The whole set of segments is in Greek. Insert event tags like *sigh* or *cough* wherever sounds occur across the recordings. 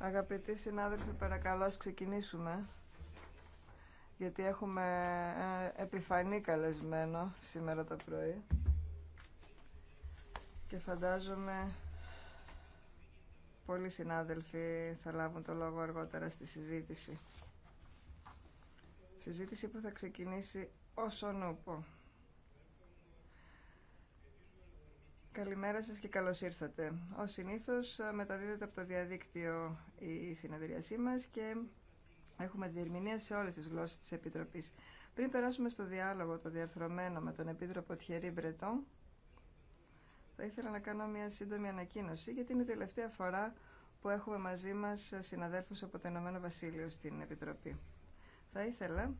Αγαπητοί συνάδελφοι, παρακαλώ ας ξεκινήσουμε, γιατί έχουμε ένα επιφανή καλεσμένο σήμερα το πρωί και φαντάζομαι πολλοί συνάδελφοι θα λάβουν το λόγο αργότερα στη συζήτηση. Συζήτηση που θα ξεκινήσει όσον ούπο. Καλημέρα σας και καλώς ήρθατε. Ως συνήθως ε, μεταδίδεται από το διαδίκτυο η συνεδρίασή μας και έχουμε διερμηνία σε όλες τις γλώσσες της Επιτροπής. Πριν περάσουμε στο διάλογο το διαρθρωμένο με τον Επίτροπο Τιερή Μπρετό θα ήθελα να κάνω μια σύντομη ανακοίνωση γιατί είναι η τελευταία φορά που έχουμε μαζί μας συναδέλφους από το Ηνωμένο Βασίλειο στην Επιτροπή. Θα ήθελα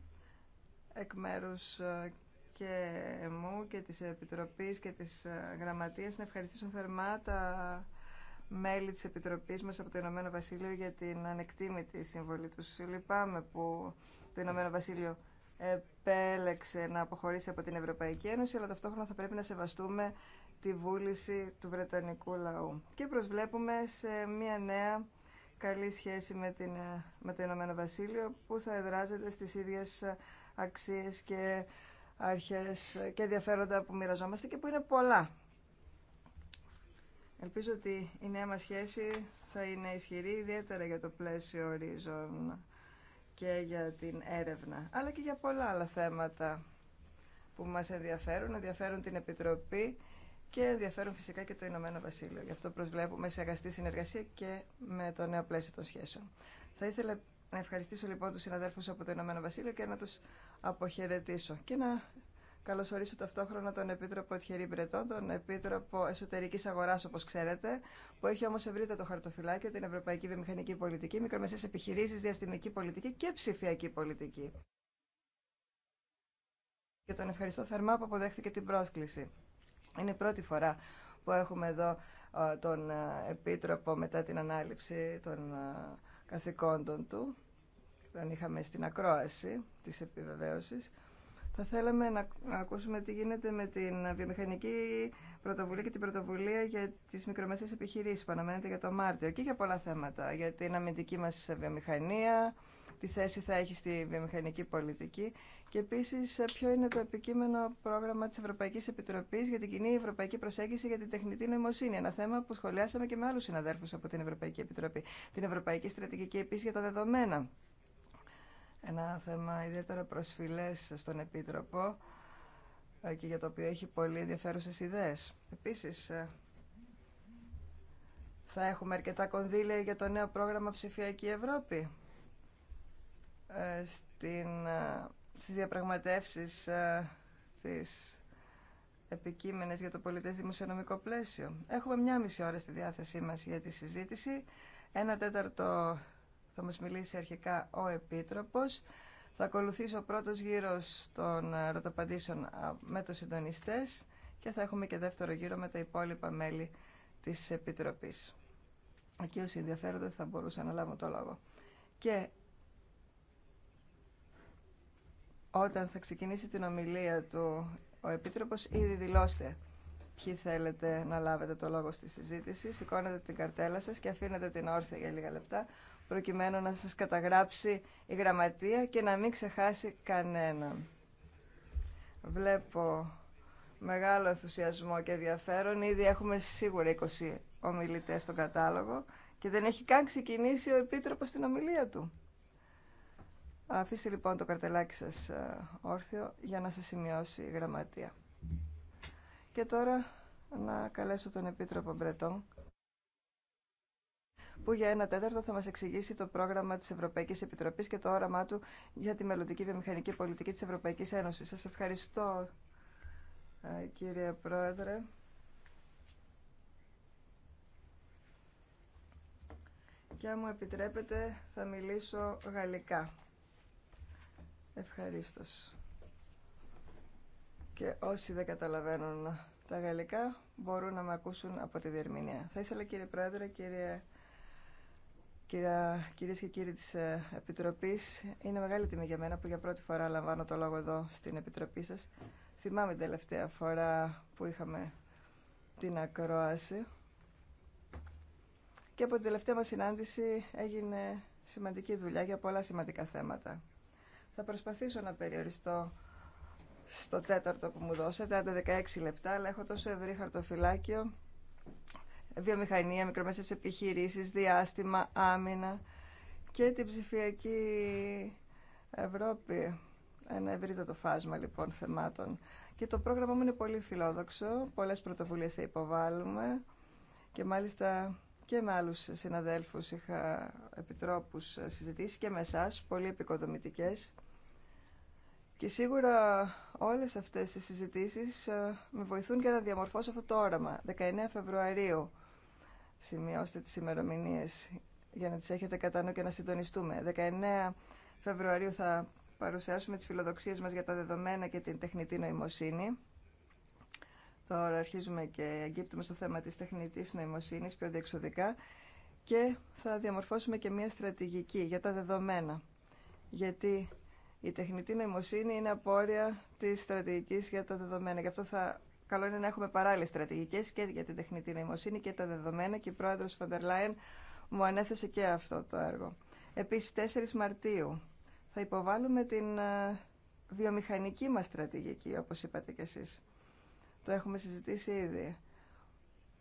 εκ μέρους ε, και μου και της Επιτροπής και της ε, Γραμματείας να ευχαριστήσω θερμά τα μέλη της Επιτροπής μας από το Ηνωμένο Βασίλειο για την ανεκτήμητη συμβολή τους. Λυπάμαι που το Ηνωμένο Βασίλειο επέλεξε να αποχωρήσει από την Ευρωπαϊκή Ένωση, αλλά ταυτόχρονα θα πρέπει να σεβαστούμε τη βούληση του Βρετανικού λαού. Και προσβλέπουμε σε μια νέα καλή σχέση με, την, ε, με το Ηνωμένο Βασίλειο που θα εδράζεται στις ίδιες ε, αξίες και αρχές και ενδιαφέροντα που μοιραζόμαστε και που είναι πολλά. Ελπίζω ότι η νέα μας σχέση θα είναι ισχυρή ιδιαίτερα για το πλαίσιο ορίζων και για την έρευνα, αλλά και για πολλά άλλα θέματα που μας ενδιαφέρουν, ενδιαφέρουν την Επιτροπή και ενδιαφέρουν φυσικά και το Ηνωμένο Βασίλειο. Γι' αυτό προσβλέπουμε σε αγαστή συνεργασία και με το νέο πλαίσιο των σχέσεων. Θα ήθελα να ευχαριστήσω λοιπόν τους συναδέλφους από το Ηνωμένο Βασίλειο και να τους αποχαιρετήσω. Και να καλωσορίσω ταυτόχρονα τον Επίτροπο Τιερή Μπρετών, τον Επίτροπο εσωτερική αγορά, όπω ξέρετε, που έχει όμω ευρύτερο το χαρτοφυλάκιο, την Ευρωπαϊκή Βιομηχανική Πολιτική, μικρομεσαίε επιχειρήσει, διαστημική πολιτική και ψηφιακή πολιτική. Και τον ευχαριστώ θερμά που αποδέχθηκε την πρόσκληση. Είναι η πρώτη φορά που έχουμε εδώ ε, τον ε, Επίτροπο μετά την ανάληψη των ε, καθηκόντων του, τον είχαμε στην ακρόαση της επιβεβαίωσης, θα θέλαμε να ακούσουμε τι γίνεται με την βιομηχανική πρωτοβουλία και την πρωτοβουλία για τις μικρομεσαίες επιχειρήσεις που αναμένεται για το Μάρτιο και για πολλά θέματα, για την αμυντική μας βιομηχανία, τι θέση θα έχει στη βιομηχανική πολιτική και επίση ε, ποιο είναι το επικείμενο πρόγραμμα τη Ευρωπαϊκή Επιτροπή για την κοινή ευρωπαϊκή προσέγγιση για την τεχνητή νοημοσύνη. Ένα θέμα που σχολιάσαμε και με άλλου συναδέλφου από την Ευρωπαϊκή Επιτροπή. Την Ευρωπαϊκή Στρατηγική Επίση για τα δεδομένα. Ένα θέμα ιδιαίτερα προσφυλέ στον Επίτροπο ε, και για το οποίο έχει πολύ ενδιαφέρουσε ιδέε. Επίση ε, θα έχουμε αρκετά κονδύλια για το νέο πρόγραμμα Ψηφιακή Ευρώπη. Ε, στην, ε, στις διαπραγματεύσεις ε, της επικείμενες για το πολιτές δημοσιονομικό πλαίσιο. Έχουμε μια μισή ώρα στη διάθεσή μας για τη συζήτηση. Ένα τέταρτο θα μας μιλήσει αρχικά ο Επίτροπος. Θα ακολουθήσει ο πρώτος γύρος των ρωτοπαντήσεων με τους συντονιστές και θα έχουμε και δεύτερο γύρο με τα υπόλοιπα μέλη της Επιτροπής. Εκεί όσοι ενδιαφέρονται θα μπορούσα να λάβουν το λόγο. Και Όταν θα ξεκινήσει την ομιλία του ο Επίτροπος, ήδη δηλώστε ποιοι θέλετε να λάβετε το λόγο στη συζήτηση. Σηκώνετε την καρτέλα σας και αφήνετε την όρθια για λίγα λεπτά, προκειμένου να σας καταγράψει η γραμματεία και να μην ξεχάσει κανέναν. Βλέπω μεγάλο ενθουσιασμό και ενδιαφέρον. Ήδη έχουμε σίγουρα 20 ομιλητές στον κατάλογο και δεν έχει καν ξεκινήσει ο Επίτροπος την ομιλία του. Αφήστε λοιπόν το καρτελάκι σας ε, όρθιο για να σας σημειώσει η γραμματεία. Και τώρα να καλέσω τον Επίτροπο Μπρετόν που για ένα τέταρτο θα μας εξηγήσει το πρόγραμμα της Ευρωπαϊκής Επιτροπής και το όραμά του για τη μελλοντική βιομηχανική πολιτική της Ευρωπαϊκής Ένωσης. Σας ευχαριστώ ε, κύριε Πρόεδρε. Και αν μου επιτρέπετε θα μιλήσω γαλλικά. Ευχαριστώ. Και όσοι δεν καταλαβαίνουν τα γαλλικά μπορούν να με ακούσουν από τη διερμηνία. Θα ήθελα κύριε Πρόεδρε, κύριε, κυρίες και κύριοι της ε, Επιτροπής, είναι μεγάλη τιμή για μένα που για πρώτη φορά λαμβάνω το λόγο εδώ στην Επιτροπή σας. Θυμάμαι την τελευταία φορά που είχαμε την ακρόαση και από την τελευταία μας συνάντηση έγινε σημαντική δουλειά για πολλά σημαντικά θέματα. Θα προσπαθήσω να περιοριστώ στο τέταρτο που μου δώσατε, άντε 16 λεπτά, αλλά έχω τόσο ευρύ χαρτοφυλάκιο. Βιομηχανία, μικρομέσες επιχειρήσεις, διάστημα, άμυνα και την ψηφιακή Ευρώπη. Ένα ευρύτατο φάσμα λοιπόν θεμάτων. Και το πρόγραμμα μου είναι πολύ φιλόδοξο. Πολλές πρωτοβουλίες θα υποβάλουμε και μάλιστα και με άλλους συναδέλφους είχα επιτρόπους συζητήσει και με εσά, πολύ επικοδομητικές. Και σίγουρα όλες αυτές οι συζητήσεις ε, με βοηθούν για να διαμορφώσω αυτό το όραμα. 19 Φεβρουαρίου, σημειώστε τις ημερομηνίε για να τις έχετε κατά νου και να συντονιστούμε. 19 Φεβρουαρίου θα παρουσιάσουμε τις φιλοδοξίες μας για τα δεδομένα και την τεχνητή νοημοσύνη. Τώρα αρχίζουμε και αγκύπτουμε στο θέμα της τεχνητής νοημοσύνης πιο διεξοδικά και θα διαμορφώσουμε και μια στρατηγική για τα δεδομένα. Γιατί η τεχνητή νοημοσύνη είναι απόρρια της στρατηγικής για τα δεδομένα. Γι' αυτό θα καλό είναι να έχουμε παράλληλες στρατηγικές και για την τεχνητή νοημοσύνη και τα δεδομένα και η πρόεδρος Φοντερ Λάιεν μου ανέθεσε και αυτό το έργο. Επίσης, 4 Μαρτίου θα υποβάλουμε την ε, βιομηχανική μας στρατηγική, όπως είπατε κι εσείς. Το έχουμε συζητήσει ήδη.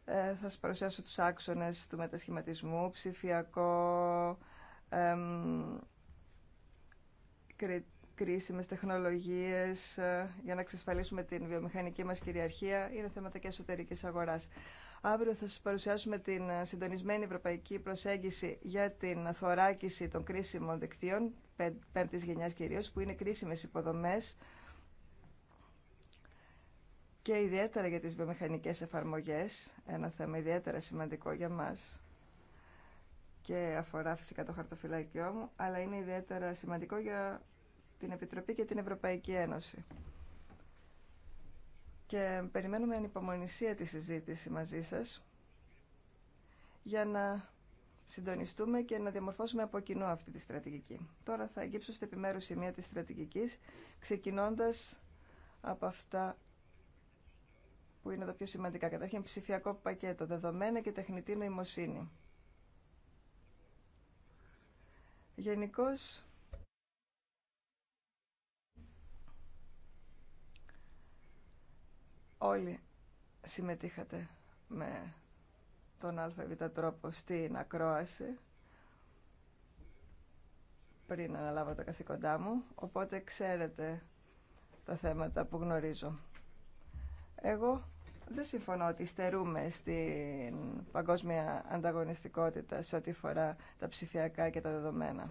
Ε, θα σας παρουσιάσω τους άξονες του μετασχηματισμού, ψηφιακό, εμ, κρίσιμες τεχνολογίες ε, για να εξασφαλίσουμε την βιομηχανική μας κυριαρχία. Είναι θέματα και εσωτερικής αγοράς. Αύριο θα σας παρουσιάσουμε την ε, συντονισμένη ευρωπαϊκή προσέγγιση για την θωράκιση των κρίσιμων δικτύων, πέμπτης γενιάς κυρίως, που είναι κρίσιμες υποδομές και ιδιαίτερα για τις βιομηχανικές εφαρμογές, ένα θέμα ιδιαίτερα σημαντικό για μας και αφορά φυσικά το χαρτοφυλάκιό μου, αλλά είναι ιδιαίτερα σημαντικό για την Επιτροπή και την Ευρωπαϊκή Ένωση. Και περιμένουμε ανυπομονησία τη συζήτηση μαζί σας για να συντονιστούμε και να διαμορφώσουμε από κοινό αυτή τη στρατηγική. Τώρα θα αγγίψω στην επιμέρους σημεία της στρατηγικής, ξεκινώντας από αυτά που είναι τα πιο σημαντικά. Καταρχήν ψηφιακό πακέτο, δεδομένα και τεχνητή νοημοσύνη. Γενικώ. Όλοι συμμετείχατε με τον ΑΒ τρόπο στην ακρόαση πριν αναλάβω τα καθήκοντά μου, οπότε ξέρετε τα θέματα που γνωρίζω. Εγώ δεν συμφωνώ ότι στερούμε στην παγκόσμια ανταγωνιστικότητα σε ό,τι αφορά τα ψηφιακά και τα δεδομένα.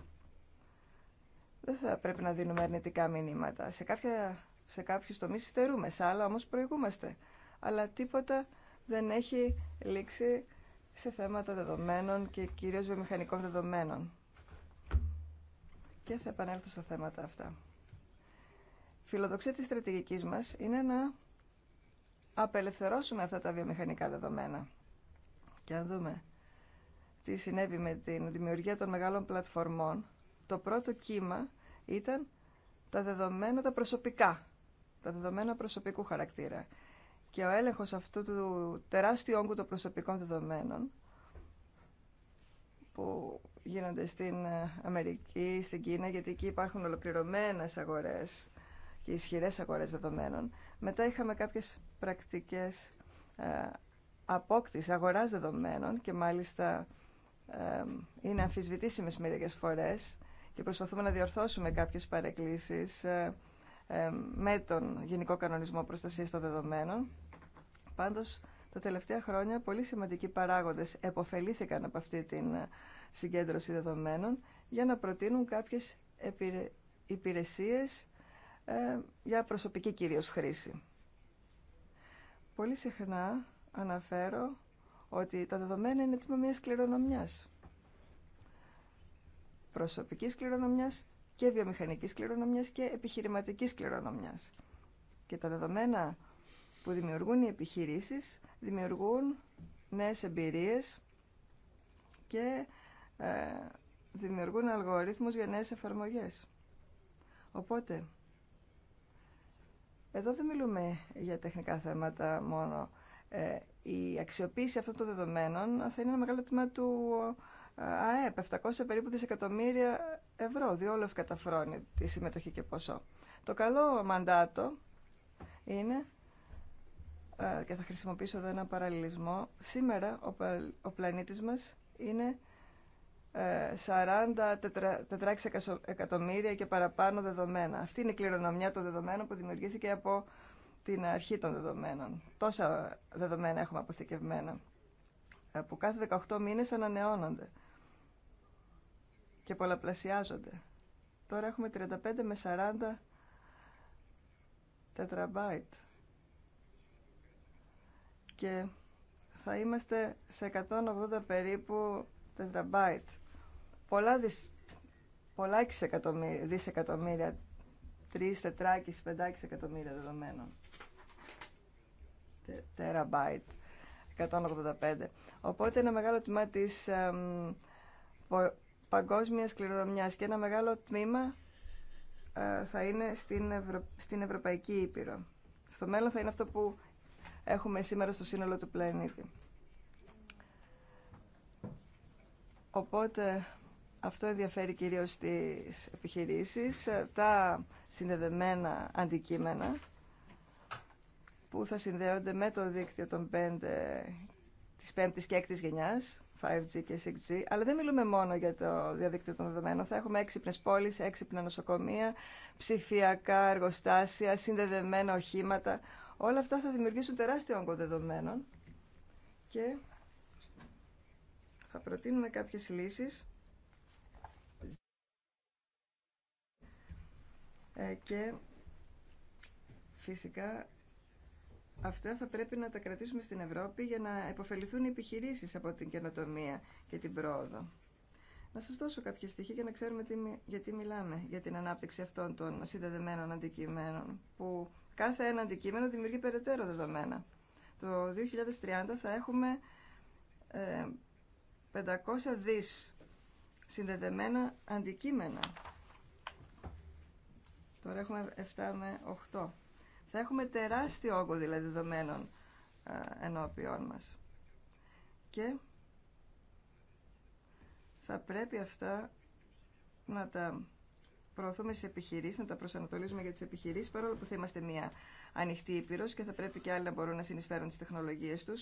Δεν θα πρέπει να δίνουμε αρνητικά μηνύματα. Σε, κάποια, σε κάποιους τομείς στερούμε, σε άλλα όμως προηγούμαστε. Αλλά τίποτα δεν έχει λήξει σε θέματα δεδομένων και κυρίως βιομηχανικών δεδομένων. Και θα επανέλθω στα θέματα αυτά. Φιλοδοξία της στρατηγικής μας είναι να απελευθερώσουμε αυτά τα βιομηχανικά δεδομένα. Και αν δούμε τι συνέβη με την δημιουργία των μεγάλων πλατφορμών, το πρώτο κύμα ήταν τα δεδομένα τα προσωπικά, τα δεδομένα προσωπικού χαρακτήρα. Και ο έλεγχος αυτού του τεράστιου όγκου των προσωπικών δεδομένων που γίνονται στην ε, Αμερική, στην Κίνα, γιατί εκεί υπάρχουν ολοκληρωμένες αγορές και ισχυρές αγορές δεδομένων. Μετά είχαμε κάποιες πρακτικές ε, απόκτηση, αγοράς δεδομένων και μάλιστα ε, είναι αμφισβητήσιμες μερικές φορές και προσπαθούμε να διορθώσουμε κάποιες παρεκκλήσεις ε, με τον Γενικό Κανονισμό Προστασίας των Δεδομένων. Πάντως, τα τελευταία χρόνια πολύ σημαντικοί παράγοντες εποφελήθηκαν από αυτή την συγκέντρωση δεδομένων για να προτείνουν κάποιες υπηρεσίες για προσωπική κυρίως χρήση. Πολύ συχνά αναφέρω ότι τα δεδομένα είναι τμήμα μιας κληρονομιάς. Προσωπικής κληρονομιάς και βιομηχανικής κληρονομιάς και επιχειρηματικής κληρονομιάς. Και τα δεδομένα που δημιουργούν οι επιχειρήσεις δημιουργούν νέες εμπειρίες και ε, δημιουργούν αλγορίθμους για νέες εφαρμογές. Οπότε, εδώ δεν μιλούμε για τεχνικά θέματα μόνο. Ε, η αξιοποίηση αυτών των δεδομένων θα είναι ένα μεγάλο τμήμα του ε, ΑΕΠ, 700 περίπου δισεκατομμύρια ευρώ, διόλου καταφρόνει τη συμμετοχή και ποσό. Το καλό μαντάτο είναι, ε, και θα χρησιμοποιήσω εδώ ένα παραλληλισμό, σήμερα ο πλανήτης μας είναι 40 τετρά, εκατομμύρια και παραπάνω δεδομένα. Αυτή είναι η κληρονομιά των δεδομένων που δημιουργήθηκε από την αρχή των δεδομένων. Τόσα δεδομένα έχουμε αποθηκευμένα ε, που κάθε 18 μήνες ανανεώνονται και πολλαπλασιάζονται. Τώρα έχουμε 35 με 40 τετραμπάιτ και θα είμαστε σε 180 περίπου τετραμπάιτ πολλά, δισ, πολλά δισεκατομμύρια, Τρει τετράκι, πεντάκι εκατομμύρια δεδομένων. Τεραμπάιτ, 185. Οπότε ένα μεγάλο τμήμα τη παγκόσμια παγκόσμιας και ένα μεγάλο τμήμα ε, θα είναι στην, στην Ευρωπαϊκή Ήπειρο. Στο μέλλον θα είναι αυτό που έχουμε σήμερα στο σύνολο του πλανήτη. Οπότε αυτό ενδιαφέρει κυρίως στις επιχειρήσεις, τα συνδεδεμένα αντικείμενα που θα συνδέονται με το δίκτυο των 5, της 5ης και 6ης γενιάς, 5G και 6G, αλλά δεν μιλούμε μόνο για το διαδίκτυο των δεδομένων. Θα έχουμε έξυπνε πόλεις, έξυπνα νοσοκομεία, ψηφιακά εργοστάσια, συνδεδεμένα οχήματα. Όλα αυτά θα δημιουργήσουν τεράστιο όγκο δεδομένων και θα προτείνουμε κάποιες λύσεις Ε, και φυσικά αυτά θα πρέπει να τα κρατήσουμε στην Ευρώπη για να επωφεληθούν οι επιχειρήσεις από την καινοτομία και την πρόοδο. Να σας δώσω κάποια στοιχεία για να ξέρουμε τι, γιατί μιλάμε για την ανάπτυξη αυτών των συνδεδεμένων αντικειμένων που κάθε ένα αντικείμενο δημιουργεί περαιτέρω δεδομένα. Το 2030 θα έχουμε 500 ε, δις συνδεδεμένα αντικείμενα Τώρα έχουμε 7 με 8. Θα έχουμε τεράστιο όγκο δηλαδή δεδομένων ε, ενώπιών μας. Και θα πρέπει αυτά να τα προωθούμε σε επιχειρήσει, να τα προσανατολίζουμε για τι επιχειρήσει, παρόλο που θα είμαστε μια ανοιχτή ήπειρο και θα πρέπει και άλλοι να μπορούν να συνεισφέρουν τι τεχνολογίε του.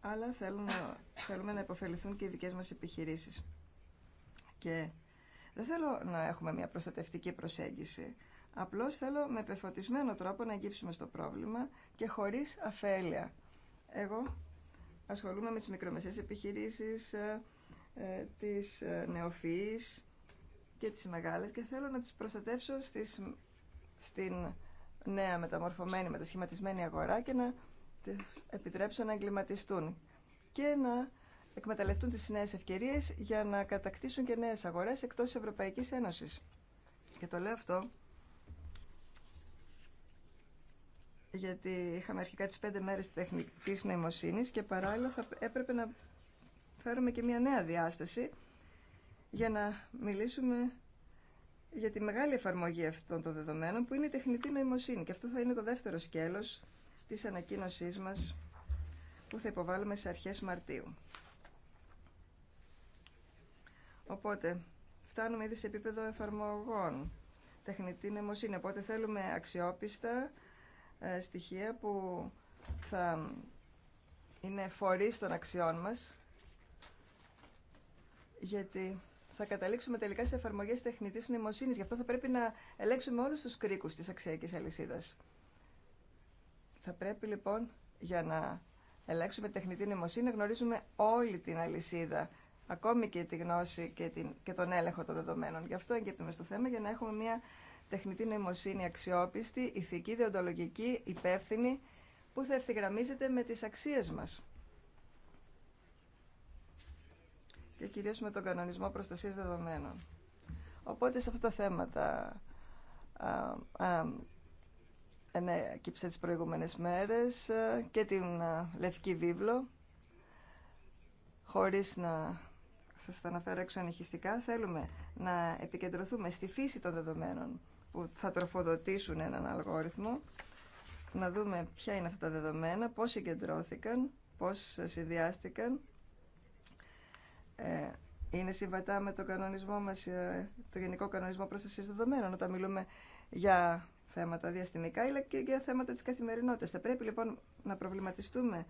Αλλά θέλουμε, θέλουμε να υποφεληθούν και οι δικέ μα επιχειρήσει. Και δεν θέλω να έχουμε μια προστατευτική προσέγγιση. Απλώς θέλω με πεφωτισμένο τρόπο να αγγίψουμε στο πρόβλημα και χωρίς αφέλεια. Εγώ ασχολούμαι με τις μικρομεσαίες επιχειρήσεις, ε, ε, τις ε, νεοφυής και τις μεγάλες και θέλω να τις προστατεύσω στις, στην νέα μεταμορφωμένη, μετασχηματισμένη αγορά και να τις επιτρέψω να εγκληματιστούν και να εκμεταλλευτούν τις νέες ευκαιρίες για να κατακτήσουν και νέες αγορές εκτός της Ευρωπαϊκής Ένωσης. Και το λέω αυτό γιατί είχαμε αρχικά τις πέντε μέρες τεχνικής νοημοσύνης και παράλληλα θα έπρεπε να φέρουμε και μια νέα διάσταση για να μιλήσουμε για τη μεγάλη εφαρμογή αυτών των δεδομένων που είναι η τεχνητή νοημοσύνη. Και αυτό θα είναι το δεύτερο σκέλος της ανακοίνωσής μας που θα υποβάλουμε σε αρχές Μαρτίου. Οπότε, φτάνουμε ήδη σε επίπεδο εφαρμογών, τεχνητή νοημοσύνη. Οπότε θέλουμε αξιόπιστα ε, στοιχεία που θα είναι φορείς των αξιών μας, γιατί θα καταλήξουμε τελικά σε εφαρμογές τεχνητής νοημοσύνης. Γι' αυτό θα πρέπει να ελέγξουμε όλους τους κρίκους της αξιακής αλυσίδας. Θα πρέπει λοιπόν για να ελέγξουμε τεχνητή νοημοσύνη να γνωρίζουμε όλη την αλυσίδα ακόμη και τη γνώση και, την, και τον έλεγχο των δεδομένων. Γι' αυτό εγκύπτουμε στο θέμα για να έχουμε μια τεχνητή νοημοσύνη αξιόπιστη, ηθική, διοντολογική, υπεύθυνη, που θα ευθυγραμμίζεται με τις αξίες μας. Και κυρίως με τον κανονισμό προστασίας δεδομένων. Οπότε σε αυτά τα θέματα α, α, προηγούμενε τις προηγούμενες μέρες ε, και την Λευκή Βίβλο χωρίς να σας τα αναφέρω εξονυχιστικά, θέλουμε να επικεντρωθούμε στη φύση των δεδομένων που θα τροφοδοτήσουν έναν αλγόριθμο, να δούμε ποια είναι αυτά τα δεδομένα, πώς συγκεντρώθηκαν, πώς συνδυάστηκαν, ε, είναι συμβατά με τον κανονισμό μας, ε, το Γενικό Κανονισμό Προστασίας Δεδομένων, όταν μιλούμε για θέματα διαστημικά, ή και για θέματα της καθημερινότητας. Θα πρέπει λοιπόν να προβληματιστούμε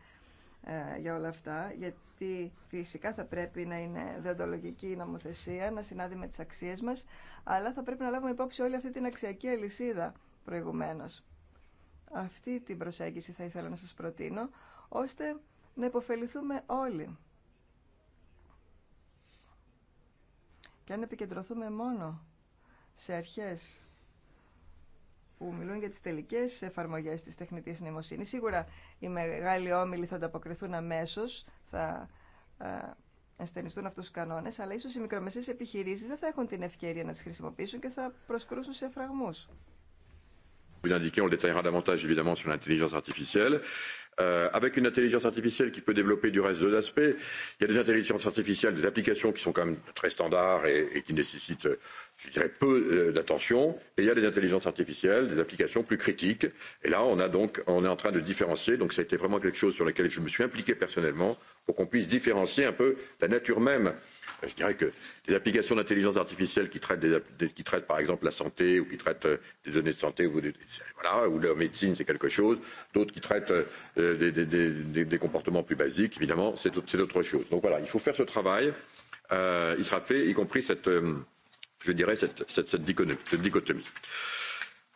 ε, για όλα αυτά, γιατί φυσικά θα πρέπει να είναι δεοντολογική η νομοθεσία, να συνάδει με τις αξίες μας, αλλά θα πρέπει να λάβουμε υπόψη όλη αυτή την αξιακή αλυσίδα προηγουμένως. Αυτή την προσέγγιση θα ήθελα να σας προτείνω, ώστε να υποφεληθούμε όλοι. Και αν επικεντρωθούμε μόνο σε αρχές που μιλούν για τι τελικέ εφαρμογέ τη τεχνητής νοημοσύνης. Σίγουρα οι μεγάλοι όμιλοι θα ανταποκριθούν αμέσω, θα ασθενιστούν ε, αυτού του κανόνε, αλλά ίσω οι μικρομεσαίε επιχειρήσει δεν θα έχουν την ευκαιρία να τι χρησιμοποιήσουν και θα προσκρούσουν σε φραγμού. Vous indiquez, on le détaillera avec une intelligence artificielle qui peut développer du reste deux aspects. Il y a des intelligences artificielles, des applications qui sont quand même très standards et qui nécessitent, je dirais, peu d'attention. Et il y a des intelligences artificielles, des applications plus critiques. Et là, on a donc, on est en train de différencier. Donc, ça a été vraiment quelque chose sur lequel je me suis impliqué personnellement pour qu'on puisse différencier un peu la nature même Je dirais que les applications d'intelligence artificielle qui traitent, des, qui traitent par exemple la santé ou qui traitent des données de santé ou, des, voilà, ou la médecine, c'est quelque chose. D'autres qui traitent des, des, des, des comportements plus basiques, évidemment, c'est autre chose. Donc voilà, il faut faire ce travail. Euh, il sera fait, y compris cette, je dirais, cette, cette, cette dichotomie.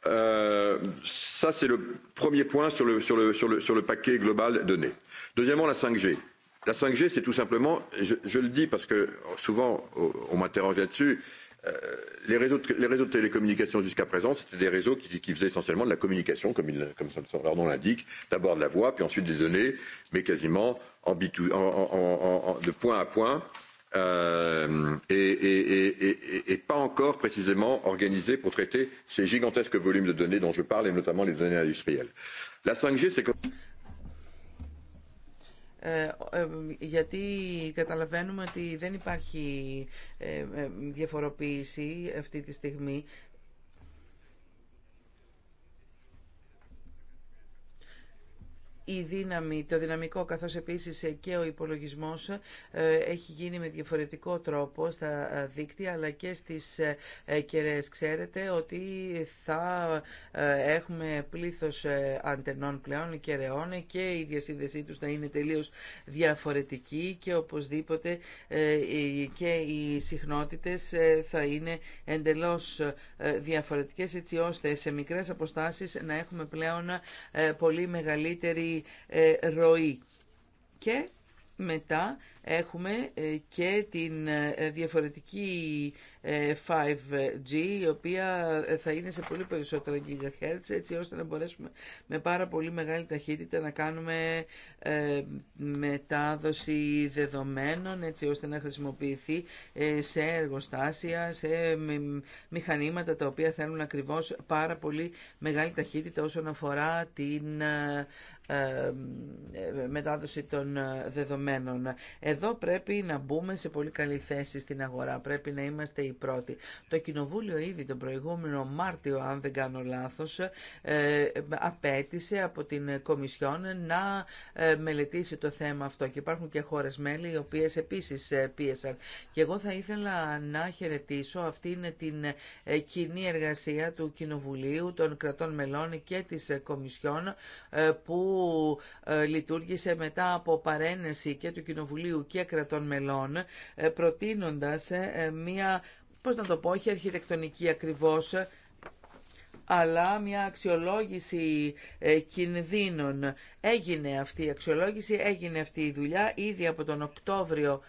Euh, ça, c'est le premier point sur le, sur, le, sur, le, sur le paquet global donné. Deuxièmement, la 5G. La 5G, c'est tout simplement, je, je le dis parce que souvent on m'interroge là-dessus, les réseaux, de, les réseaux de télécommunications jusqu'à présent, c'était des réseaux qui, qui faisaient essentiellement de la communication, comme, comme leur nom l'indique, d'abord de la voix, puis ensuite des données, mais quasiment en, en, en, de point à point, euh, et, et, et, et, pas encore précisément organisés pour traiter ces gigantesques volumes de données dont je parle, et notamment les données industrielles. La 5G, c'est comme... Ε, ε, γιατί καταλαβαίνουμε ότι δεν υπάρχει ε, διαφοροποίηση αυτή τη στιγμή η δύναμη, το δυναμικό καθώς επίσης και ο υπολογισμός ε, έχει γίνει με διαφορετικό τρόπο στα ε, δίκτυα αλλά και στις ε, κεραίες. Ξέρετε ότι θα έχουμε πλήθος αντενών πλέον κεραιών και η διασύνδεσή τους θα είναι τελείως διαφορετική και οπωσδήποτε και οι συχνότητες θα είναι εντελώς διαφορετικές έτσι ώστε σε μικρές αποστάσεις να έχουμε πλέον πολύ μεγαλύτερη ε, ροή. Και μετά έχουμε ε, και την ε, διαφορετική 5G, η οποία θα είναι σε πολύ περισσότερα GHz, έτσι ώστε να μπορέσουμε με πάρα πολύ μεγάλη ταχύτητα να κάνουμε μετάδοση δεδομένων, έτσι ώστε να χρησιμοποιηθεί σε εργοστάσια, σε μηχανήματα τα οποία θέλουν ακριβώς πάρα πολύ μεγάλη ταχύτητα όσον αφορά την ε, ε, μετάδοση των ε, δεδομένων. Εδώ πρέπει να μπούμε σε πολύ καλή θέση στην αγορά. Πρέπει να είμαστε οι πρώτοι. Το Κοινοβούλιο ήδη τον προηγούμενο Μάρτιο, αν δεν κάνω λάθος, απέτησε από την Κομισιόν να μελετήσει το θέμα αυτό. Και υπάρχουν και χώρες μέλη οι οποίες επίσης πίεσαν. Και εγώ θα ήθελα να χαιρετήσω αυτήν την κοινή εργασία του Κοινοβουλίου, των κρατών μελών και της Κομισιόν που που ε, λειτουργήσε μετά από παρένεση και του Κοινοβουλίου και κρατών μελών, ε, προτείνοντας ε, μία, πώς να το πω, όχι αρχιτεκτονική ακριβώς, αλλά μια αξιολόγηση κινδύνων. Έγινε αυτή η αξιολόγηση, έγινε αυτή η δουλειά. Ήδη από τον Οκτώβριο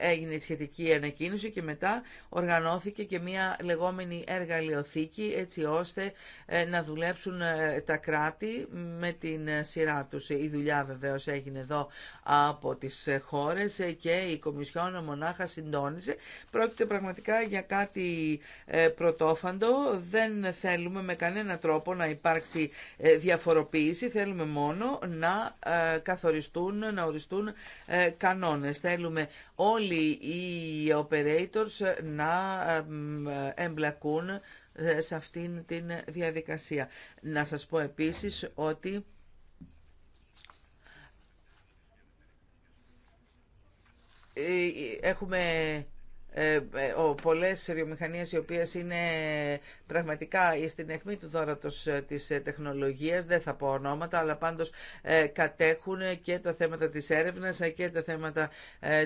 έγινε η σχετική ανακοίνωση και μετά οργανώθηκε και μια λεγόμενη εργαλειοθήκη έτσι ώστε ε, να δουλέψουν ε, τα κράτη με την σειρά τους. Η δουλειά βεβαίως έγινε εδώ από τις χώρες και η Κομισιόν μονάχα συντόνισε. Πρόκειται πραγματικά για κάτι ε, πρωτόφαντο. Δεν θέλουμε με κανένα τρόπο να υπάρξει διαφοροποίηση. Θέλουμε μόνο να καθοριστούν, να οριστούν κανόνες. Θέλουμε όλοι οι operators να εμπλακούν ε, σε αυτήν την διαδικασία. Να σας πω επίσης ότι... Ε, έχουμε ε, ε, ο, πολλές βιομηχανίες οι οποίες είναι πραγματικά στην αιχμή του δωρατος ε, της τεχνολογίας, δεν θα πω ονόματα, αλλά πάντως κατέχουν και τα θέματα της έρευνας και τα θέματα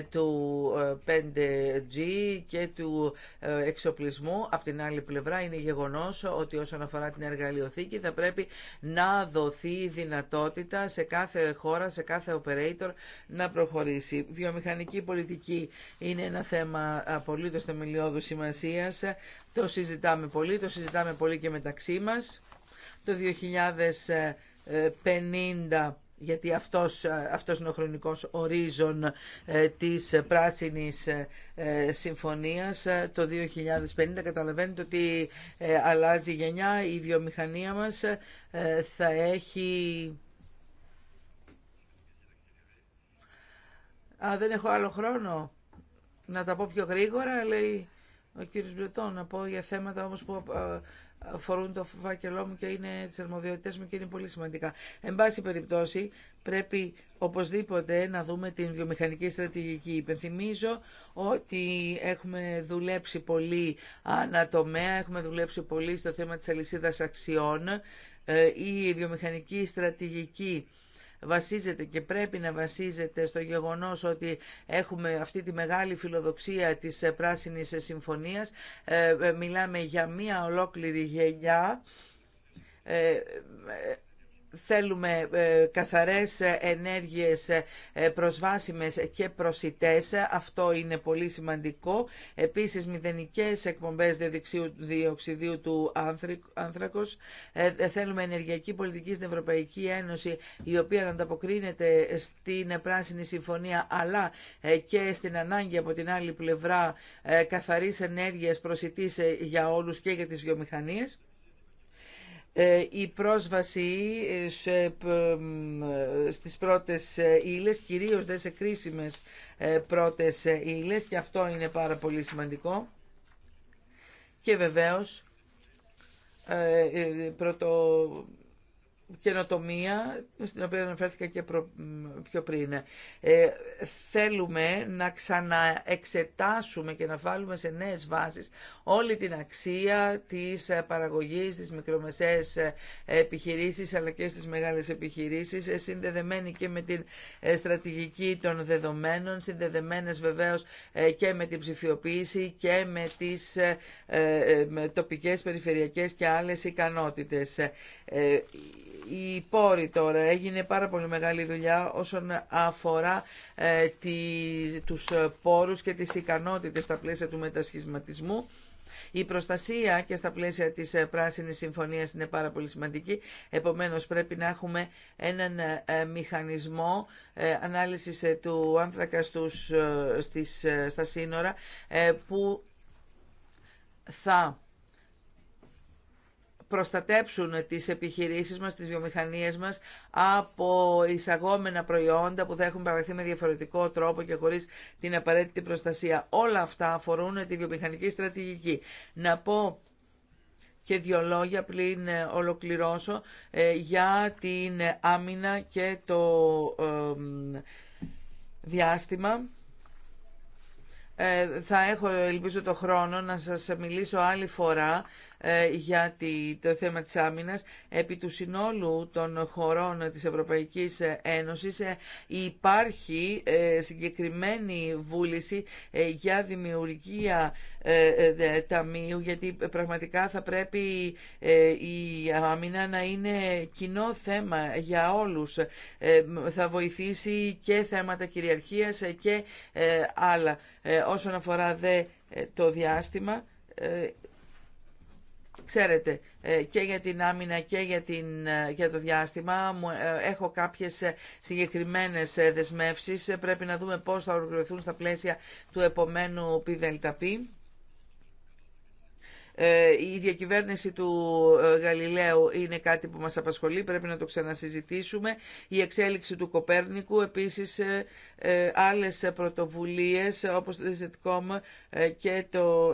του 5G και του εξοπλισμού. Απ' την άλλη πλευρά είναι γεγονός ότι όσον αφορά την εργαλειοθήκη θα πρέπει να δοθεί δυνατότητα σε κάθε χώρα, σε κάθε operator να προχωρήσει. Βιομηχανική πολιτική είναι ένα θέμα απολύτως θεμελιώδου σημασίας. Το συζητάμε πολύ, το συζητάμε πολύ και μεταξύ μας. Το 2050 γιατί αυτός, αυτός είναι ο χρονικός ορίζον ε, της Πράσινης ε, Συμφωνίας. Το 2050 καταλαβαίνετε ότι ε, αλλάζει η γενιά, η βιομηχανία μας θα έχει... Α, δεν έχω άλλο χρόνο να τα πω πιο γρήγορα, λέει ο κύριος Μπλετών, να πω για θέματα όμως που ε, αφορούν το φάκελό μου και είναι τις αρμοδιότητες μου και είναι πολύ σημαντικά. Εν πάση περιπτώσει, πρέπει οπωσδήποτε να δούμε την βιομηχανική στρατηγική. Υπενθυμίζω ότι έχουμε δουλέψει πολύ ανατομέα, έχουμε δουλέψει πολύ στο θέμα της αλυσίδας αξιών. Ε, η βιομηχανική στρατηγική βασίζεται και πρέπει να βασίζεται στο γεγονός ότι έχουμε αυτή τη μεγάλη φιλοδοξία της ε, Πράσινης ε, Συμφωνίας. Ε, μιλάμε για μία ολόκληρη γενιά θέλουμε ε, καθαρές ε, ενέργειες ε, προσβάσιμες και προσιτές. Αυτό είναι πολύ σημαντικό. Επίσης, μηδενικές εκπομπές διοξιδίου του άνθρακος. Θέλουμε ενεργειακή πολιτική στην Ευρωπαϊκή Ένωση, η οποία να ανταποκρίνεται στην Πράσινη Συμφωνία, αλλά και στην ανάγκη από την άλλη πλευρά καθαρής ενέργειας προσιτής για όλους και για τις βιομηχανίες ε, η πρόσβαση ε, σε, στις πρώτες ε, ύλες, κυρίως δε σε κρίσιμες πρώτες ύλες και αυτό είναι πάρα πολύ σημαντικό. Και βεβαίως πρωτο καινοτομία, στην οποία αναφέρθηκα και πιο πριν. Ε, θέλουμε να ξαναεξετάσουμε και να βάλουμε σε νέες βάσεις όλη την αξία της παραγωγής, της μικρομεσαίες ε, επιχειρήσεις, αλλά και στις μεγάλες επιχειρήσεις, ε, συνδεδεμένη και με την ε, στρατηγική των δεδομένων, συνδεδεμένες βεβαίως και με την ψηφιοποίηση και με τις τοπικές, περιφερειακές και άλλες ικανότητες η πόροι τώρα. Έγινε πάρα πολύ μεγάλη δουλειά όσον αφορά ε, τη, τους πόρους και τις ικανότητες στα πλαίσια του μετασχηματισμού. Η προστασία και στα πλαίσια της ε, Πράσινης Συμφωνίας είναι πάρα πολύ σημαντική. Επομένως πρέπει να έχουμε έναν ε, μηχανισμό ε, ανάλυσης του άνθρακα στους, στις, στα σύνορα που θα προστατέψουν τις επιχειρήσεις μας, τις βιομηχανίες μας από εισαγόμενα προϊόντα που θα έχουν παραχθεί με διαφορετικό τρόπο και χωρίς την απαραίτητη προστασία. Όλα αυτά αφορούν τη βιομηχανική στρατηγική. Να πω και δύο λόγια πριν ολοκληρώσω ε, για την άμυνα και το διάστημα. Ε, θα έχω, ελπίζω, το χρόνο να σας μιλήσω άλλη φορά ε, για το θέμα της άμυνας επί του συνόλου των χωρών της Ευρωπαϊκής Ένωσης ε, υπάρχει ε, συγκεκριμένη βούληση για δημιουργία ταμείου γιατί πραγματικά θα πρέπει η άμυνα να είναι κοινό θέμα για όλους. Θα βοηθήσει και θέματα κυριαρχίας και άλλα. Όσον αφορά δε το διάστημα Ξέρετε, ε, και για την άμυνα και για, την, ε, για το διάστημα ε, έχω κάποιες συγκεκριμένες δεσμεύσεις. Πρέπει να δούμε πώς θα ολοκληρωθούν στα πλαίσια του επομένου ΠΔΠ. Ε, η διακυβέρνηση του ε, Γαλιλαίου είναι κάτι που μας απασχολεί, πρέπει να το ξανασυζητήσουμε. Η εξέλιξη του Κοπέρνικου, επίσης ε, άλλες πρωτοβουλίες όπως το ε, και το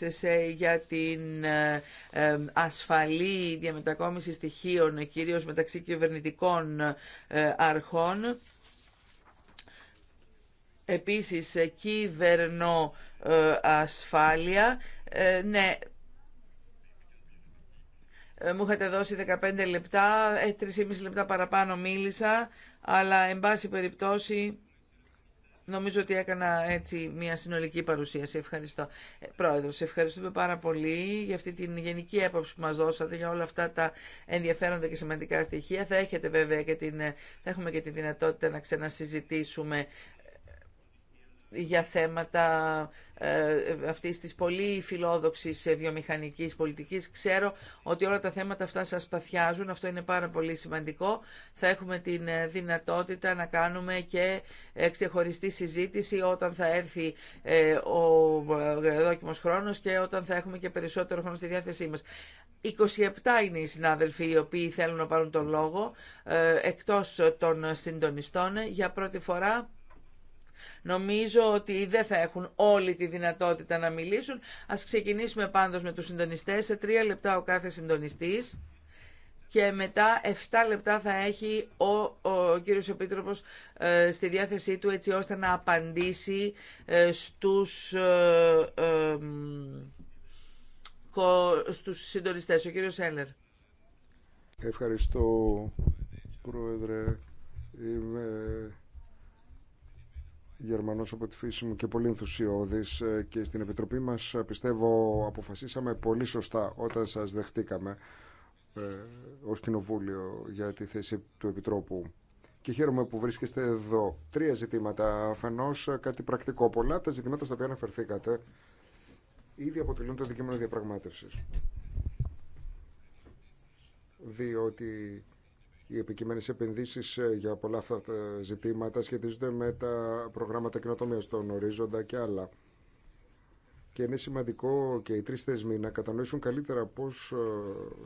SSA για την ασφαλή διαμετακόμιση στοιχείων, κυρίως μεταξύ κυβερνητικών αρχών. Επίσης, κυβερνό ασφάλεια. Ναι, ε, μου είχατε δώσει 15 λεπτά, 3,5 ε, λεπτά παραπάνω μίλησα, αλλά εν πάση περιπτώσει νομίζω ότι έκανα έτσι μια συνολική παρουσίαση. Ευχαριστώ. Ε, πρόεδρος, ευχαριστούμε πάρα πολύ για αυτή την γενική έποψη που μας δώσατε, για όλα αυτά τα ενδιαφέροντα και σημαντικά στοιχεία. Θα έχετε βέβαια και την, θα έχουμε και τη δυνατότητα να ξανασυζητήσουμε για θέματα ε, ε, αυτής της πολύ φιλόδοξης ε, βιομηχανικής πολιτικής. Ξέρω ότι όλα τα θέματα αυτά σας παθιάζουν, αυτό είναι πάρα πολύ σημαντικό. Θα έχουμε την δυνατότητα να κάνουμε και ξεχωριστή συζήτηση όταν θα έρθει ο δόκιμος χρόνος και όταν θα έχουμε και περισσότερο χρόνο στη διάθεσή μας. 27 είναι οι συνάδελφοι οι οποίοι θέλουν να πάρουν τον λόγο, εκτός των συντονιστών, για πρώτη φορά Νομίζω ότι δεν θα έχουν όλη τη δυνατότητα να μιλήσουν. Ας ξεκινήσουμε πάντως με τους συντονιστές. Σε τρία λεπτά ο κάθε συντονιστής και μετά 7 λεπτά θα έχει ο, ο, ο κύριος Επίτροπος ε, στη διάθεσή του έτσι ώστε να απαντήσει ε, στους, ε, ε συντονιστές. Ο κύριος Έλλερ. Ευχαριστώ, Πρόεδρε. Γερμανός από τη φύση μου και πολύ ενθουσιώδης ε, και στην Επιτροπή μας ε, πιστεύω αποφασίσαμε πολύ σωστά όταν σας δεχτήκαμε ε, ως Κοινοβούλιο για τη θέση του Επιτρόπου και χαίρομαι που βρίσκεστε εδώ. Τρία ζητήματα. αφενός ε, κάτι πρακτικό. Πολλά από τα ζητήματα στα οποία αναφερθήκατε ήδη αποτελούν το αντικείμενο διαπραγμάτευσης. Διότι οι επικειμένες επενδύσεις ε, για πολλά αυτά τα ζητήματα σχετίζονται με τα προγράμματα κοινοτομίας των ορίζοντα και άλλα. Και είναι σημαντικό και οι τρεις θεσμοί να κατανοήσουν καλύτερα πώς ε,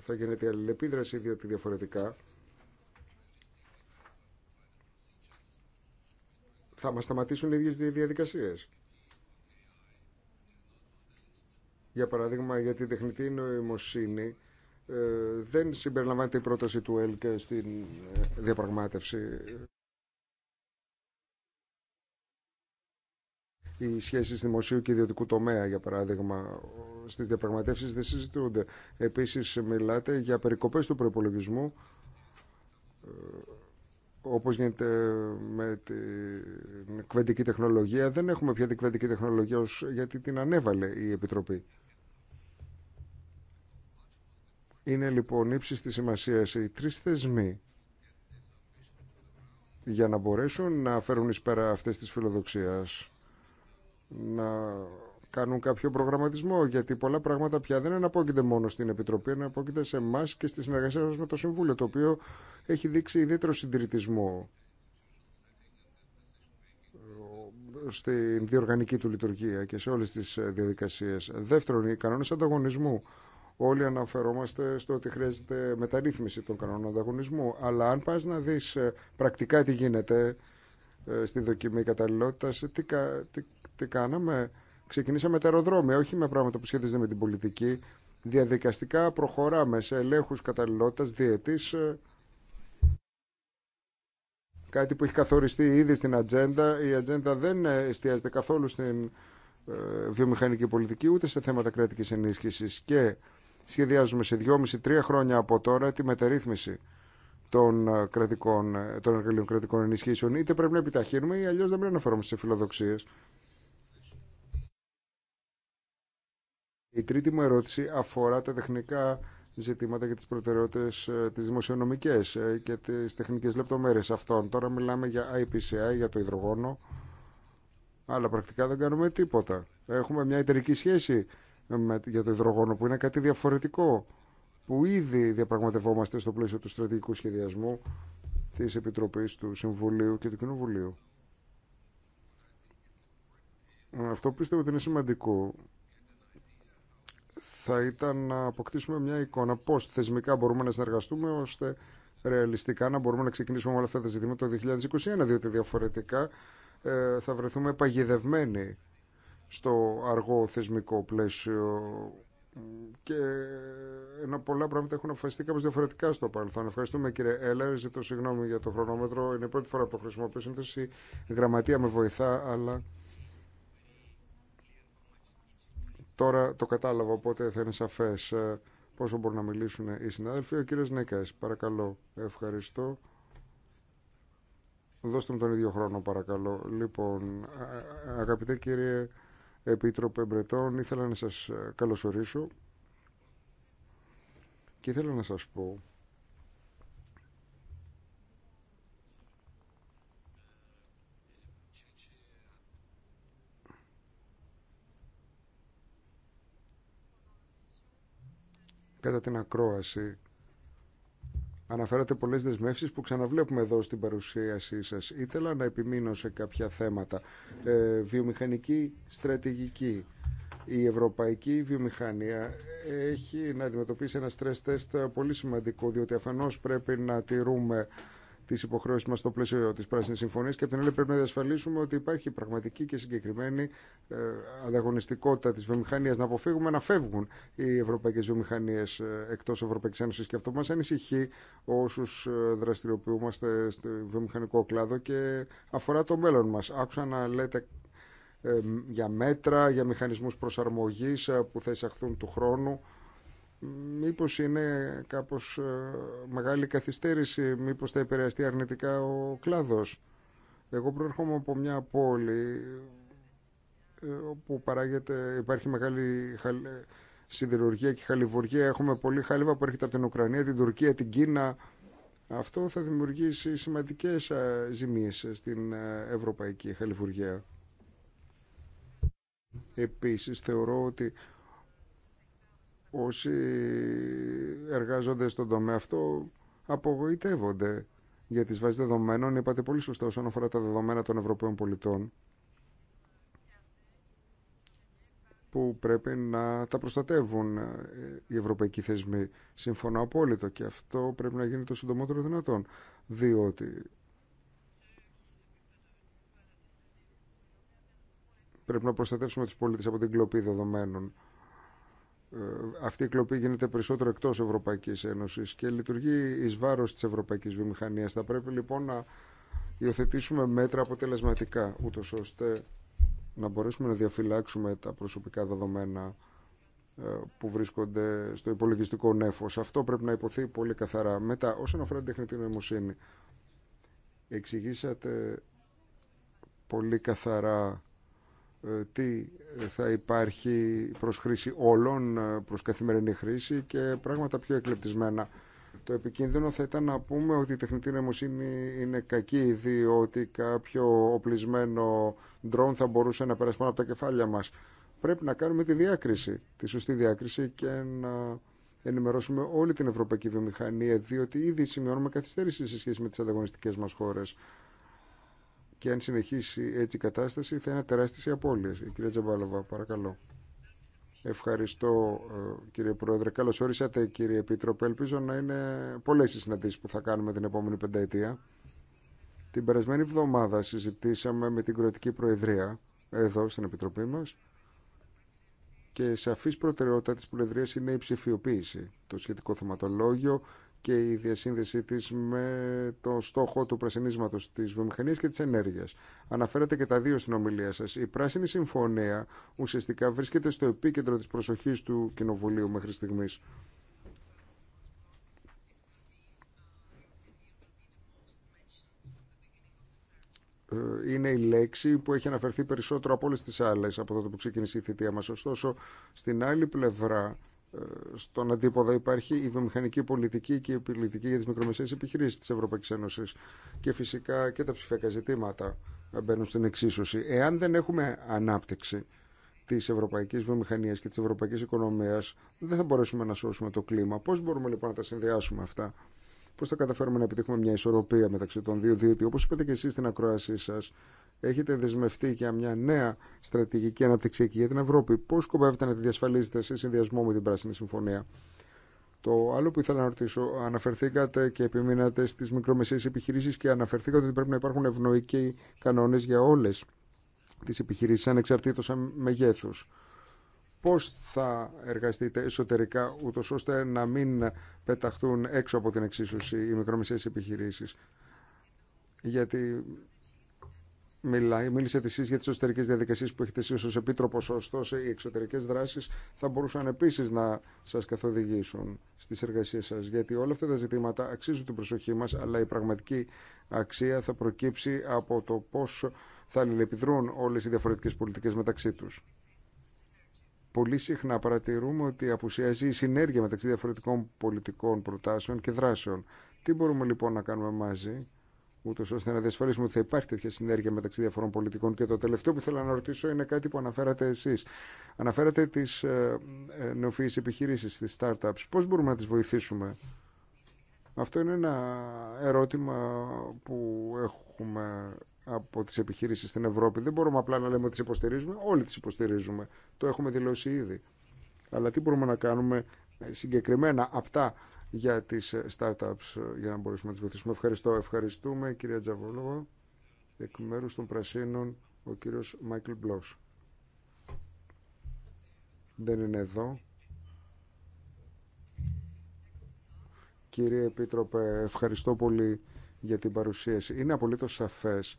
θα γίνεται η αλληλεπίδραση, διότι διαφορετικά θα μας σταματήσουν οι ίδιες διαδικασίες. Για παράδειγμα, για την τεχνητή νοημοσύνη ε, δεν συμπεριλαμβάνεται η πρόταση του ΕΛΚ στην ε, διαπραγμάτευση. Οι σχέσεις δημοσίου και ιδιωτικού τομέα, για παράδειγμα, στις διαπραγματεύσεις δεν συζητούνται. Επίσης, μιλάτε για περικοπές του προπολογισμού, ε, όπως γίνεται με την κβεντική τεχνολογία. Δεν έχουμε πια την κβεντική τεχνολογία, γιατί την ανέβαλε η Επιτροπή. Είναι λοιπόν ύψης της σημασίας οι τρεις θεσμοί για να μπορέσουν να φέρουν εις πέρα αυτές τις φιλοδοξίες, να κάνουν κάποιο προγραμματισμό, γιατί πολλά πράγματα πια δεν αναπόκειται μόνο στην Επιτροπή, αναπόκειται σε εμά και στη συνεργασία μας με το Συμβούλιο, το οποίο έχει δείξει ιδιαίτερο συντηρητισμό ε, στην διοργανική του λειτουργία και σε όλες τις ε, διαδικασίες. Δεύτερον, οι κανόνες ανταγωνισμού Όλοι αναφερόμαστε στο ότι χρειάζεται μεταρρύθμιση των κανόνων ανταγωνισμού. Αλλά αν πας να δεις ε, πρακτικά τι γίνεται ε, στη δοκιμή καταλληλότητας, τι, τι, τι κάναμε. Ξεκινήσαμε τα αεροδρόμια, όχι με πράγματα που σχετίζονται με την πολιτική. Διαδικαστικά προχωράμε σε ελέγχους καταλληλότητας διετής ε, κάτι που έχει καθοριστεί ήδη στην ατζέντα. Η ατζέντα δεν εστιάζεται καθόλου στην βιομηχανική πολιτική ούτε σε θέματα κρατικής ενίσχυσης και σχεδιάζουμε σε 2,5-3 χρόνια από τώρα τη μεταρρύθμιση των, ε, κρατικών, ε, των εργαλείων κρατικών ενισχύσεων. Είτε πρέπει να επιταχύνουμε ή αλλιώς δεν πρέπει να αναφερόμαστε σε φιλοδοξίες. Η τρίτη μου ερώτηση αφορά τα τεχνικά ζητήματα και τις προτεραιότητες ε, τις δημοσιονομικές και τις τεχνικές λεπτομέρειες αυτών. Τώρα μιλάμε για IPCI, για το υδρογόνο, αλλά πρακτικά δεν κάνουμε τίποτα. Έχουμε μια εταιρική σχέση για το υδρογόνο που είναι κάτι διαφορετικό που ήδη διαπραγματευόμαστε στο πλαίσιο του στρατηγικού σχεδιασμού της Επιτροπής του Συμβουλίου και του Κοινοβουλίου. Αυτό πιστεύω ότι είναι σημαντικό. Θα ήταν να αποκτήσουμε μια εικόνα πώς θεσμικά μπορούμε να συνεργαστούμε ώστε ρεαλιστικά να μπορούμε να ξεκινήσουμε όλα αυτά τα ζητήματα το 2021, διότι διαφορετικά ε, θα βρεθούμε παγιδευμένοι στο αργό θεσμικό πλαίσιο και ενώ πολλά πράγματα έχουν αποφασιστεί κάπως διαφορετικά στο παρελθόν. Ευχαριστούμε κύριε Έλερ, ζητώ συγγνώμη για το χρονόμετρο. Είναι η πρώτη φορά που το χρησιμοποιώ. η γραμματεία με βοηθά, αλλά τώρα το κατάλαβα, οπότε θα είναι σαφές ε, πόσο μπορούν να μιλήσουν οι συνάδελφοι. Ο κύριος Νέκα. παρακαλώ, ευχαριστώ. Δώστε μου τον ίδιο χρόνο, παρακαλώ. Λοιπόν, αγαπητέ κύριε Επίτροπε Μπρετών, ήθελα να σας ε, καλωσορίσω και ήθελα να σας πω κατά την ακρόαση Αναφέρατε πολλές δεσμεύσεις που ξαναβλέπουμε εδώ στην παρουσίασή σας. Ήθελα να επιμείνω σε κάποια θέματα. Ε, βιομηχανική στρατηγική. Η ευρωπαϊκή βιομηχανία έχει να αντιμετωπίσει ένα stress test πολύ σημαντικό, διότι αφενός πρέπει να τηρούμε τι υποχρεώσει μα στο πλαίσιο τη Πράσινη Συμφωνία και από την άλλη πρέπει να διασφαλίσουμε ότι υπάρχει πραγματική και συγκεκριμένη ε, ανταγωνιστικότητα τη βιομηχανία. Να αποφύγουμε να φεύγουν οι ευρωπαϊκέ βιομηχανίε ε, εκτό Ευρωπαϊκή Ένωση και αυτό μα ανησυχεί όσου ε, δραστηριοποιούμαστε στο βιομηχανικό κλάδο και αφορά το μέλλον μα. Άκουσα να λέτε για μέτρα, για μηχανισμούς προσαρμογής που θα εισαχθούν του χρόνου. Μήπως είναι κάπως ε, μεγάλη καθυστέρηση, μήπως θα επηρεαστεί αρνητικά ο κλάδος. Εγώ προέρχομαι από μια πόλη ε, όπου παράγεται, υπάρχει μεγάλη ε, σιδηρουργία και χαλιβουργία. Έχουμε πολύ χάλιβα που έρχεται από την Ουκρανία, την Τουρκία, την Κίνα. Αυτό θα δημιουργήσει σημαντικές ζημίες στην ευρωπαϊκή χαλιβουργία. Επίσης θεωρώ ότι όσοι εργάζονται στον τομέα αυτό απογοητεύονται για τις βάσεις δεδομένων. Είπατε πολύ σωστά όσον αφορά τα δεδομένα των Ευρωπαίων πολιτών που πρέπει να τα προστατεύουν ε, οι ευρωπαϊκοί θεσμοί. Συμφωνώ απόλυτο και αυτό πρέπει να γίνει το συντομότερο δυνατόν, διότι πρέπει να προστατεύσουμε τους πολίτες από την κλοπή δεδομένων αυτή η κλοπή γίνεται περισσότερο εκτός Ευρωπαϊκής Ένωση και λειτουργεί ει βάρο της Ευρωπαϊκής Βιομηχανίας. Θα πρέπει λοιπόν να υιοθετήσουμε μέτρα αποτελεσματικά, ούτω ώστε να μπορέσουμε να διαφυλάξουμε τα προσωπικά δεδομένα ε, που βρίσκονται στο υπολογιστικό νέφος. Αυτό πρέπει να υποθεί πολύ καθαρά. Μετά, όσον αφορά την τεχνητή νοημοσύνη, εξηγήσατε πολύ καθαρά ε, τι ε, θα υπάρχει προς χρήση όλων, ε, προς καθημερινή χρήση και πράγματα πιο εκλεπτισμένα. Το επικίνδυνο θα ήταν να πούμε ότι η τεχνητή νοημοσύνη είναι κακή, διότι κάποιο οπλισμένο ντρόν θα μπορούσε να περάσει πάνω από τα κεφάλια μας. Πρέπει να κάνουμε τη διάκριση, τη σωστή διάκριση και να ενημερώσουμε όλη την ευρωπαϊκή βιομηχανία, διότι ήδη σημειώνουμε καθυστέρηση σε σχέση με τις ανταγωνιστικές μας χώρες και αν συνεχίσει έτσι η κατάσταση θα είναι τεράστιες οι απώλειες. Η κυρία Τζαμπάλοβα, παρακαλώ. Ευχαριστώ ε, κύριε Πρόεδρε. Καλώ όρισατε κύριε Επίτροπε. Ελπίζω να είναι πολλέ οι συναντήσει που θα κάνουμε την επόμενη πενταετία. Την περασμένη εβδομάδα συζητήσαμε με την Κροατική Προεδρία εδώ στην Επιτροπή μα και σαφή προτεραιότητα τη Προεδρία είναι η ψηφιοποίηση. Το σχετικό θεματολόγιο και η διασύνδεσή της με το στόχο του πρασινίσματος της βιομηχανία και της ενέργειας. Αναφέρατε και τα δύο στην ομιλία σας. Η Πράσινη Συμφωνία ουσιαστικά βρίσκεται στο επίκεντρο της προσοχής του Κοινοβουλίου μέχρι στιγμή. Ε, είναι η λέξη που έχει αναφερθεί περισσότερο από όλες τις άλλες από τότε που ξεκίνησε η θητεία μας. Ωστόσο, στην άλλη πλευρά ε, στον αντίποδο υπάρχει η βιομηχανική πολιτική και η πολιτική για τις μικρομεσαίες επιχειρήσεις τη Ευρωπαϊκή Ένωση. και φυσικά και τα ψηφιακά ζητήματα μπαίνουν στην εξίσωση. Εάν δεν έχουμε ανάπτυξη τη Ευρωπαϊκή βιομηχανία και τη Ευρωπαϊκή οικονομίας δεν θα μπορέσουμε να σώσουμε το κλίμα. Πώ μπορούμε λοιπόν να τα συνδυάσουμε αυτά πώ θα καταφέρουμε να επιτύχουμε μια ισορροπία μεταξύ των δύο, διότι όπω είπατε και εσεί στην ακρόασή σα, έχετε δεσμευτεί για μια νέα στρατηγική αναπτυξιακή για την Ευρώπη. Πώ σκοπεύετε να τη διασφαλίζετε σε συνδυασμό με την Πράσινη Συμφωνία. Το άλλο που ήθελα να ρωτήσω, αναφερθήκατε και επιμείνατε στι μικρομεσαίε επιχειρήσει και αναφερθήκατε ότι πρέπει να υπάρχουν ευνοϊκοί κανόνε για όλε τι επιχειρήσει ανεξαρτήτω μεγέθου πώς θα εργαστείτε εσωτερικά ούτω ώστε να μην πεταχτούν έξω από την εξίσωση οι μικρομεσαίες επιχειρήσεις. Γιατί μιλάει, μίλησατε εσεί για τις εσωτερικέ διαδικασίες που έχετε εσεί ως Επίτροπος, Ωστόσο, οι εξωτερικές δράσεις θα μπορούσαν επίσης να σας καθοδηγήσουν στις εργασίες σας. Γιατί όλα αυτά τα ζητήματα αξίζουν την προσοχή μας, αλλά η πραγματική αξία θα προκύψει από το πώ θα αλληλεπιδρούν όλες οι διαφορετικές πολιτικές μεταξύ τους πολύ συχνά παρατηρούμε ότι απουσιάζει η συνέργεια μεταξύ διαφορετικών πολιτικών προτάσεων και δράσεων. Τι μπορούμε λοιπόν να κάνουμε μαζί, ούτω ώστε να διασφαλίσουμε ότι θα υπάρχει τέτοια συνέργεια μεταξύ διαφορών πολιτικών. Και το τελευταίο που θέλω να ρωτήσω είναι κάτι που αναφέρατε εσεί. Αναφέρατε τι ε, ε, νεοφυεί επιχειρήσει, τι startups. Πώ μπορούμε να τι βοηθήσουμε, Αυτό είναι ένα ερώτημα που έχουμε από τις επιχειρήσεις στην Ευρώπη. Δεν μπορούμε απλά να λέμε ότι τις υποστηρίζουμε. Όλοι τις υποστηρίζουμε. Το έχουμε δηλώσει ήδη. Αλλά τι μπορούμε να κάνουμε ε, συγκεκριμένα αυτά για τις ε, startups ε, για να μπορέσουμε να τις βοηθήσουμε. Ευχαριστώ. Ευχαριστούμε κυρία Τζαβόλογο. Εκ μέρους των Πρασίνων ο κύριος Μάικλ Μπλός. Δεν είναι εδώ. Κύριε Επίτροπε, ευχαριστώ πολύ για την παρουσίαση. Είναι απολύτως σαφές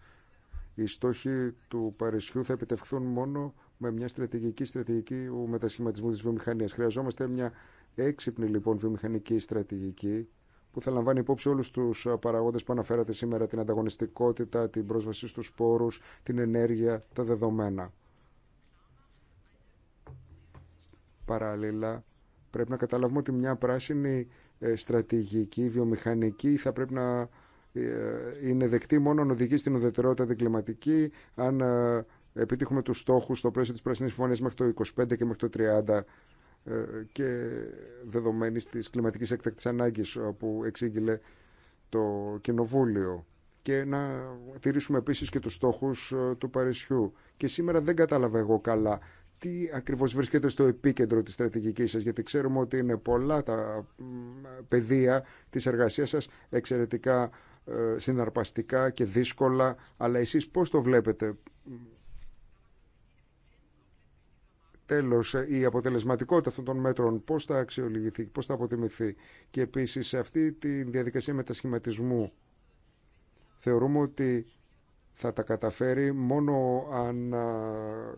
οι στόχοι του Παρισιού θα επιτευχθούν μόνο με μια στρατηγική στρατηγική ο μετασχηματισμού της βιομηχανίας. Χρειαζόμαστε μια έξυπνη λοιπόν βιομηχανική στρατηγική που θα λαμβάνει υπόψη όλους τους παραγόντες που αναφέρατε σήμερα, την ανταγωνιστικότητα, την πρόσβαση στους πόρους, την ενέργεια, τα δεδομένα. Παράλληλα, πρέπει να καταλάβουμε ότι μια πράσινη ε, στρατηγική βιομηχανική θα πρέπει να ε, είναι δεκτή μόνο αν οδηγεί στην ουδετερότητα την αν ε, επιτύχουμε τους στόχους στο πλαίσιο της Πράσινης Συμφωνίας μέχρι το 25 και μέχρι το 30 ε, και δεδομένης της κλιματικής έκτακτης ανάγκης που εξήγηλε το Κοινοβούλιο και να τηρήσουμε επίσης και τους στόχους του Παρισιού. Και σήμερα δεν κατάλαβα εγώ καλά τι ακριβώς βρίσκεται στο επίκεντρο της στρατηγικής σας, γιατί ξέρουμε ότι είναι πολλά τα πεδία της εργασίας σας εξαιρετικά ε, συναρπαστικά και δύσκολα, αλλά εσείς πώς το βλέπετε. Τέλος, η αποτελεσματικότητα αυτών των μέτρων πώς θα αξιολογηθεί, πώς θα αποτιμηθεί και επίσης σε αυτή τη διαδικασία μετασχηματισμού θεωρούμε ότι θα τα καταφέρει μόνο αν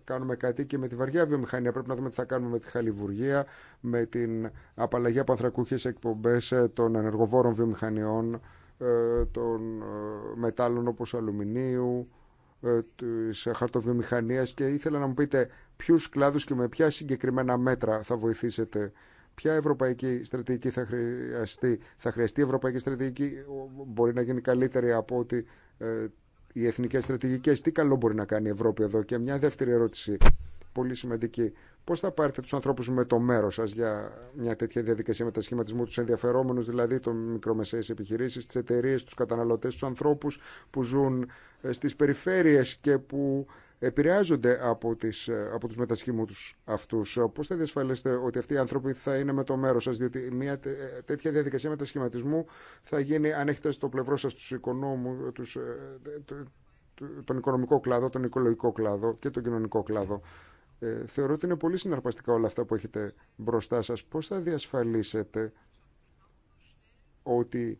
κάνουμε κάτι και με τη βαριά βιομηχανία. Πρέπει να δούμε τι θα κάνουμε με τη χαλιβουργία, με την απαλλαγή από ανθρακούχες εκπομπές ε, των ενεργοβόρων βιομηχανιών ε, των ε, μετάλλων όπως αλουμινίου, ε, της χαρτοβιομηχανίας και ήθελα να μου πείτε ποιους κλάδους και με ποια συγκεκριμένα μέτρα θα βοηθήσετε Ποια ευρωπαϊκή στρατηγική θα χρειαστεί, θα χρειαστεί ευρωπαϊκή στρατηγική, μπορεί να γίνει καλύτερη από ότι οι εθνικές στρατηγικές, τι καλό μπορεί να κάνει η Ευρώπη εδώ. Και μια δεύτερη ερώτηση, πολύ σημαντική. Πώ θα πάρετε του ανθρώπου με το μέρο σα για μια τέτοια διαδικασία μετασχηματισμού, του ενδιαφερόμενου δηλαδή, των μικρομεσαίε επιχειρήσει, τι εταιρείε, του καταναλωτέ, του ανθρώπου που ζουν ε, στι περιφέρειε και που επηρεάζονται από, τις, ε, από τους μετασχήματους αυτούς. Πώς θα διασφαλίσετε ότι αυτοί οι άνθρωποι θα είναι με το μέρος σας, διότι μια ε, τέτοια διαδικασία μετασχηματισμού θα γίνει αν έχετε στο πλευρό σας του οικονόμου, τους, τον οικονομικό κλάδο, τον οικολογικό κλάδο και τον κοινωνικό κλάδο. Ε, θεωρώ ότι είναι πολύ συναρπαστικά όλα αυτά που έχετε μπροστά σας. Πώς θα διασφαλίσετε ότι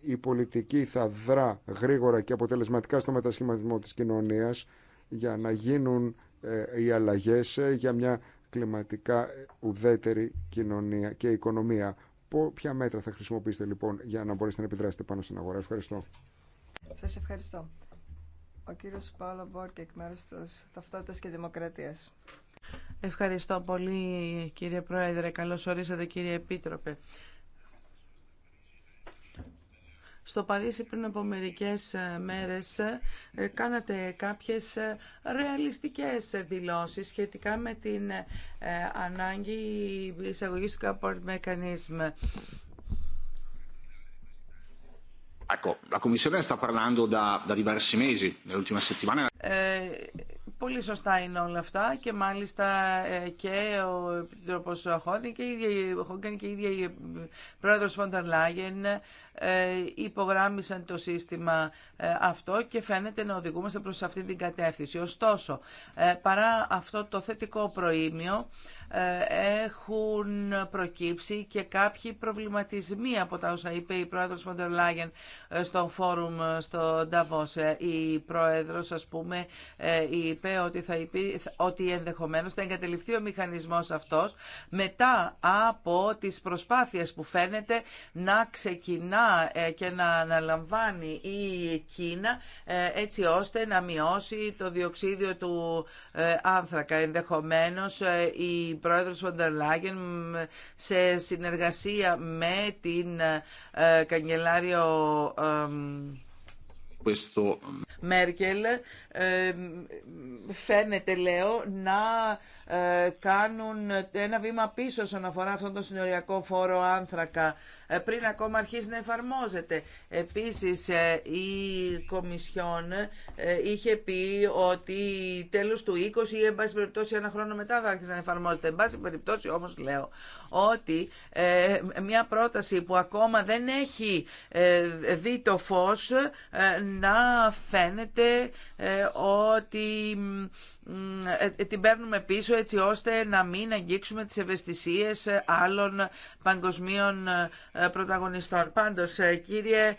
η πολιτική θα δρά γρήγορα και αποτελεσματικά στο μετασχηματισμό της κοινωνίας για να γίνουν ε, οι αλλαγές για μια κλιματικά ε, ουδέτερη κοινωνία και οικονομία. Ποια μέτρα θα χρησιμοποιήσετε λοιπόν για να μπορέσετε να επιδράσετε πάνω στην αγορά. Ευχαριστώ. Σας ευχαριστώ ο κύριος Παύλο Μπόρκεκ, εκ της Ταυτότητας και Δημοκρατίας. Ευχαριστώ πολύ κύριε Πρόεδρε. Καλώς ορίσατε κύριε Επίτροπε. Στο Παρίσι πριν από μερικές ε, μέρες ε, κάνατε κάποιες ε, ρεαλιστικές δηλώσεις σχετικά με την ανάγκη εισαγωγής του Κάπορτ Mechanism. Ecco, la Commissione sta parlando da, eh, πολύ σωστά είναι όλα αυτά και μάλιστα ε, και ο Επιτροπός και η και η ε, υπογράμμισαν το σύστημα ε, αυτό και φαίνεται να οδηγούμαστε προς αυτή την κατεύθυνση. Ωστόσο, ε, παρά αυτό το θετικό προήμιο, έχουν προκύψει και κάποιοι προβληματισμοί από τα όσα είπε η πρόεδρος Φοντερ Λάγεν στο φόρουμ στο Νταβός. Η πρόεδρος, ας πούμε, είπε ότι, θα υπή... ότι ενδεχομένως θα εγκατελειφθεί ο μηχανισμός αυτός μετά από τις προσπάθειες που φαίνεται να ξεκινά ε, και να αναλαμβάνει η Κίνα ε, έτσι ώστε να μειώσει το διοξίδιο του ε, άνθρακα. Ενδεχομένως η πρόεδρος Φοντερ σε συνεργασία με την καγκελάριο Μέρκελ φαίνεται λέω να ε, κάνουν ένα βήμα πίσω όσον αφορά αυτόν τον συνοριακό φόρο άνθρακα ε, πριν ακόμα αρχίσει να εφαρμόζεται. Επίσης ε, η Κομισιόν είχε πει ότι τέλος του 20 ή εν πάση περιπτώσει ένα χρόνο μετά θα άρχισε να εφαρμόζεται. Εν πάση περιπτώσει όμως λέω ότι μια πρόταση που ακόμα δεν έχει δει το φως να φαίνεται ότι ε, την παίρνουμε πίσω έτσι ώστε να μην αγγίξουμε τις ευαισθησίες άλλων παγκοσμίων ε, πρωταγωνιστών. Πάντως, ε, κύριε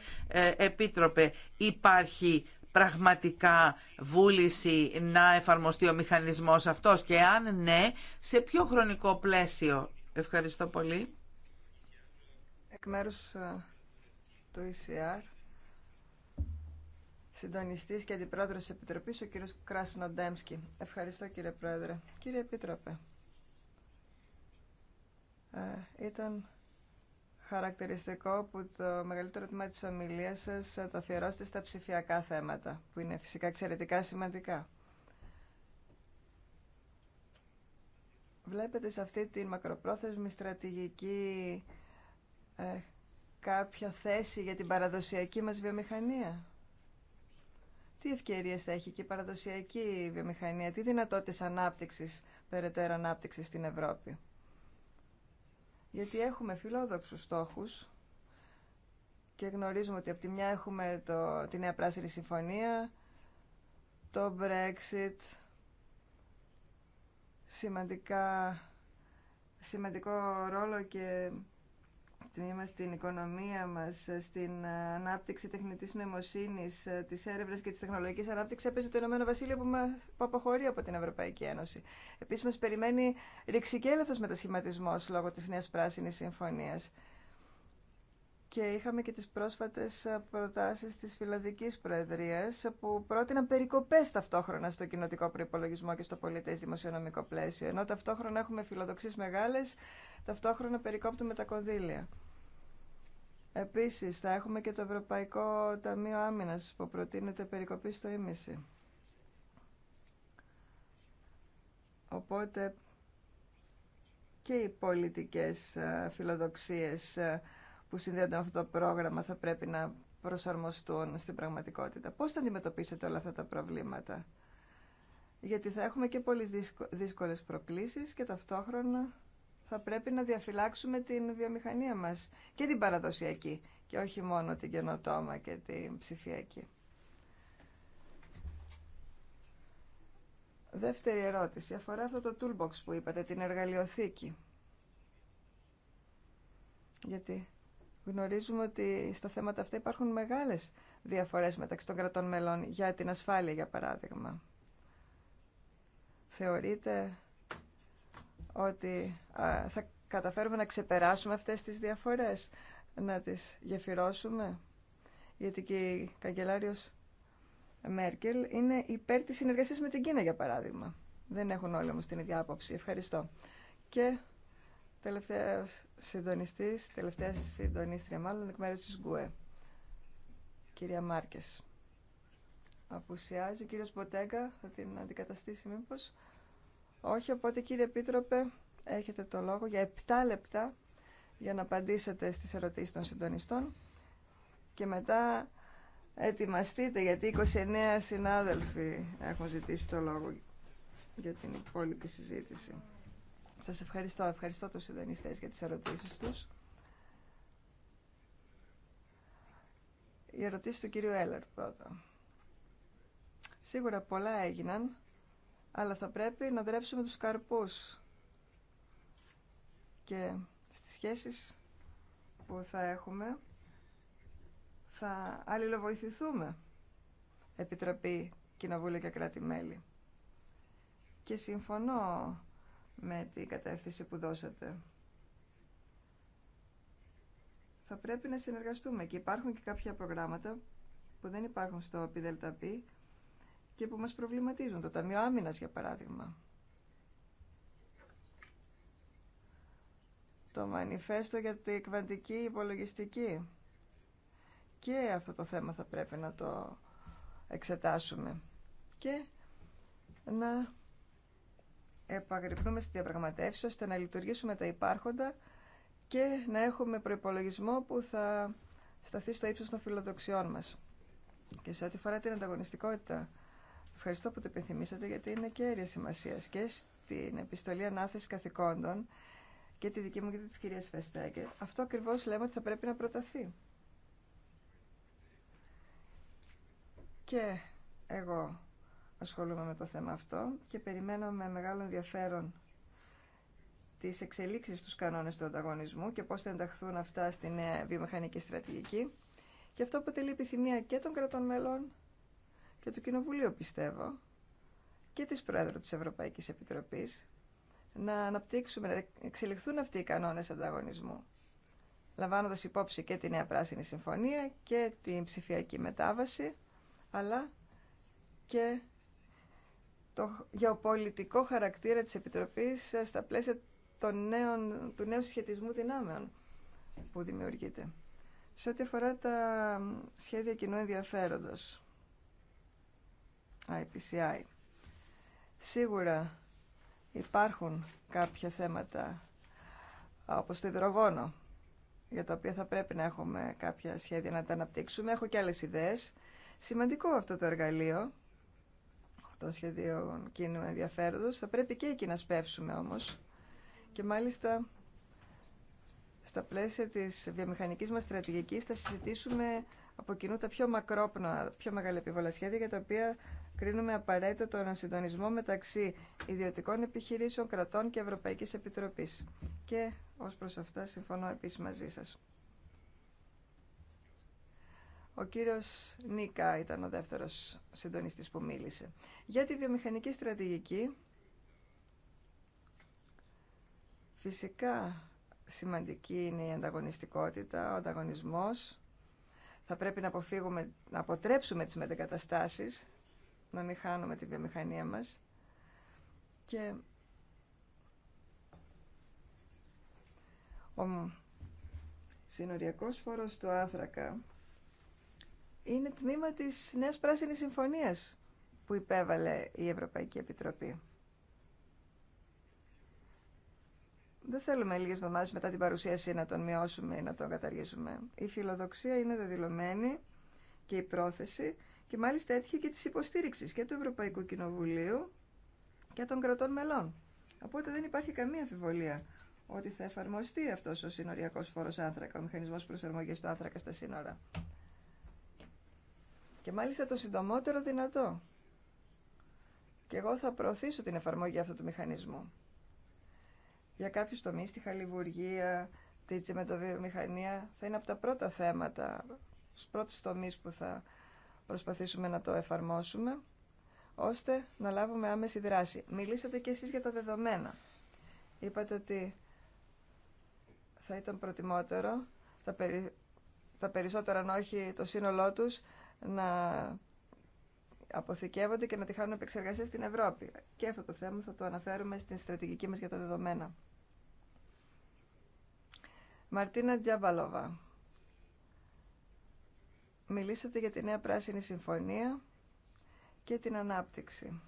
Επίτροπε, υπάρχει πραγματικά βούληση να εφαρμοστεί ο μηχανισμός αυτός και αν ναι, σε ποιο χρονικό πλαίσιο. Ευχαριστώ πολύ. Εκ του ECR συντονιστής και αντιπρόεδρος της Επιτροπής, ο κύριος Τέμσκι Ευχαριστώ κύριε Πρόεδρε. Κύριε Επίτροπε, ε, ήταν χαρακτηριστικό που το μεγαλύτερο τμήμα της ομιλίας σας ε, το αφιερώσετε στα ψηφιακά θέματα, που είναι φυσικά εξαιρετικά σημαντικά. Βλέπετε σε αυτή τη μακροπρόθεσμη στρατηγική ε, κάποια θέση για την παραδοσιακή μας βιομηχανία τι ευκαιρίες θα έχει και η παραδοσιακή βιομηχανία, τι δυνατότητες ανάπτυξης, περαιτέρω ανάπτυξης στην Ευρώπη. Γιατί έχουμε φιλόδοξους στόχους και γνωρίζουμε ότι από τη μια έχουμε το, τη Νέα Πράσινη Συμφωνία, το Brexit, σημαντικά, σημαντικό ρόλο και τμήμα στην οικονομία μας, στην ανάπτυξη τεχνητής νοημοσύνης, της έρευνας και της τεχνολογικής ανάπτυξης έπαιζε το Ηνωμένο Βασίλειο που, αποχωρεί από την Ευρωπαϊκή Ένωση. Επίσης μας περιμένει ρηξικέλεθος μετασχηματισμός λόγω της Νέας Πράσινης Συμφωνίας. Και είχαμε και τις πρόσφατες προτάσεις της Φιλανδικής Προεδρίας που πρότειναν περικοπές ταυτόχρονα στο κοινοτικό προϋπολογισμό και στο πολιτέ δημοσιονομικό πλαίσιο. Ενώ ταυτόχρονα έχουμε φιλοδοξίες μεγάλες, ταυτόχρονα περικόπτουμε τα κονδύλια. Επίσης, θα έχουμε και το Ευρωπαϊκό Ταμείο Άμυνας που προτείνεται περικοπή στο ίμιση. Οπότε και οι πολιτικές ε, φιλοδοξίες ε, που συνδέονται με αυτό το πρόγραμμα θα πρέπει να προσαρμοστούν στην πραγματικότητα. Πώς θα αντιμετωπίσετε όλα αυτά τα προβλήματα. Γιατί θα έχουμε και πολλές δύσκολες προκλήσεις και ταυτόχρονα θα πρέπει να διαφυλάξουμε την βιομηχανία μας και την παραδοσιακή και όχι μόνο την καινοτόμα και την ψηφιακή. Δεύτερη ερώτηση αφορά αυτό το toolbox που είπατε, την εργαλειοθήκη. Γιατί γνωρίζουμε ότι στα θέματα αυτά υπάρχουν μεγάλες διαφορές μεταξύ των κρατών μελών για την ασφάλεια, για παράδειγμα. Θεωρείτε ότι θα καταφέρουμε να ξεπεράσουμε αυτές τις διαφορές, να τις γεφυρώσουμε. Γιατί και η καγκελάριος Μέρκελ είναι υπέρ της συνεργασίας με την Κίνα, για παράδειγμα. Δεν έχουν όλοι όμως την ίδια άποψη. Ευχαριστώ. Και τελευταίος συντονιστή, τελευταία συντονίστρια μάλλον, εκ μέρους της Γκουέ. κυρία Μάρκες. Απουσιάζει ο κύριος Μποτέγκα, θα την αντικαταστήσει μήπως. Όχι, οπότε κύριε Επίτροπε, έχετε το λόγο για 7 λεπτά για να απαντήσετε στις ερωτήσεις των συντονιστών και μετά ετοιμαστείτε γιατί 29 συνάδελφοι έχουν ζητήσει το λόγο για την υπόλοιπη συζήτηση. Σας ευχαριστώ. Ευχαριστώ τους συντονιστές για τις ερωτήσεις τους. Η ερωτήση του κύριου Έλλερ πρώτα. Σίγουρα πολλά έγιναν αλλά θα πρέπει να δρέψουμε τους καρπούς και στις σχέσεις που θα έχουμε θα αλληλοβοηθηθούμε Επιτροπή Κοινοβούλιο και Κράτη-Μέλη. Και συμφωνώ με την κατεύθυνση που δώσατε. Θα πρέπει να συνεργαστούμε και υπάρχουν και κάποια προγράμματα που δεν υπάρχουν στο ΠΔΕΛΤΑΠΗ και που μας προβληματίζουν. Το Ταμείο Άμυνας, για παράδειγμα. Το Μανιφέστο για την κβαντική υπολογιστική. Και αυτό το θέμα θα πρέπει να το εξετάσουμε. Και να επαγρυπνούμε στη διαπραγματεύση ώστε να λειτουργήσουμε τα υπάρχοντα και να έχουμε προϋπολογισμό που θα σταθεί στο ύψος των φιλοδοξιών μας. Και σε ό,τι φορά την ανταγωνιστικότητα Ευχαριστώ που το επιθυμήσατε γιατί είναι κέρια σημασία και στην επιστολή ανάθεση καθηκόντων και τη δική μου και τη κυρία Φεστέγκερ. Αυτό ακριβώ λέμε ότι θα πρέπει να προταθεί. Και εγώ ασχολούμαι με το θέμα αυτό και περιμένω με μεγάλο ενδιαφέρον τις εξελίξεις στους κανόνες του ανταγωνισμού και πώς θα ενταχθούν αυτά νέα βιομηχανική στρατηγική. Και αυτό αποτελεί επιθυμία και των κρατών μελών και του Κοινοβουλίου πιστεύω και της Πρόεδρου της Ευρωπαϊκής Επιτροπής να αναπτύξουμε, να εξελιχθούν αυτοί οι κανόνες ανταγωνισμού λαμβάνοντας υπόψη και τη Νέα Πράσινη Συμφωνία και την ψηφιακή μετάβαση αλλά και το γεωπολιτικό χαρακτήρα της Επιτροπής ε, στα πλαίσια των νέων, του νέου σχετισμού δυνάμεων που δημιουργείται. Σε ό,τι αφορά τα σχέδια κοινού ενδιαφέροντος, IPCI. Σίγουρα υπάρχουν κάποια θέματα όπως το υδρογόνο για τα οποία θα πρέπει να έχουμε κάποια σχέδια να τα αναπτύξουμε. Έχω και άλλες ιδέες. Σημαντικό αυτό το εργαλείο των σχεδίων κοινού ενδιαφέροντος. Θα πρέπει και εκεί να σπεύσουμε όμως. Και μάλιστα στα πλαίσια της βιομηχανικής μας στρατηγικής θα συζητήσουμε από κοινού τα πιο μακρόπνοα, πιο μεγάλη επιβολα σχέδια για τα οποία κρίνουμε απαραίτητο τον συντονισμό μεταξύ ιδιωτικών επιχειρήσεων, κρατών και Ευρωπαϊκής Επιτροπής. Και ως προς αυτά συμφωνώ επίσης μαζί σας. Ο κύριος Νίκα ήταν ο δεύτερος συντονιστής που μίλησε. Για τη βιομηχανική στρατηγική, φυσικά σημαντική είναι η ανταγωνιστικότητα, ο ανταγωνισμός. Θα πρέπει να αποφύγουμε, να αποτρέψουμε τις μετεγκαταστάσεις να μην χάνουμε τη βιομηχανία μας και ο συνοριακός φόρος του άνθρακα είναι τμήμα της Νέας Πράσινης Συμφωνίας που υπέβαλε η Ευρωπαϊκή Επιτροπή. Δεν θέλουμε λίγες εβδομάδες μετά την παρουσίαση να τον μειώσουμε ή να τον καταργήσουμε. Η φιλοδοξία είναι δεδηλωμένη και η πρόθεση και μάλιστα έτυχε και τη υποστήριξη και του Ευρωπαϊκού Κοινοβουλίου και των κρατών μελών. Οπότε δεν υπάρχει καμία αμφιβολία ότι θα εφαρμοστεί αυτό ο συνοριακός φόρο άνθρακα, ο μηχανισμό προσαρμογή του άνθρακα στα σύνορα. Και μάλιστα το συντομότερο δυνατό. Και εγώ θα προωθήσω την εφαρμογή αυτού του μηχανισμού. Για κάποιου τομεί, τη χαλιβουργία, τη τσιμετοβιομηχανία, θα είναι από τα πρώτα θέματα, του πρώτου τομεί που θα προσπαθήσουμε να το εφαρμόσουμε, ώστε να λάβουμε άμεση δράση. Μιλήσατε και εσείς για τα δεδομένα. Είπατε ότι θα ήταν προτιμότερο τα, τα περισσότερα, αν όχι το σύνολό τους, να αποθηκεύονται και να τη επεξεργασία στην Ευρώπη. Και αυτό το θέμα θα το αναφέρουμε στην στρατηγική μας για τα δεδομένα. Μαρτίνα Τζαμπαλόβα μιλήσατε για τη Νέα Πράσινη Συμφωνία και την ανάπτυξη.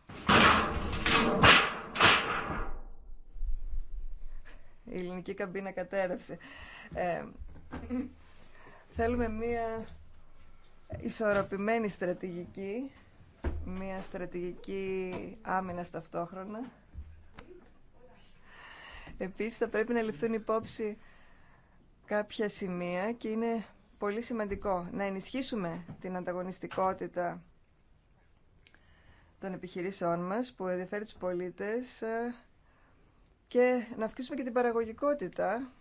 Η ελληνική καμπίνα κατέρευσε. Ε, θέλουμε μία ισορροπημένη στρατηγική, μία στρατηγική άμυνα ταυτόχρονα. Επίσης θα πρέπει να ληφθούν υπόψη κάποια σημεία και είναι πολύ σημαντικό να ενισχύσουμε την ανταγωνιστικότητα των επιχειρήσεών μας που ενδιαφέρει τους πολίτες ε, και να αυξήσουμε και την παραγωγικότητα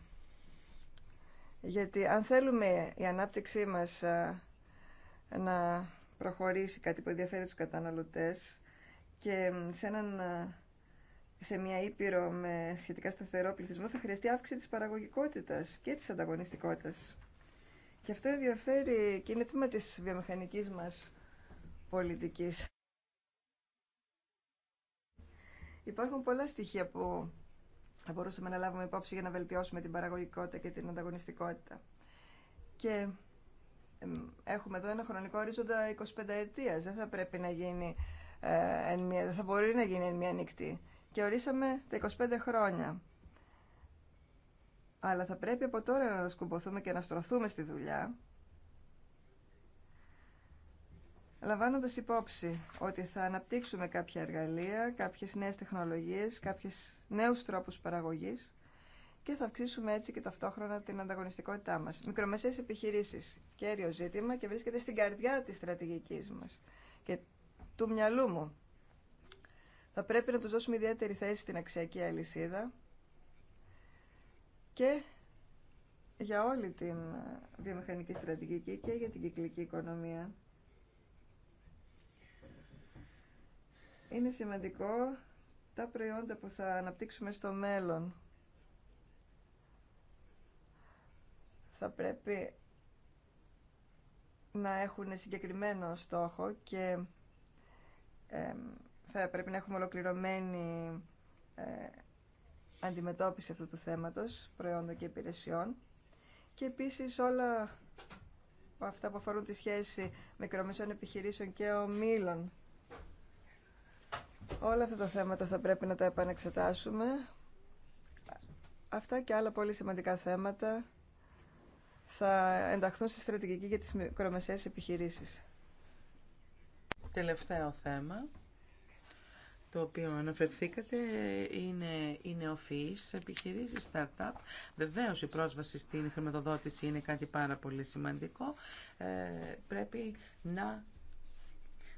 γιατί αν θέλουμε η ανάπτυξή μας ε, να προχωρήσει κάτι που ενδιαφέρει τους καταναλωτές και σε, έναν, ε, σε μια ήπειρο με σχετικά σταθερό πληθυσμό θα χρειαστεί αύξηση της παραγωγικότητας και της ανταγωνιστικότητας. Και αυτό ενδιαφέρει και είναι τίμα της βιομηχανικής μας πολιτικής. Υπάρχουν πολλά στοιχεία που θα μπορούσαμε να λάβουμε υπόψη για να βελτιώσουμε την παραγωγικότητα και την ανταγωνιστικότητα. Και έχουμε εδώ ένα χρονικό ορίζοντα 25 ετίας. Δεν θα πρέπει να γίνει ε, εν μία, δεν θα μπορεί να γίνει εν μία νυχτή. Και ορίσαμε τα 25 χρόνια αλλά θα πρέπει από τώρα να ανασκουμποθούμε και να στρωθούμε στη δουλειά, λαμβάνοντας υπόψη ότι θα αναπτύξουμε κάποια εργαλεία, κάποιες νέες τεχνολογίες, κάποιες νέους τρόπους παραγωγής και θα αυξήσουμε έτσι και ταυτόχρονα την ανταγωνιστικότητά μας. Μικρομεσαίες επιχειρήσεις, κέριο ζήτημα και βρίσκεται στην καρδιά της στρατηγικής μας και του μυαλού μου. Θα πρέπει να τους δώσουμε ιδιαίτερη θέση στην αξιακή αλυσίδα και για όλη την βιομηχανική στρατηγική και για την κυκλική οικονομία. Είναι σημαντικό τα προϊόντα που θα αναπτύξουμε στο μέλλον. Θα πρέπει να έχουν συγκεκριμένο στόχο και θα πρέπει να έχουμε ολοκληρωμένη ε, αντιμετώπιση αυτού του θέματος, προϊόντων και υπηρεσιών. Και επίσης όλα αυτά που αφορούν τη σχέση μικρομεσαίων επιχειρήσεων και ομίλων. Όλα αυτά τα θέματα θα πρέπει να τα επανεξετάσουμε. Αυτά και άλλα πολύ σημαντικά θέματα θα ενταχθούν στη στρατηγική για τις μικρομεσαίες επιχειρήσεις. Τελευταίο θέμα το οποίο αναφερθήκατε είναι οι νεοφυείς επιχειρήσεις, startup. Βεβαίως η πρόσβαση στην χρηματοδότηση είναι κάτι πάρα πολύ σημαντικό. Ε, πρέπει να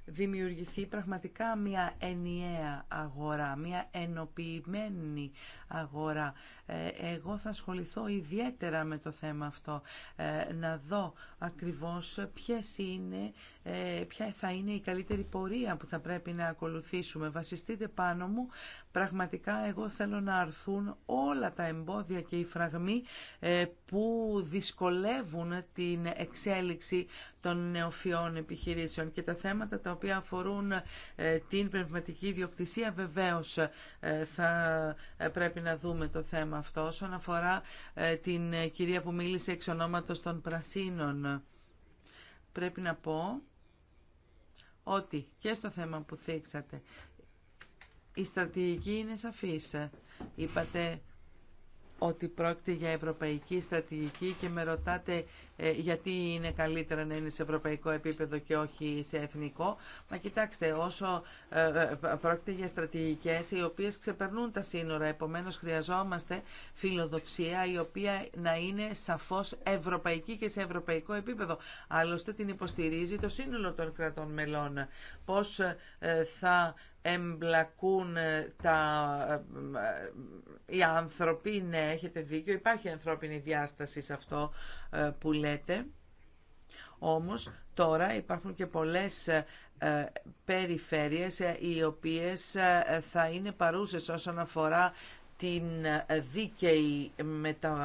δημιουργηθεί πραγματικά μια ενιαία αγορά, μια ενοποιημένη αγορά ε, εγώ θα ασχοληθώ ιδιαίτερα με το θέμα αυτό, ε, να δω ακριβώς ποιες είναι, ε, ποια θα είναι η καλύτερη πορεία που θα πρέπει να ακολουθήσουμε. Βασιστείτε πάνω μου, πραγματικά εγώ θέλω να αρθούν όλα τα εμπόδια και οι φραγμοί που δυσκολεύουν την εξέλιξη των νεοφιών επιχειρήσεων και τα θέματα τα οποία αφορούν την πνευματική ιδιοκτησία βεβαίως θα πρέπει να δούμε το θέμα αυτό όσον αφορά ε, την ε, κυρία που μίλησε εξ ονόματος των Πρασίνων. Πρέπει να πω ότι και στο θέμα που θίξατε η στρατηγική είναι σαφής. Είπατε ότι πρόκειται για ευρωπαϊκή στρατηγική και με ρωτάτε ε, γιατί είναι καλύτερα να είναι σε ευρωπαϊκό επίπεδο και όχι σε εθνικό. Μα κοιτάξτε, όσο ε, ε, πρόκειται για στρατηγικές οι οποίες ξεπερνούν τα σύνορα, επομένως χρειαζόμαστε φιλοδοξία η οποία να είναι σαφώς ευρωπαϊκή και σε ευρωπαϊκό επίπεδο. Άλλωστε την υποστηρίζει το σύνολο των κρατών μελών. θα εμπλακούν ε, τα, ε, ε, οι άνθρωποι. Ναι, έχετε δίκιο, υπάρχει ανθρώπινη διάσταση σε αυτό που λέτε. Όμως τώρα υπάρχουν και πολλές περιφέρειες οι οποίες θα είναι παρούσες όσον αφορά την δίκαιη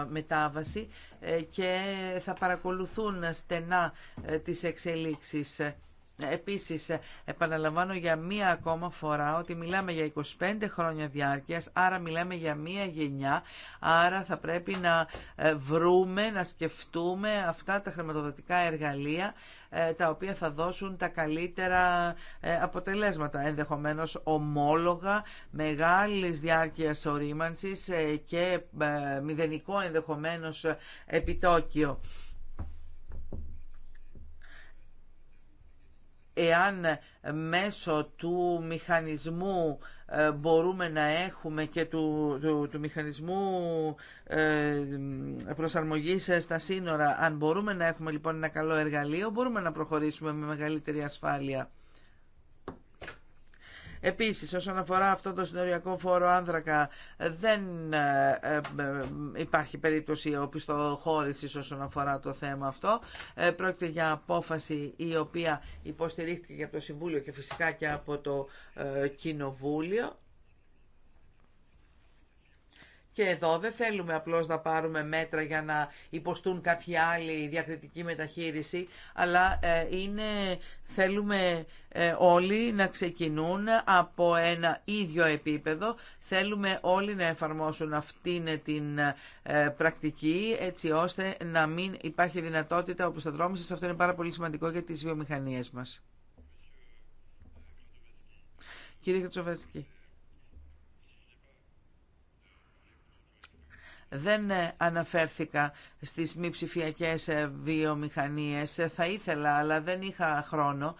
μετάβαση και θα παρακολουθούν στενά τις εξελίξεις. Επίσης, επαναλαμβάνω για μία ακόμα φορά ότι μιλάμε για 25 χρόνια διάρκειας, άρα μιλάμε για μία γενιά, άρα θα πρέπει να ε, βρούμε, να σκεφτούμε αυτά τα χρηματοδοτικά εργαλεία ε, τα οποία θα δώσουν τα καλύτερα ε, αποτελέσματα, ενδεχομένως ομόλογα, μεγάλης διάρκειας ορίμανσης και μηδενικό ενδεχομένως επιτόκιο. εάν μέσω του μηχανισμού ε, μπορούμε να έχουμε και του, του, του μηχανισμού ε, προσαρμογής ε, στα σύνορα, αν μπορούμε να έχουμε λοιπόν ένα καλό εργαλείο, μπορούμε να προχωρήσουμε με μεγαλύτερη ασφάλεια. Επίσης, όσον αφορά αυτό το συνοριακό φόρο άνθρακα, δεν ε, ε, υπάρχει περίπτωση οπισθοχώρησης όσον αφορά το θέμα αυτό. Ε, πρόκειται για απόφαση η οποία υποστηρίχθηκε από το Συμβούλιο και φυσικά και από το Κοινοβούλιο και εδώ δεν θέλουμε απλώς να πάρουμε μέτρα για να υποστούν κάποιοι άλλοι διακριτική μεταχείριση, αλλά ε, είναι, θέλουμε ε, όλοι να ξεκινούν από ένα ίδιο επίπεδο. Θέλουμε όλοι να εφαρμόσουν αυτήν την ε, πρακτική, έτσι ώστε να μην υπάρχει δυνατότητα όπως θα Αυτό είναι πάρα πολύ σημαντικό για τις βιομηχανίες μας. Κύριε Δεν ε, αναφέρθηκα στις μη ψηφιακέ ε, βιομηχανίες. Ε, θα ήθελα, αλλά δεν είχα χρόνο.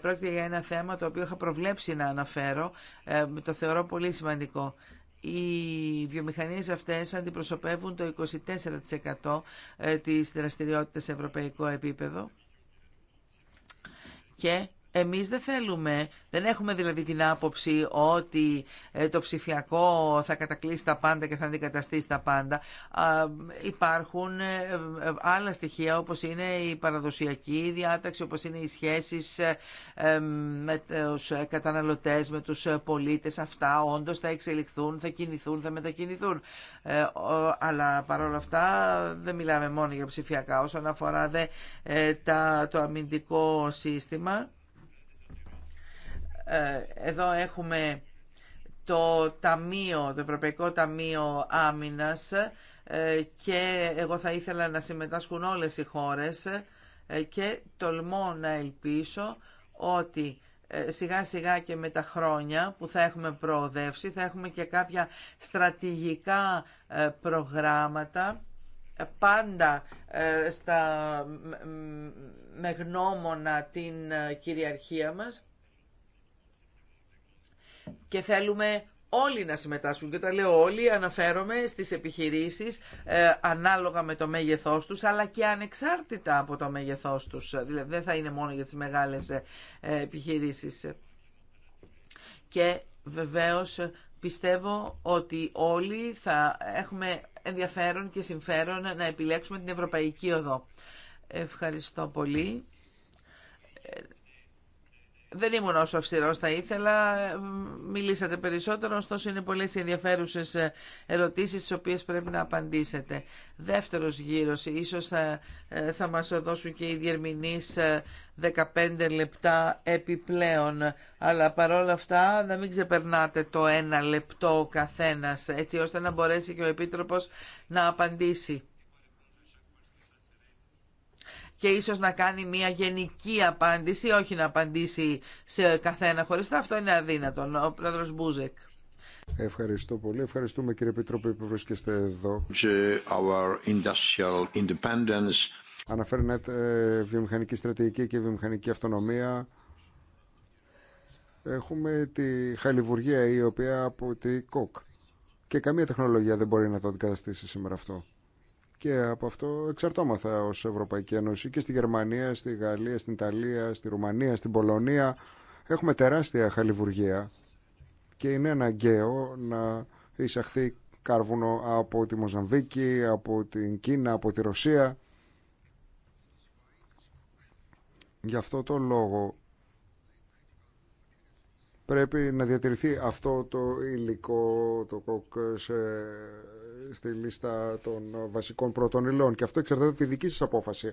Πρόκειται για ένα θέμα το οποίο είχα προβλέψει να αναφέρω. Το θεωρώ πολύ σημαντικό. Οι βιομηχανίες αυτές αντιπροσωπεύουν το 24% της δραστηριότητας σε ευρωπαϊκό επίπεδο και εμείς δεν θέλουμε, δεν έχουμε δηλαδή την άποψη ότι ε, το ψηφιακό θα κατακλείσει τα πάντα και θα αντικαταστήσει τα πάντα. Υπάρχουν ε, ε, άλλα στοιχεία όπως είναι η παραδοσιακή διάταξη, όπως είναι οι σχέσεις με τους καταναλωτές, με τους πολίτες. Αυτά όντως θα εξελιχθούν, θα κινηθούν, θα μετακινηθούν. Αλλά παρόλα αυτά δεν μιλάμε μόνο για ψηφιακά. Όσον αφορά τα, το αμυντικό σύστημα, ε, εδώ έχουμε το Ταμείο, το Ευρωπαϊκό Ταμείο Άμυνας ε, και εγώ θα ήθελα να συμμετάσχουν όλες οι χώρες ε, και τολμώ να ελπίσω ότι σιγά σιγά και με τα χρόνια που θα έχουμε προοδεύσει θα έχουμε και κάποια στρατηγικά προγράμματα πάντα στα, με γνώμονα την κυριαρχία μας και θέλουμε όλοι να συμμετάσχουν και τα λέω όλοι, αναφέρομαι στις επιχειρήσεις ε, ανάλογα με το μέγεθός τους αλλά και ανεξάρτητα από το μέγεθός τους, δηλαδή δεν θα είναι μόνο για τις μεγάλες ε, επιχειρήσεις. Και βεβαίως πιστεύω ότι όλοι θα έχουμε ενδιαφέρον και συμφέρον να επιλέξουμε την ευρωπαϊκή οδό. Ευχαριστώ πολύ. Ε, δεν ήμουν όσο αυστηρό θα ήθελα. Μιλήσατε περισσότερο, ωστόσο είναι πολλέ ενδιαφέρουσε ε, ερωτήσει τι οποίε πρέπει να απαντήσετε. Δεύτερο γύρο, ίσω θα, ε, θα μα δώσουν και οι διερμηνεί 15 ε, λεπτά επιπλέον. Αλλά παρόλα αυτά να μην ξεπερνάτε το ένα λεπτό ο καθένα, έτσι ώστε να μπορέσει και ο Επίτροπο να απαντήσει και ίσως να κάνει μια γενική απάντηση, όχι να απαντήσει σε καθένα χωριστά. Αυτό είναι αδύνατο. Ο πρόεδρος Μπούζεκ. Ευχαριστώ πολύ. Ευχαριστούμε κύριε Επιτρόπη που βρίσκεστε εδώ. Our industrial independence. Αναφέρνετε ε, βιομηχανική στρατηγική και βιομηχανική αυτονομία. Έχουμε τη χαλιβουργία η οποία από τη ΚΟΚ. Και καμία τεχνολογία δεν μπορεί να το αντικαταστήσει σήμερα αυτό. Και από αυτό εξαρτώμαθα ω Ευρωπαϊκή Ένωση και στη Γερμανία, στη Γαλλία, στην Ιταλία, στη Ρουμανία, στην Πολωνία. Έχουμε τεράστια χαλιβουργία και είναι αναγκαίο να εισαχθεί κάρβουνο από τη Μοζαμβίκη, από την Κίνα, από τη Ρωσία. Γι' αυτό το λόγο πρέπει να διατηρηθεί αυτό το υλικό, το κοκ, στη λίστα των βασικών πρώτων υλών. Και αυτό εξαρτάται από τη δική σας απόφαση,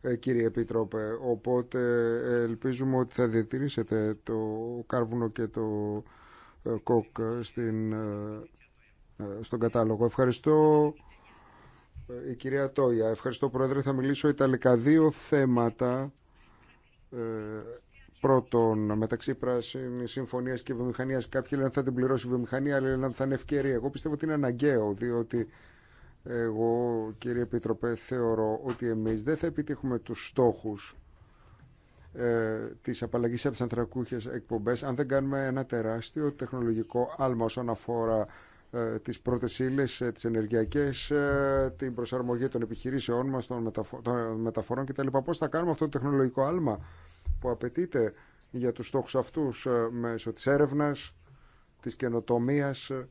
ε, κύριε Επίτροπε. Οπότε ε, ελπίζουμε ότι θα διατηρήσετε το κάρβουνο και το ε, κοκ στην, στον κατάλογο. Ευχαριστώ. Η κυρία Τόια, ευχαριστώ Πρόεδρε, θα μιλήσω Ιταλικά. Δύο θέματα Πρώτον, μεταξύ πράσινη συμφωνία και βιομηχανία, κάποιοι λένε θα την πληρώσει η βιομηχανία, αλλά λένε θα είναι ευκαιρία. Εγώ πιστεύω ότι είναι αναγκαίο, διότι εγώ, κύριε Επίτροπε, θεωρώ ότι εμεί δεν θα επιτύχουμε του στόχου ε, τη απαλλαγή από τι ανθρακούχε εκπομπέ, αν δεν κάνουμε ένα τεράστιο τεχνολογικό άλμα όσον αφορά ε, τις πρώτες ύλες, ε, τις ενεργειακές, ε, την προσαρμογή των επιχειρήσεων μας, των, μεταφορών κτλ. Πώς θα κάνουμε αυτό το τεχνολογικό άλμα που απαιτείται για τους στόχους αυτούς ε, μέσω της έρευνας, της καινοτομίας ε,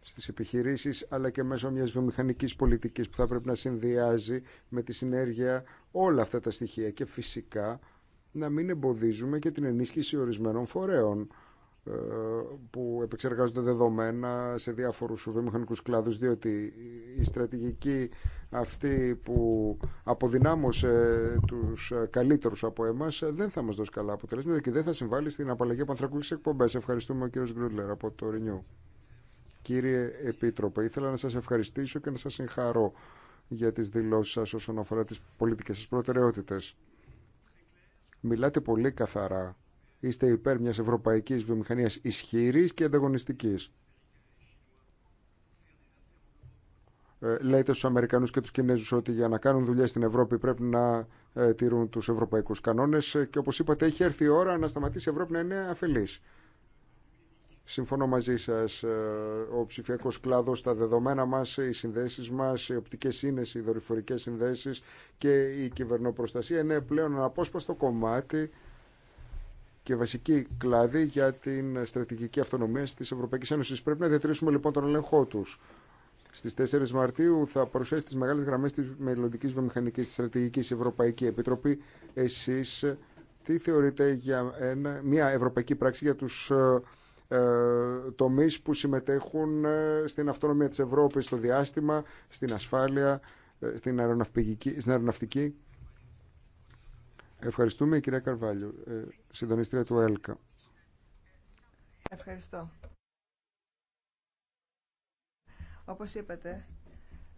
στις επιχειρήσεις αλλά και μέσω μιας βιομηχανικής πολιτικής που θα πρέπει να συνδυάζει με τη συνέργεια όλα αυτά τα στοιχεία και φυσικά να μην εμποδίζουμε και την ενίσχυση ορισμένων φορέων ε, που επεξεργάζονται δεδομένα σε διάφορους βιομηχανικούς κλάδους διότι η στρατηγική αυτή που αποδυνάμωσε τους καλύτερους από εμάς δεν θα μας δώσει καλά αποτελέσματα και δεν θα συμβάλλει στην απαλλαγή από ανθρακούς εκπομπές. Ευχαριστούμε ο κύριος Γκρούλερ από το Ρινιού. Κύριε Επίτροπε, ήθελα να σας ευχαριστήσω και να σας συγχαρώ για τις δηλώσεις σας όσον αφορά τις πολιτικές σας προτεραιότητες. Μιλάτε πολύ καθαρά Είστε υπέρ μιας ευρωπαϊκής βιομηχανίας ισχύρης και ανταγωνιστικής. Ε, λέτε στους Αμερικανούς και τους Κινέζους ότι για να κάνουν δουλειά στην Ευρώπη πρέπει να ε, τηρούν τους ευρωπαϊκούς κανόνες ε, και όπως είπατε έχει έρθει η ώρα να σταματήσει η Ευρώπη να είναι αφελής. Συμφωνώ μαζί σας, ο ψηφιακός κλάδος, τα δεδομένα μας, οι συνδέσεις μας, οι οπτικές σύνες, οι δορυφορικές συνδέσεις και η κυβερνοπροστασία είναι πλέον ένα απόσπαστο κομμάτι και βασική κλάδη για την στρατηγική αυτονομία τη Ευρωπαϊκή Ένωση. Πρέπει να διατηρήσουμε λοιπόν τον ελεγχό του. Στι 4 Μαρτίου θα παρουσιάσει τι μεγάλε γραμμέ τη μελλοντική βιομηχανική στρατηγική Ευρωπαϊκή Επιτροπή. Εσεί τι θεωρείτε για ένα, μια ευρωπαϊκή πράξη για του ε, ε τομεί που συμμετέχουν ε, στην αυτονομία τη Ευρώπη, στο διάστημα, στην ασφάλεια, ε, στην αεροναυτική. Στην αεροναυτική. Ευχαριστούμε, κυρία Καρβάλιο, ε, συντονίστρια του ΕΛΚΑ. Ευχαριστώ. Όπως είπατε,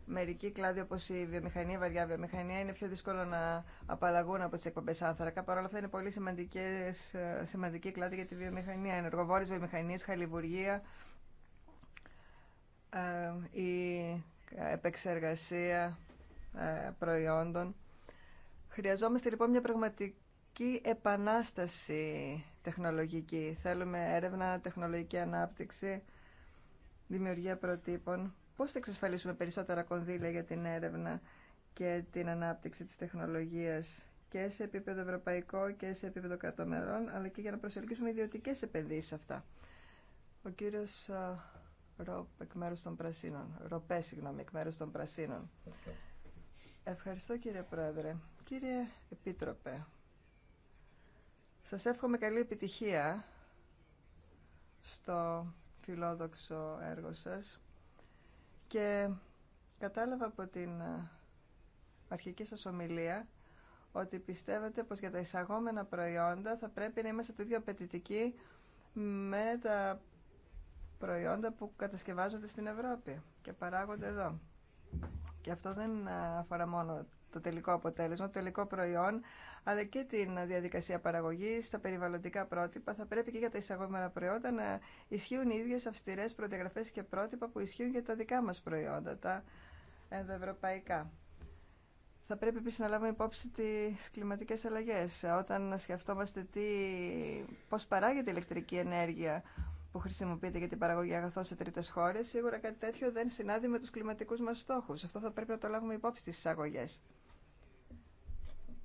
μερικοί κλάδοι όπως η βιομηχανία, η βαριά βιομηχανία, είναι πιο δύσκολο να απαλλαγούν από τις εκπομπές άνθρακα. Παρ' όλα αυτά είναι πολύ σημαντικές, ε, σημαντικοί κλάδοι για τη βιομηχανία. Ενεργοβόρες βιομηχανίες, χαλιβουργία, ε, η επεξεργασία προϊόντων. Χρειαζόμαστε λοιπόν μια πραγματική επανάσταση τεχνολογική. Θέλουμε έρευνα, τεχνολογική ανάπτυξη, δημιουργία προτύπων. Πώς θα εξασφαλίσουμε περισσότερα κονδύλια για την έρευνα και την ανάπτυξη της τεχνολογίας και σε επίπεδο ευρωπαϊκό και σε επίπεδο κατωμερών, αλλά και για να προσελκύσουμε ιδιωτικέ επενδύσει αυτά. Ο κύριο Ροπ, Ροπέ, συγγνώμη, εκ μέρου των Πρασίνων. Ευχαριστώ κύριε Πρόεδρε. Κύριε Επίτροπε, σας εύχομαι καλή επιτυχία στο φιλόδοξο έργο σας και κατάλαβα από την ε, αρχική σας ομιλία ότι πιστεύετε πως για τα εισαγόμενα προϊόντα θα πρέπει να είμαστε το ίδιο απαιτητικοί με τα προϊόντα που κατασκευάζονται στην Ευρώπη και παράγονται εδώ. Και αυτό δεν αφορά μόνο το τελικό αποτέλεσμα, το τελικό προϊόν, αλλά και την διαδικασία παραγωγής, τα περιβαλλοντικά πρότυπα. Θα πρέπει και για τα εισαγόμενα προϊόντα να ισχύουν οι ίδιες αυστηρές προδιαγραφέ και πρότυπα που ισχύουν για τα δικά μας προϊόντα, τα ενδοευρωπαϊκά. Θα πρέπει επίση να λάβουμε υπόψη τι κλιματικέ αλλαγέ. Όταν σκεφτόμαστε τι, παράγεται η ηλεκτρική ενέργεια, που χρησιμοποιείται για την παραγωγή αγαθών σε τρίτε χώρε, σίγουρα κάτι τέτοιο δεν συνάδει με του κλιματικού μα στόχου. Αυτό θα πρέπει να το λάβουμε υπόψη στι εισαγωγέ.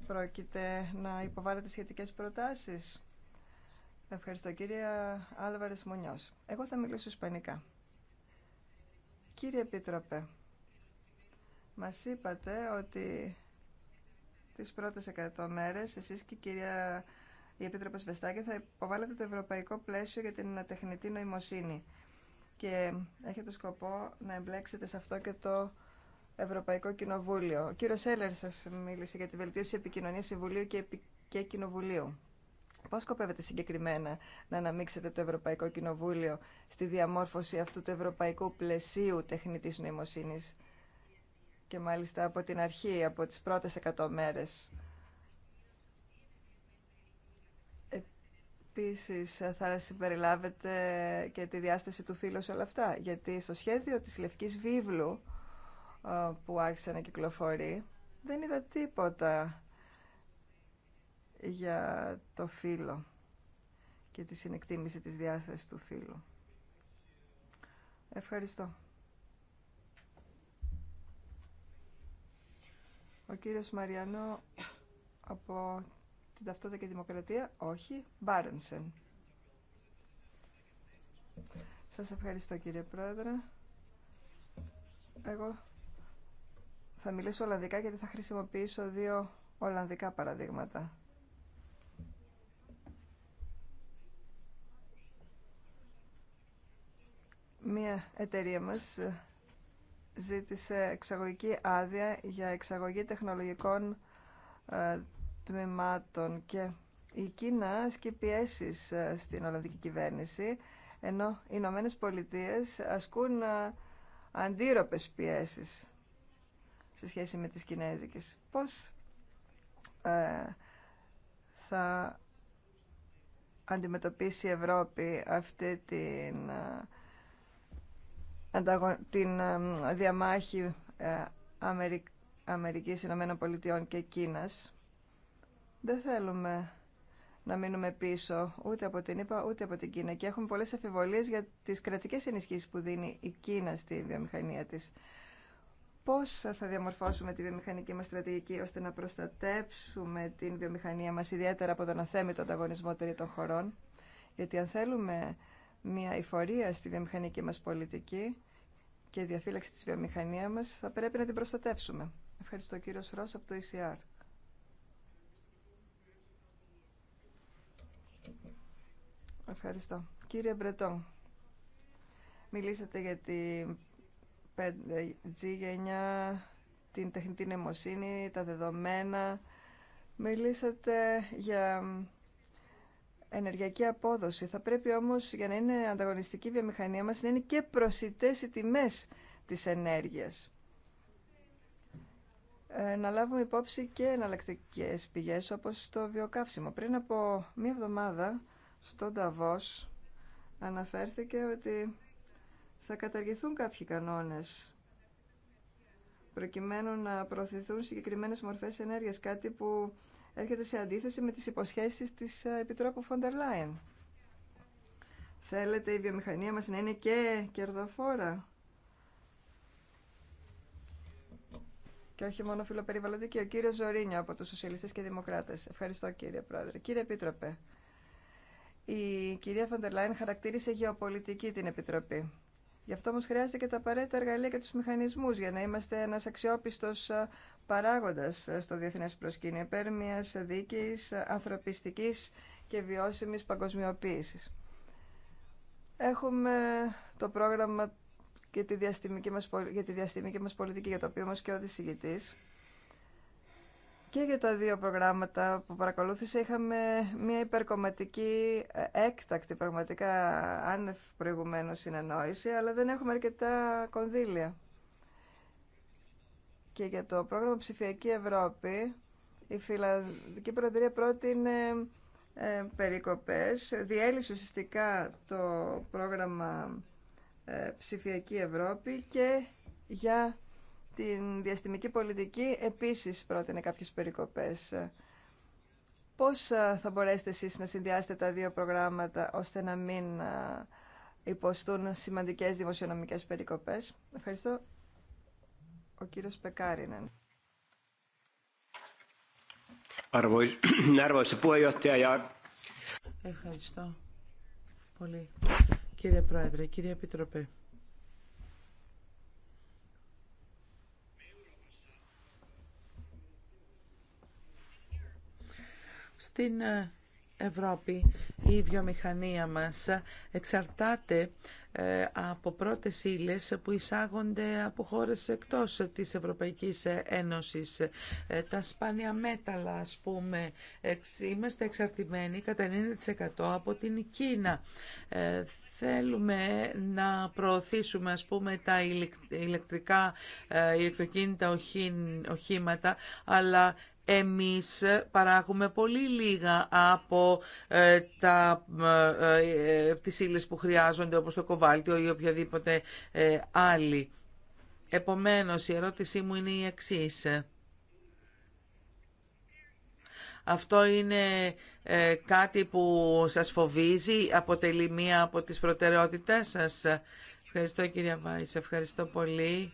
Πρόκειται να υποβάλλετε σχετικέ προτάσει. Ευχαριστώ, κύριε Άλβαρες Μονιό. Εγώ θα μιλήσω ισπανικά. Κύριε Επίτροπε, μας είπατε ότι τις πρώτες 100 μέρες εσείς και η κυρία η Επίτροπο Σπεστάκη θα υποβάλλεται το ευρωπαϊκό πλαίσιο για την τεχνητή νοημοσύνη. Και έχετε σκοπό να εμπλέξετε σε αυτό και το Ευρωπαϊκό Κοινοβούλιο. Ο κύριο Έλερ σα μίλησε για τη βελτίωση επικοινωνία Συμβουλίου και Κοινοβουλίου. Πώ σκοπεύετε συγκεκριμένα να αναμίξετε το Ευρωπαϊκό Κοινοβούλιο στη διαμόρφωση αυτού του ευρωπαϊκού πλαισίου τεχνητή νοημοσύνη και μάλιστα από την αρχή, από τι πρώτε 100 μέρε Επίση, ε, θα συμπεριλάβετε και τη διάσταση του φίλου σε όλα αυτά. Γιατί στο σχέδιο της Λευκής Βίβλου ε, που άρχισε να κυκλοφορεί δεν είδα τίποτα για το φίλο και τη συνεκτίμηση της διάθεσης του φίλου. Ευχαριστώ. Ο κύριος Μαριανό από την ταυτότητα και δημοκρατία. Όχι. Μπάρενσεν. Σας ευχαριστώ κύριε Πρόεδρε. Εγώ θα μιλήσω Ολλανδικά γιατί θα χρησιμοποιήσω δύο Ολλανδικά παραδείγματα. Μία εταιρεία μας ε, ζήτησε εξαγωγική άδεια για εξαγωγή τεχνολογικών ε, τμήματων και η Κίνα ασκεί πιέσει ε, στην Ολλανδική κυβέρνηση, ενώ οι Ηνωμένε Πολιτείε ασκούν ε, αντίρροπες πιέσεις σε σχέση με τις Κινέζικες. Πώς ε, θα αντιμετωπίσει η Ευρώπη αυτή την, την διαμάχη Αμερικής, Ηνωμένων Πολιτειών και Κίνας δεν θέλουμε να μείνουμε πίσω ούτε από την ΕΠΑ ούτε από την Κίνα και έχουμε πολλές αφιβολίες για τις κρατικές ενισχύσεις που δίνει η Κίνα στη βιομηχανία της. Πώς θα διαμορφώσουμε τη βιομηχανική μας στρατηγική ώστε να προστατέψουμε την βιομηχανία μας ιδιαίτερα από τον αθέμητο ανταγωνισμό τρίτων χωρών γιατί αν θέλουμε μια ειφορία στη βιομηχανική μας πολιτική και διαφύλαξη της βιομηχανία μας θα πρέπει να την προστατεύσουμε. Ευχαριστώ κύριο Σρό από το ECR. Ευχαριστώ. Κύριε Μπρετό, μιλήσατε για την 5G γενιά, την τεχνητή νοημοσύνη, τα δεδομένα. Μιλήσατε για ενεργειακή απόδοση. Θα πρέπει όμως για να είναι ανταγωνιστική η βιομηχανία μας να είναι και προσιτές οι τιμές της ενέργειας. Ε, να λάβουμε υπόψη και εναλλακτικέ πηγές όπως το βιοκαύσιμο. Πριν από μία εβδομάδα στον Ταβός αναφέρθηκε ότι θα καταργηθούν κάποιοι κανόνες προκειμένου να προωθηθούν συγκεκριμένες μορφές ενέργειας, κάτι που έρχεται σε αντίθεση με τις υποσχέσεις της ε, Επιτρόπου Φόντερ Λάιεν. Θέλετε η βιομηχανία μας να είναι και κερδοφόρα και όχι μόνο φιλοπεριβαλλοντική. Ο κύριος Ζωρίνιο από τους Σοσιαλιστές και Δημοκράτες. Ευχαριστώ κύριε Πρόεδρε. Κύριε Επίτροπε, η κυρία Φοντερ Λάιν χαρακτήρισε γεωπολιτική την Επιτροπή. Γι' αυτό όμω χρειάζεται και τα απαραίτητα εργαλεία και του μηχανισμού για να είμαστε ένα αξιόπιστο ε, παράγοντα ε, στο διεθνέ προσκήνιο υπέρ μια ε, ανθρωπιστικής ανθρωπιστική και βιώσιμη παγκοσμιοποίηση. Έχουμε το πρόγραμμα και τη διαστημική μας, για τη διαστημική μας πολιτική, για το οποίο όμω και ο και για τα δύο προγράμματα που παρακολούθησε είχαμε μια υπερκομματική ε, έκτακτη πραγματικά άνευ προηγουμένως συνεννόηση, αλλά δεν έχουμε αρκετά κονδύλια. Και για το πρόγραμμα Ψηφιακή Ευρώπη, η Φιλανδική Προεδρία πρώτη ε, περικοπές, διέλυσε ουσιαστικά το πρόγραμμα ε, Ψηφιακή Ευρώπη και για την διαστημική πολιτική επίσης πρότεινε κάποιες περικοπές. Πώς ε, θα μπορέσετε εσείς να συνδυάσετε τα δύο προγράμματα ώστε να μην ε, υποστούν σημαντικές δημοσιονομικές περικοπές. Ευχαριστώ. Ο κύριος Πεκάρινεν. *clears throat* Ευχαριστώ πολύ κύριε Πρόεδρε, κύριε Επιτροπέ. Στην ε, Ευρώπη η βιομηχανία μας εξαρτάται ε, από πρώτες ύλε που εισάγονται από χώρες εκτός της Ευρωπαϊκής Ένωσης. Ε, τα σπάνια μέταλλα, ας πούμε, είμαστε εξαρτημένοι κατά 90% από την Κίνα. Θέλουμε να προωθήσουμε, ας πούμε, τα ηλεκτρικά ηλεκτροκίνητα οχήματα, αλλά εμείς παράγουμε πολύ λίγα από ε, τα, ε, ε, τις ύλες που χρειάζονται όπως το κοβάλτιο ή οποιαδήποτε ε, άλλη. Επομένως, η ερώτησή μου είναι η εξής. Αυτό είναι αλλη επομενως η ερωτηση μου ειναι η εξης αυτο ειναι κατι που σας φοβίζει, αποτελεί μία από τις προτεραιότητές σας. Ευχαριστώ κυρία Βάης, ευχαριστώ πολύ.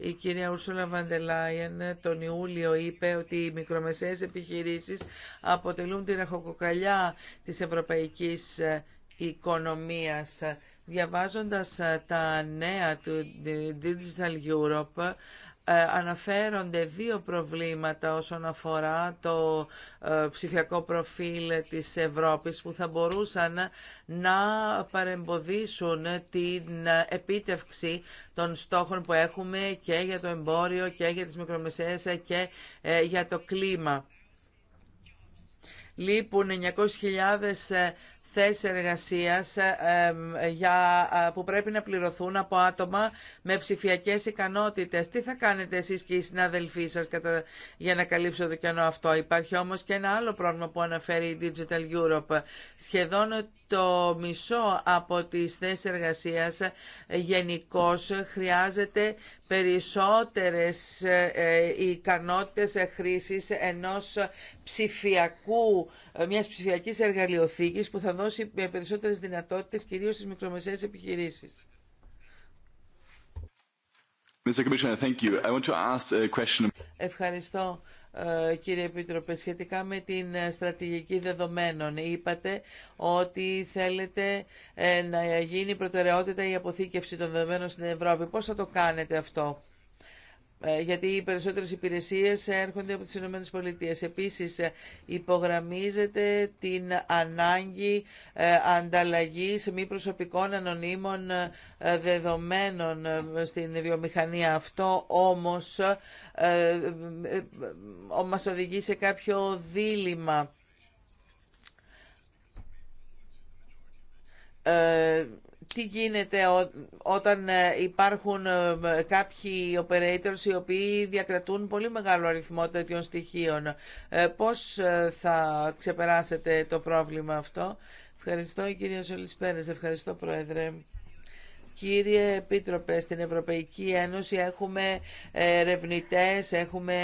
Η κυρία Ούρσουλα Βαντελάιεν τον Ιούλιο είπε ότι οι μικρομεσαίες επιχειρήσεις αποτελούν την αχοκοκαλιά της ευρωπαϊκής ε, οικονομίας. Διαβάζοντας ε, τα νέα του ε, Digital Europe, ε, αναφέρονται δύο προβλήματα όσον αφορά το ε, ψηφιακό προφίλ της Ευρώπης που θα μπορούσαν να παρεμποδίσουν την επίτευξη των στόχων που έχουμε και για το εμπόριο και για τις μικρομεσαίες και ε, για το κλίμα. Λείπουν 900.000 θέσεις εργασίας ε, για, ε, που πρέπει να πληρωθούν από άτομα με ψηφιακές ικανότητες. Τι θα κάνετε εσείς και οι συνάδελφοί σας για να καλύψω το κενό αυτό. Υπάρχει όμως και ένα άλλο πρόβλημα που αναφέρει η Digital Europe. Σχεδόν το μισό από τις θέσεις εργασίας γενικώ χρειάζεται περισσότερες ε, ε, ικανότητες χρήσης ενός ψηφιακού, μιας ψηφιακής εργαλειοθήκης που θα δώσει περισσότερες δυνατότητες κυρίως στις μικρομεσαίες επιχειρήσεις. Mr. Commissioner, thank you. I want to ask a question. Ευχαριστώ. Ε, κύριε Επίτροπε, σχετικά με την ε, στρατηγική δεδομένων. Είπατε ότι θέλετε ε, να γίνει προτεραιότητα η αποθήκευση των δεδομένων στην Ευρώπη. Πώς θα το κάνετε αυτό. Ε, γιατί οι περισσότερες υπηρεσίες έρχονται από τις Ηνωμένες Πολιτείες. Επίσης, ε, υπογραμμίζεται την ανάγκη ε, ανταλλαγής μη προσωπικών ανωνύμων δεδομένων στην βιομηχανία. Αυτό όμως μας οδηγεί σε κάποιο δίλημα τι γίνεται όταν ε, υπάρχουν ε, κάποιοι operators οι οποίοι διακρατούν πολύ μεγάλο αριθμό τέτοιων στοιχείων. Ε, πώς θα ξεπεράσετε το πρόβλημα αυτό. Ευχαριστώ κύριε Σολισπέρες, Ευχαριστώ πρόεδρε. Κύριε Επίτροπε, στην Ευρωπαϊκή Ένωση έχουμε ε, ερευνητέ, έχουμε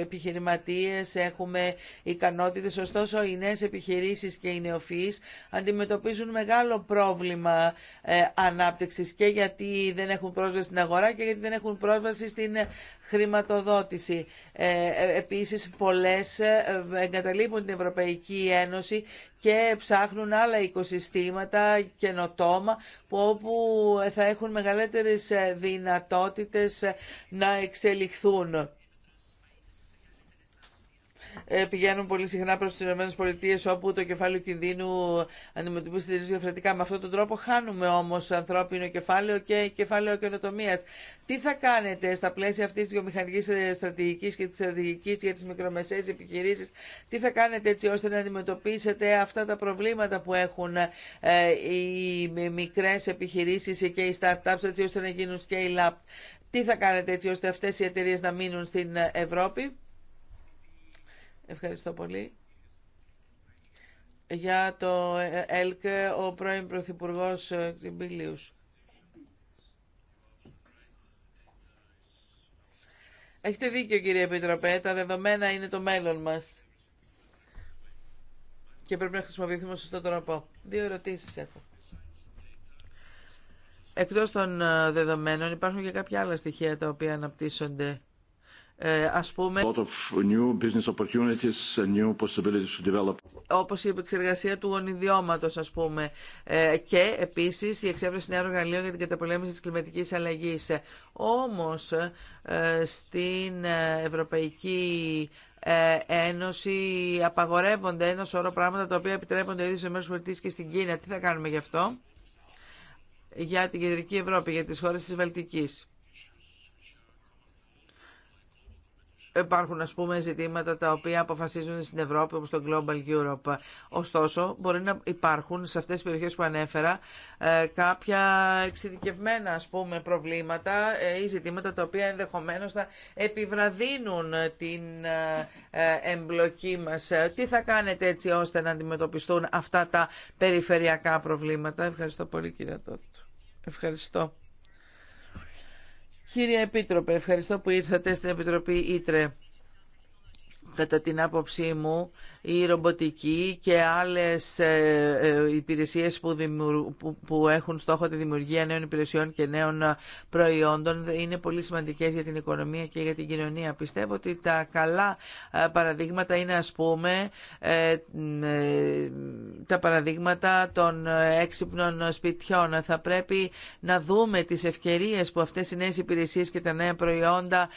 επιχειρηματίε, έχουμε ικανότητε. Ωστόσο, οι νέε επιχειρήσει και οι νεοφυεί αντιμετωπίζουν μεγάλο πρόβλημα ε, ανάπτυξη και γιατί δεν έχουν πρόσβαση στην αγορά και γιατί δεν έχουν πρόσβαση στην χρηματοδότηση. Ε, ε, επίσης, πολλές ε, εγκαταλείπουν την Ευρωπαϊκή Ένωση και ψάχνουν άλλα οικοσυστήματα καινοτόμα που όπου θα έχουν μεγαλύτερες δυνατότητες να εξελιχθούν. Ε, πηγαίνουν πολύ συχνά προς τις ΗΠΑ όπου το κεφάλαιο κινδύνου αντιμετωπίζει τελείω διαφορετικά. Με αυτόν τον τρόπο χάνουμε όμω ανθρώπινο κεφάλαιο και κεφάλαιο καινοτομία. Τι θα κάνετε στα πλαίσια αυτή τη βιομηχανική ε, στρατηγική και τη στρατηγική για τι μικρομεσαίε επιχειρήσει, τι θα κάνετε έτσι ώστε να αντιμετωπίσετε αυτά τα προβλήματα που έχουν ε, οι μικρέ επιχειρήσει και οι startups έτσι ώστε να γίνουν scale-up. Τι θα κάνετε έτσι ώστε αυτές οι εταιρείες να μείνουν στην Ευρώπη. Ευχαριστώ πολύ. Για το ΕΛΚ, ο πρώην Πρωθυπουργός ε, Τιμπίλιους. Έχετε δίκιο κύριε Επιτροπέ, τα δεδομένα είναι το μέλλον μας. Και πρέπει να χρησιμοποιηθούμε σωστό τρόπο. Δύο ερωτήσεις έχω. Εκτός των ε, δεδομένων υπάρχουν και κάποια άλλα στοιχεία τα οποία αναπτύσσονται ας όπως η επεξεργασία του γονιδιώματος ας πούμε ε, και επίσης η εξέβρεση νέων εργαλείων για την καταπολέμηση της κλιματικής αλλαγής. Όμως ε, στην ε, Ευρωπαϊκή Ένωση απαγορεύονται ένα σωρό πράγματα τα οποία επιτρέπονται ήδη σε μέρους πολιτής και στην Κίνα. Τι θα κάνουμε γι' αυτό για την Κεντρική Ευρώπη, για τις χώρες της Βαλτικής. υπάρχουν ας πούμε ζητήματα τα οποία αποφασίζουν στην Ευρώπη όπως το Global Europe. Ωστόσο μπορεί να υπάρχουν σε αυτές τις περιοχές που ανέφερα ε, κάποια εξειδικευμένα ας πούμε προβλήματα ε, ή ζητήματα τα οποία ενδεχομένως θα επιβραδύνουν την ε, εμπλοκή μας. Τι θα κάνετε έτσι ώστε να αντιμετωπιστούν αυτά τα περιφερειακά προβλήματα. Ευχαριστώ πολύ κύριε Τότου. Ευχαριστώ. Κύριε Επίτροπε, ευχαριστώ που ήρθατε στην Επιτροπή Ήτρε. Κατά την άποψή μου, η ρομποτική και άλλες ε, ε, υπηρεσίες που, που έχουν στόχο τη δημιουργία νέων υπηρεσιών και νέων ε, προϊόντων είναι πολύ σημαντικές για την οικονομία και για την κοινωνία. Πιστεύω ότι τα καλά παραδείγματα είναι ας πούμε τα παραδείγματα των έξυπνων σπιτιών. Θα πρέπει να δούμε τις ευκαιρίες που αυτές οι νέες υπηρεσίες και τα νέα προϊόντα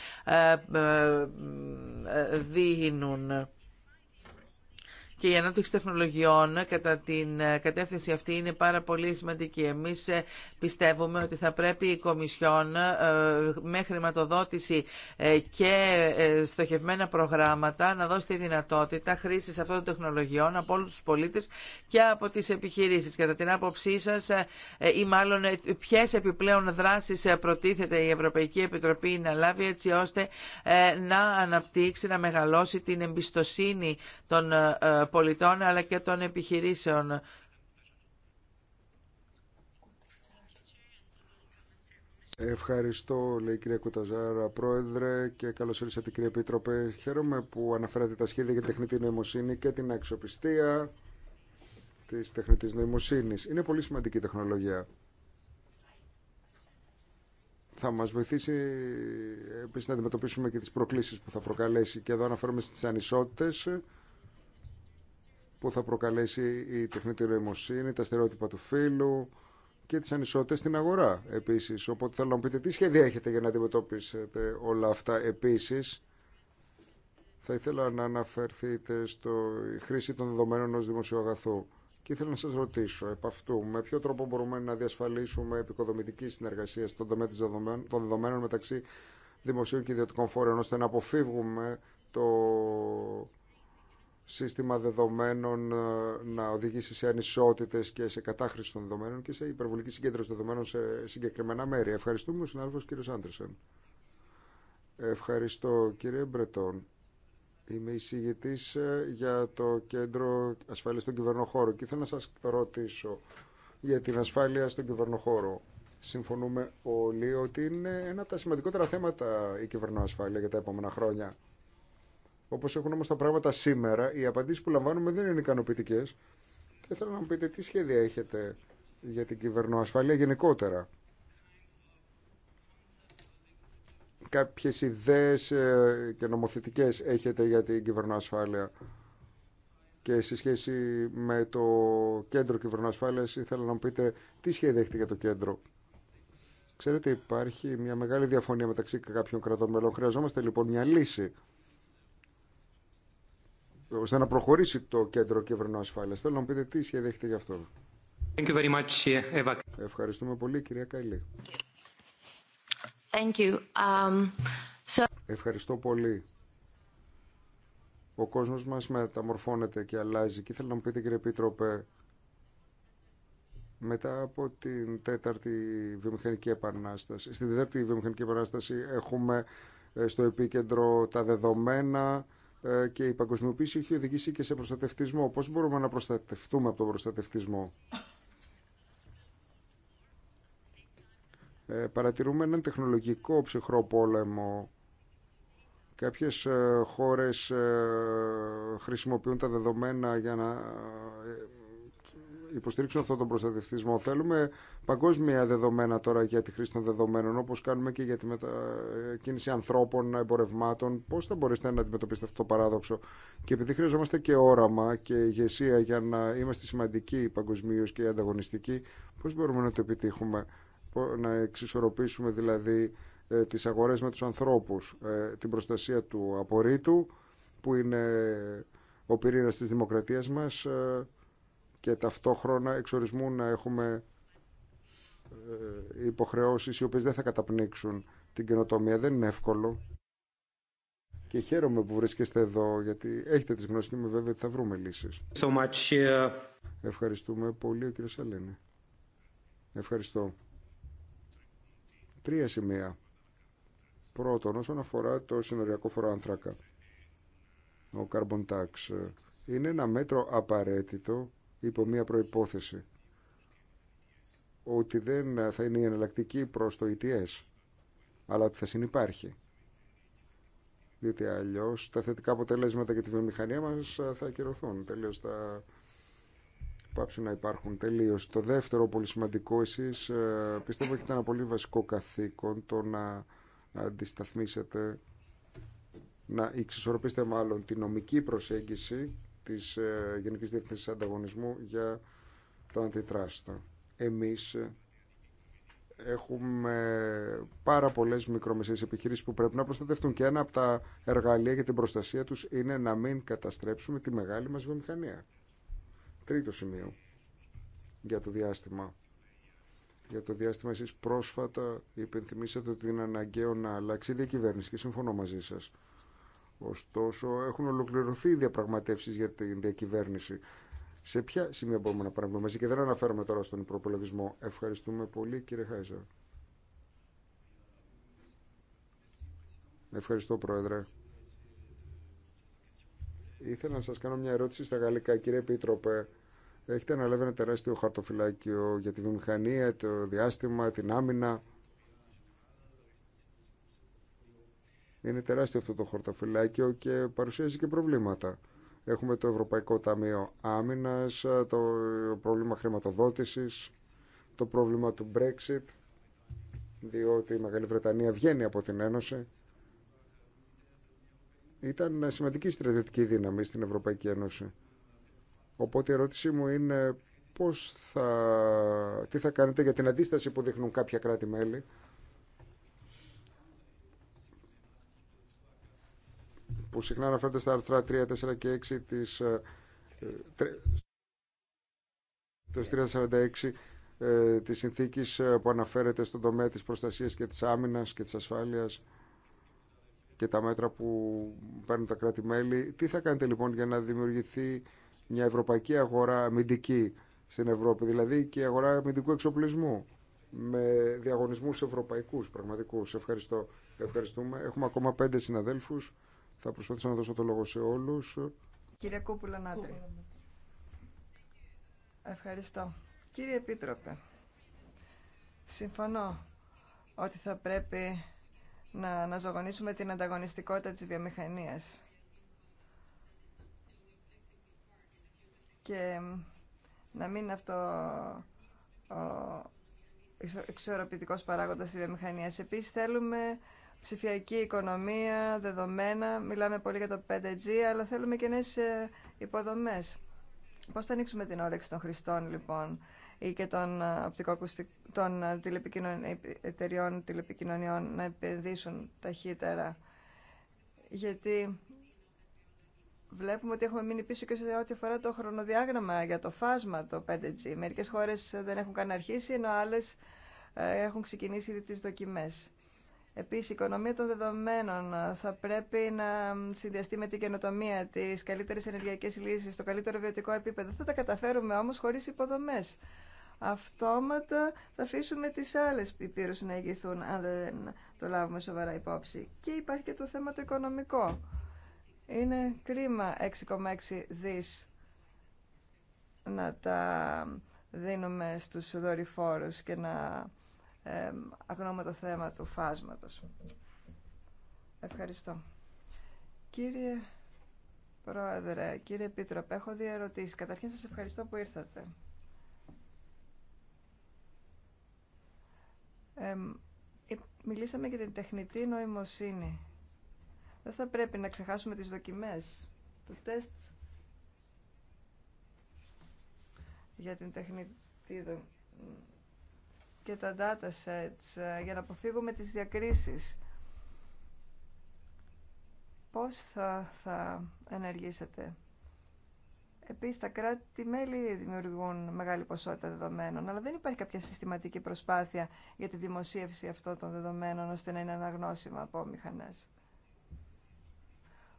δίνουν και η ανάπτυξη τεχνολογιών κατά την ε, κατεύθυνση αυτή είναι πάρα πολύ σημαντική. Εμείς ε, πιστεύουμε ότι θα πρέπει η Κομισιόν ε, με χρηματοδότηση και στοχευμένα προγράμματα να δώσει τη δυνατότητα χρήσης αυτών των τεχνολογιών από όλους τους πολίτες και από τις επιχειρήσεις. Κατά την άποψή σας ή μάλλον ποιες επιπλέον δράσεις προτίθεται η μαλλον ποιε επιπλεον δρασεις Επιτροπή να λάβει έτσι ώστε να αναπτύξει, να μεγαλώσει την εμπιστοσύνη των πολιτών αλλά και των επιχειρήσεων. Ευχαριστώ, λέει η κυρία Κουταζάρα, πρόεδρε, και καλώ ήρθατε, κύριε Επίτροπε. Χαίρομαι που αναφέρατε τα σχέδια για την τεχνητή νοημοσύνη και την αξιοπιστία τη τεχνητή νοημοσύνη. Είναι πολύ σημαντική η τεχνολογία. Θα μα βοηθήσει ε, επίση να αντιμετωπίσουμε και τι προκλήσει που θα προκαλέσει. Και εδώ αναφέρομαι στι ανισότητε που θα προκαλέσει η τεχνητή νοημοσύνη, τα στερεότυπα του φύλου και τις ανισότητες στην αγορά επίσης. Οπότε θέλω να μου πείτε τι σχέδια έχετε για να αντιμετωπίσετε όλα αυτά επίσης. Θα ήθελα να αναφερθείτε στο χρήση των δεδομένων ως δημοσιογαθού. Και ήθελα να σας ρωτήσω επ' αυτού, με ποιο τρόπο μπορούμε να διασφαλίσουμε επικοδομητική συνεργασία στον τομέα των δεδομένων μεταξύ δημοσίων και ιδιωτικών φόρων, ώστε να αποφύγουμε το σύστημα δεδομένων ε, να οδηγήσει σε ανισότητε και σε κατάχρηση των δεδομένων και σε υπερβολική συγκέντρωση δεδομένων σε συγκεκριμένα μέρη. Ευχαριστούμε ο συνάδελφο κύριο Άντρεσεν. Ευχαριστώ κύριε Μπρετόν. Είμαι εισηγητή ε, για το Κέντρο Ασφάλεια στον Κυβερνοχώρο και ήθελα να σα ρωτήσω για την ασφάλεια στον κυβερνοχώρο. Συμφωνούμε όλοι ότι είναι ένα από τα σημαντικότερα θέματα η κυβερνοασφάλεια για τα επόμενα χρόνια. Όπω έχουν όμως τα πράγματα σήμερα, οι απαντήσεις που λαμβάνουμε δεν είναι ικανοποιητικέ. Θα ήθελα να μου πείτε τι σχέδια έχετε για την κυβερνοασφάλεια γενικότερα. Κάποιε ιδέε ε, και νομοθετικές έχετε για την κυβερνοασφάλεια και σε σχέση με το κέντρο κυβερνοασφάλειας ήθελα να μου πείτε τι σχέδια έχετε για το κέντρο. Ξέρετε υπάρχει μια μεγάλη διαφωνία μεταξύ κάποιων κρατών μελών. Χρειαζόμαστε λοιπόν μια λύση ώστε να προχωρήσει το κέντρο κυβερνό ασφάλεια. Θέλω να μου πείτε τι σχέδια έχετε γι' αυτό. Thank you very much, Eva. Ευχαριστούμε πολύ, κυρία Καηλή. Thank you. Um, so... Ευχαριστώ πολύ. Ο κόσμος μας μεταμορφώνεται και αλλάζει. Και ήθελα να μου πείτε, κύριε Επίτροπε, μετά από την τέταρτη βιομηχανική επανάσταση, στην τέταρτη βιομηχανική επανάσταση έχουμε ε, στο επίκεντρο τα δεδομένα, ε, και η παγκοσμιοποίηση έχει οδηγήσει και σε προστατευτισμό. Πώς μπορούμε να προστατευτούμε από τον προστατευτισμό. Ε, παρατηρούμε έναν τεχνολογικό ψυχρό πόλεμο. Κάποιες ε, χώρες χρησιμοποιούν τα δεδομένα για να υποστηρίξουν αυτόν τον προστατευτισμό. Θέλουμε παγκόσμια δεδομένα τώρα για τη χρήση των δεδομένων, όπω κάνουμε και για τη κίνηση ανθρώπων, εμπορευμάτων. Πώ θα μπορέσετε να αντιμετωπίσετε αυτό το παράδοξο. Και επειδή χρειαζόμαστε και όραμα και ηγεσία για να είμαστε σημαντικοί παγκοσμίω και ανταγωνιστικοί, πώ μπορούμε να το επιτύχουμε, να εξισορροπήσουμε δηλαδή ε, τις αγορές με τους ανθρώπους, ε, την προστασία του απορρίτου που είναι ο πυρήνας της δημοκρατίας μας ε, και ταυτόχρονα εξορισμού να έχουμε ε, υποχρεώσεις οι οποίες δεν θα καταπνίξουν την καινοτομία. Δεν είναι εύκολο. Και χαίρομαι που βρίσκεστε εδώ, γιατί έχετε τις γνώσεις και είμαι βέβαια ότι θα βρούμε λύσεις. So much. Ε, Ευχαριστούμε πολύ, ο κύριος Σαλένη. Ευχαριστώ. Τρία σημεία. Πρώτον, όσον αφορά το συνοριακό φοροάνθρακα. άνθρακα, ο carbon tax, ε, είναι ένα μέτρο απαραίτητο υπό μία προϋπόθεση ότι δεν θα είναι η εναλλακτική προς το ETS αλλά ότι θα συνεπάρχει διότι αλλιώς τα θετικά αποτελέσματα για τη βιομηχανία μας θα ακυρωθούν τελείως θα πάψουν να υπάρχουν τελείως το δεύτερο πολύ σημαντικό εσείς ε, πιστεύω έχετε ένα πολύ βασικό καθήκον το να αντισταθμίσετε να εξισορροπήσετε μάλλον τη νομική προσέγγιση της ε, Γενικής Διεύθυνσης Ανταγωνισμού για το αντιτράστα. Εμείς ε, έχουμε πάρα πολλές μικρομεσαίες επιχειρήσεις που πρέπει να προστατευτούν και ένα από τα εργαλεία για την προστασία τους είναι να μην καταστρέψουμε τη μεγάλη μας βιομηχανία. Τρίτο σημείο για το διάστημα. Για το διάστημα εσείς πρόσφατα υπενθυμίσατε ότι είναι αναγκαίο να αλλάξει η διακυβέρνηση και συμφωνώ μαζί σας. Ωστόσο, έχουν ολοκληρωθεί οι διαπραγματεύσει για την διακυβέρνηση. Σε ποια σημεία μπορούμε να παραμείνουμε μαζί και δεν αναφέρομαι τώρα στον προπολογισμό. Ευχαριστούμε πολύ, κύριε Χάιζερ. Ευχαριστώ, Πρόεδρε. Ήθελα να σας κάνω μια ερώτηση στα γαλλικά. Κύριε Επίτροπε, έχετε αναλάβει ένα τεράστιο χαρτοφυλάκιο για τη βιομηχανία, το διάστημα, την άμυνα. Είναι τεράστιο αυτό το χορτοφυλάκιο και παρουσιάζει και προβλήματα. Έχουμε το Ευρωπαϊκό Ταμείο Άμυνας, το πρόβλημα χρηματοδότησης, το πρόβλημα του Brexit, διότι η Μεγάλη Βρετανία βγαίνει από την Ένωση. Ήταν σημαντική στρατιωτική δύναμη στην Ευρωπαϊκή Ένωση. Οπότε η ερώτησή μου είναι πώς θα... τι θα κάνετε για την αντίσταση που δείχνουν κάποια κράτη-μέλη που συχνά αναφέρεται στα άρθρα 3, 4 και 6 της ε, το 346 ε, της συνθήκης ε, που αναφέρεται στον τομέα της προστασίας και της άμυνας και της ασφάλειας και τα μέτρα που παίρνουν τα κράτη-μέλη. Τι θα κάνετε λοιπόν για να δημιουργηθεί μια ευρωπαϊκή αγορά αμυντική στην Ευρώπη, δηλαδή και η αγορά αμυντικού εξοπλισμού με διαγωνισμούς ευρωπαϊκούς πραγματικούς. Ευχαριστώ. Ευχαριστούμε. Έχουμε ακόμα πέντε συναδέλφους. Θα προσπαθήσω να δώσω το λόγο σε όλους. Κύριε Κούπουλα Νάτρη. Ευχαριστώ. Κύριε Επίτροπε, συμφωνώ ότι θα πρέπει να αναζωογονήσουμε την ανταγωνιστικότητα της βιομηχανίας. Και να μην αυτό ο εξορροπητικός παράγοντας της βιομηχανίας. Επίσης θέλουμε ψηφιακή οικονομία, δεδομένα. Μιλάμε πολύ για το 5G, αλλά θέλουμε και νέες ε, υποδομές. Πώς θα ανοίξουμε την όρεξη των χρηστών, λοιπόν, ή και των, ε, των ε, εταιριών τηλεπικοινωνιών να επενδύσουν ταχύτερα. Γιατί βλέπουμε ότι έχουμε μείνει πίσω και σε ό,τι αφορά το χρονοδιάγραμμα για το φάσμα το 5G. Μερικές χώρες δεν έχουν καν αρχίσει, ενώ άλλες έχουν ξεκινήσει τις δοκιμές. Επίσης, η οικονομία των δεδομένων ε, θα πρέπει να συνδυαστεί με την καινοτομία, τις καλύτερες ενεργειακές λύσεις, το καλύτερο βιωτικό επίπεδο. Θα τα καταφέρουμε όμως χωρίς υποδομές. Αυτόματα θα αφήσουμε τις άλλες υπήρους να ηγηθούν, αν δεν το λάβουμε σοβαρά υπόψη. Και υπάρχει και το θέμα το οικονομικό. Είναι κρίμα 6,6 δις να τα δίνουμε στους δορυφόρους και να αγνώμα το θέμα του φάσματος. Ευχαριστώ. Κύριε Πρόεδρε, κύριε Επίτροπε, έχω δύο ερωτήσεις. Καταρχήν σας ευχαριστώ που ήρθατε. μιλήσαμε για την τεχνητή νοημοσύνη. Δεν θα πρέπει να ξεχάσουμε τις δοκιμές, του τεστ για την τεχνητή και τα data sets ε, για να αποφύγουμε τις διακρίσεις. Πώς θα, θα ενεργήσετε. Επίσης, τα κράτη-μέλη δημιουργούν μεγάλη ποσότητα δεδομένων, αλλά δεν υπάρχει κάποια συστηματική προσπάθεια για τη δημοσίευση αυτών των δεδομένων, ώστε να είναι αναγνώσιμα από μηχανές.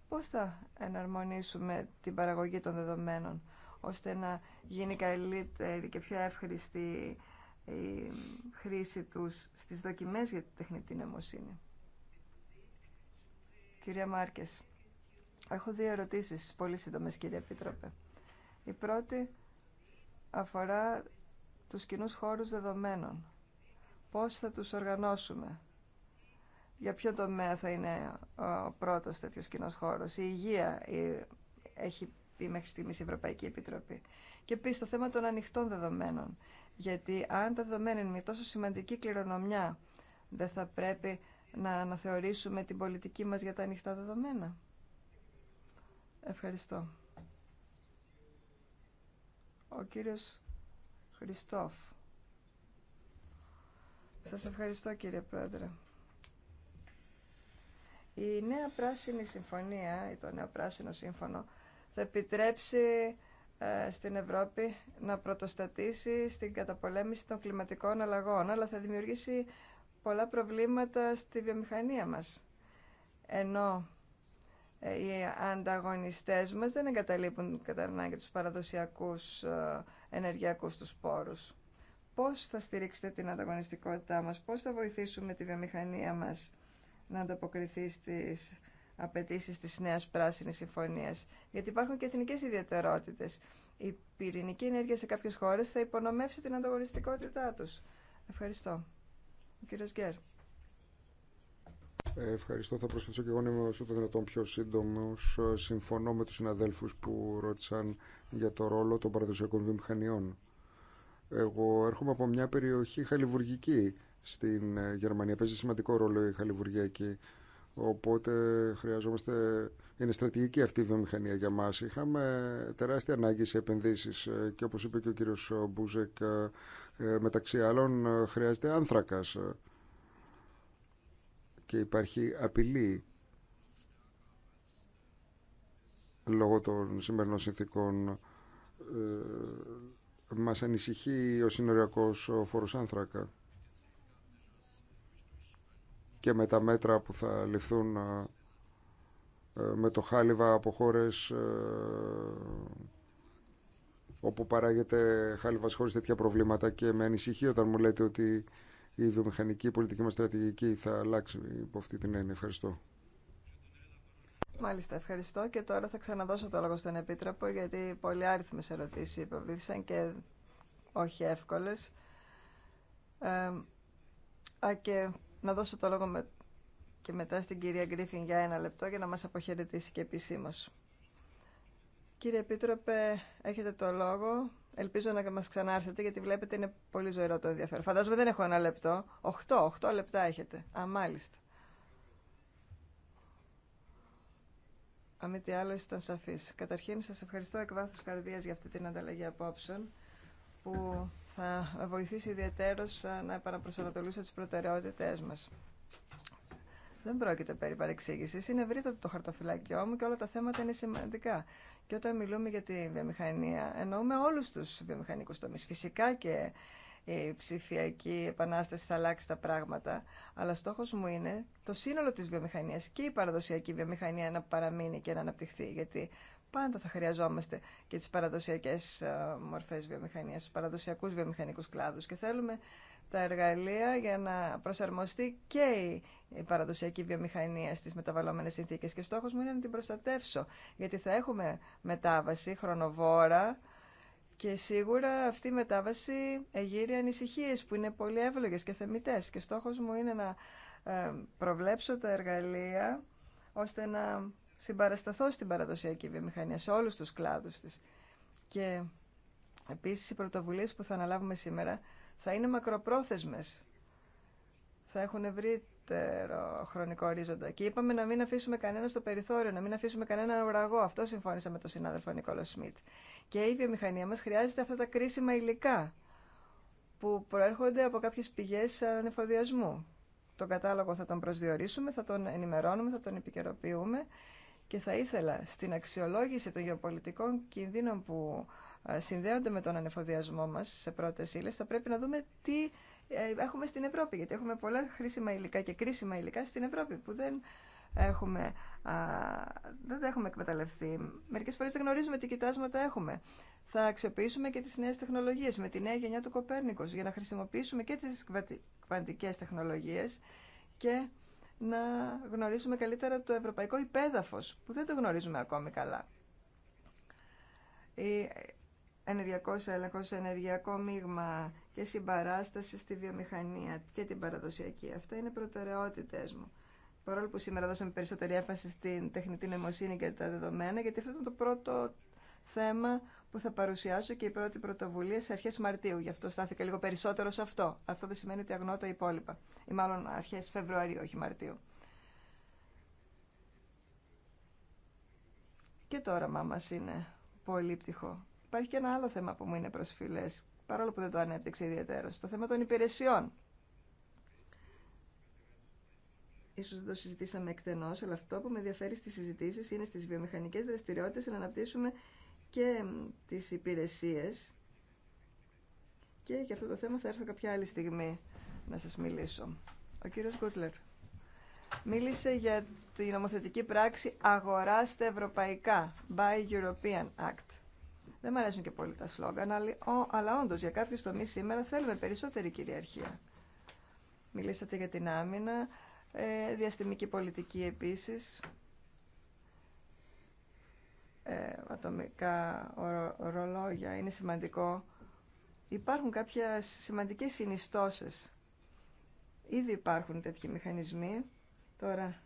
Πώς θα εναρμονίσουμε την παραγωγή των δεδομένων, ώστε να γίνει καλύτερη και πιο εύχριστη η χρήση τους στις δοκιμές για τη τεχνητή νοημοσύνη. Κυρία Μάρκες, έχω δύο ερωτήσεις, πολύ σύντομες κύριε Επίτροπε. Η πρώτη αφορά τους κοινούς χώρους δεδομένων. Πώς θα τους οργανώσουμε. Για ποιο τομέα θα είναι ο πρώτος τέτοιος κοινός χώρος. Η υγεία έχει πει μέχρι στιγμής η Ευρωπαϊκή Επιτροπή. Και επίση το θέμα των ανοιχτών δεδομένων. Γιατί αν τα δεδομένα είναι μια τόσο σημαντική κληρονομιά, δεν θα πρέπει να αναθεωρήσουμε την πολιτική μας για τα ανοιχτά δεδομένα. Ευχαριστώ. Ο κύριος Χριστόφ. Σας ευχαριστώ κύριε Πρόεδρε. Η νέα πράσινη συμφωνία ή το νέο πράσινο σύμφωνο θα επιτρέψει ε, στην Ευρώπη να πρωτοστατήσει στην καταπολέμηση των κλιματικών αλλαγών, αλλά θα δημιουργήσει πολλά προβλήματα στη βιομηχανία μας. Ενώ ε, οι ανταγωνιστές μας δεν εγκαταλείπουν κατά ανάγκη τους παραδοσιακούς ε, ενεργειακούς τους πόρους. Πώς θα στηρίξετε την ανταγωνιστικότητά μας, πώς θα βοηθήσουμε τη βιομηχανία μας να ανταποκριθεί στις απαιτήσει τη νέα πράσινη συμφωνία. γιατί υπάρχουν και εθνικέ ιδιαιτερότητε. Η πυρηνική ενέργεια σε κάποιε χώρε θα υπονομεύσει την ανταγωνιστικότητά του. Ευχαριστώ. Ο κύριο Γκέρ. Ε, ευχαριστώ. Θα προσπαθήσω και εγώ να είμαι όσο το δυνατόν πιο σύντομο. Συμφωνώ με του συναδέλφου που ρώτησαν για το ρόλο των παραδοσιακών βιομηχανιών. Εγώ έρχομαι από μια περιοχή χαλιβουργική στην ε, Γερμανία. Παίζει σημαντικό ρόλο η χαλιβουργία εκεί. Οπότε χρειαζόμαστε, είναι στρατηγική αυτή η βιομηχανία για μα. Είχαμε τεράστια ανάγκη σε επενδύσεις ε, και όπως είπε και ο κύριος Μπούζεκ, ε, ε, μεταξύ άλλων χρειάζεται άνθρακα. και υπάρχει απειλή λόγω των σημερινών συνθήκων μας ανησυχεί ο συνοριακός φόρος άνθρακα και με τα μέτρα που θα ληφθούν ε, ε, με το χάλιβα από χώρες ε, όπου παράγεται χάλιβας χωρίς τέτοια προβλήματα και με ανησυχεί όταν μου λέτε ότι η βιομηχανική πολιτική μας στρατηγική θα αλλάξει υπό αυτή την έννοια. Ευχαριστώ. Μάλιστα, ευχαριστώ και τώρα θα ξαναδώσω το λόγο στον Επίτροπο γιατί πολλοί άριθμες ερωτήσεις υποβλήθησαν και όχι εύκολες. Ε, να δώσω το λόγο με... και μετά στην κυρία Γκρίφιν για ένα λεπτό για να μας αποχαιρετήσει και επισήμω. Κύριε Επίτροπε, έχετε το λόγο. Ελπίζω να μας ξανάρθετε γιατί βλέπετε είναι πολύ ζωηρό το ενδιαφέρον. Φαντάζομαι δεν έχω ένα λεπτό. Οχτώ, οχτώ λεπτά έχετε. Α, μάλιστα. Αν μη τι άλλο, ήσταν σαφεί. Καταρχήν, σα ευχαριστώ εκ βάθου καρδία για αυτή την ανταλλαγή απόψεων που θα βοηθήσει ιδιαίτερα ε, να επαναπροσανατολίσω τις προτεραιότητές μας. Δεν πρόκειται περί παρεξήγηση. Είναι ευρύτατο το χαρτοφυλάκιό μου και όλα τα θέματα είναι σημαντικά. Και όταν μιλούμε για τη βιομηχανία, εννοούμε όλου του βιομηχανικού τομεί. Φυσικά και η ψηφιακή επανάσταση θα αλλάξει τα πράγματα. Αλλά στόχο μου είναι το σύνολο τη βιομηχανία και η παραδοσιακή βιομηχανία να παραμείνει και να αναπτυχθεί. Γιατί πάντα θα χρειαζόμαστε και τις παραδοσιακές ε, μορφές βιομηχανίας, τους παραδοσιακούς βιομηχανικούς κλάδους και θέλουμε τα εργαλεία για να προσαρμοστεί και η παραδοσιακή βιομηχανία στις μεταβαλλόμενες συνθήκες και στόχος μου είναι να την προστατεύσω γιατί θα έχουμε μετάβαση χρονοβόρα και σίγουρα αυτή η μετάβαση εγείρει ανησυχίε που είναι πολύ εύλογες και θεμητές και στόχος μου είναι να ε, προβλέψω τα εργαλεία ώστε να συμπαρασταθώ στην παραδοσιακή βιομηχανία, σε όλους τους κλάδους της. Και επίσης οι πρωτοβουλίες που θα αναλάβουμε σήμερα θα είναι μακροπρόθεσμες. Θα έχουν ευρύτερο χρονικό ορίζοντα. Και είπαμε να μην αφήσουμε κανένα στο περιθώριο, να μην αφήσουμε κανένα ουραγό. Αυτό συμφώνησα με τον συνάδελφο Νικόλο Σμιτ. Και η βιομηχανία μας χρειάζεται αυτά τα κρίσιμα υλικά που προέρχονται από κάποιες πηγές ανεφοδιασμού. Τον κατάλογο θα τον προσδιορίσουμε, θα τον ενημερώνουμε, θα τον επικαιροποιούμε και θα ήθελα στην αξιολόγηση των γεωπολιτικών κινδύνων που ε, συνδέονται με τον ανεφοδιασμό μας σε πρώτες ύλε. θα πρέπει να δούμε τι ε, έχουμε στην Ευρώπη, γιατί έχουμε πολλά χρήσιμα υλικά και κρίσιμα υλικά στην Ευρώπη που δεν έχουμε, α, δεν τα έχουμε εκμεταλλευτεί. Μερικές φορές δεν γνωρίζουμε τι κοιτάσματα έχουμε. Θα αξιοποιήσουμε και τις νέες τεχνολογίες με τη νέα γενιά του Κοπέρνικος για να χρησιμοποιήσουμε και τις κβαντικές τεχνολογίες και να γνωρίσουμε καλύτερα το ευρωπαϊκό υπέδαφος, που δεν το γνωρίζουμε ακόμη καλά. Η ενεργειακός έλεγχος, ενεργειακό μείγμα και συμπαράσταση στη βιομηχανία και την παραδοσιακή. Αυτά είναι προτεραιότητες μου. Παρόλο που σήμερα δώσαμε περισσότερη έμφαση στην τεχνητή νοημοσύνη και τα δεδομένα, γιατί αυτό ήταν το πρώτο θέμα που θα παρουσιάσω και η πρώτη πρωτοβουλία σε αρχές Μαρτίου. Γι' αυτό στάθηκα λίγο περισσότερο σε αυτό. Αυτό δεν σημαίνει ότι αγνώ τα υπόλοιπα. Ή μάλλον αρχές Φεβρουαρίου, όχι Μαρτίου. Και το όραμά μα είναι πολύ πτυχό. Υπάρχει και ένα άλλο θέμα που μου είναι προσφυλές, παρόλο που δεν το ανέπτυξε ιδιαίτερο, το θέμα των υπηρεσιών. Ίσως δεν το συζητήσαμε εκτενώς, αλλά αυτό που με ενδιαφέρει στις συζητήσεις είναι στις βιομηχανικές δραστηριότητες να αναπτύσσουμε και τις υπηρεσίες και για αυτό το θέμα θα έρθω κάποια άλλη στιγμή να σας μιλήσω. Ο κύριος Γκούτλερ μίλησε για την νομοθετική πράξη «Αγοράστε ευρωπαϊκά» by European Act. Δεν μου αρέσουν και πολύ τα σλόγγαν, αλλά όντως για κάποιους τομείς σήμερα θέλουμε περισσότερη κυριαρχία. Μιλήσατε για την άμυνα, ε, διαστημική πολιτική επίσης. Ε, ατομικά ορολόγια. Είναι σημαντικό. Υπάρχουν κάποια σημαντικές συνιστώσεις. Ήδη υπάρχουν τέτοιοι μηχανισμοί. Τώρα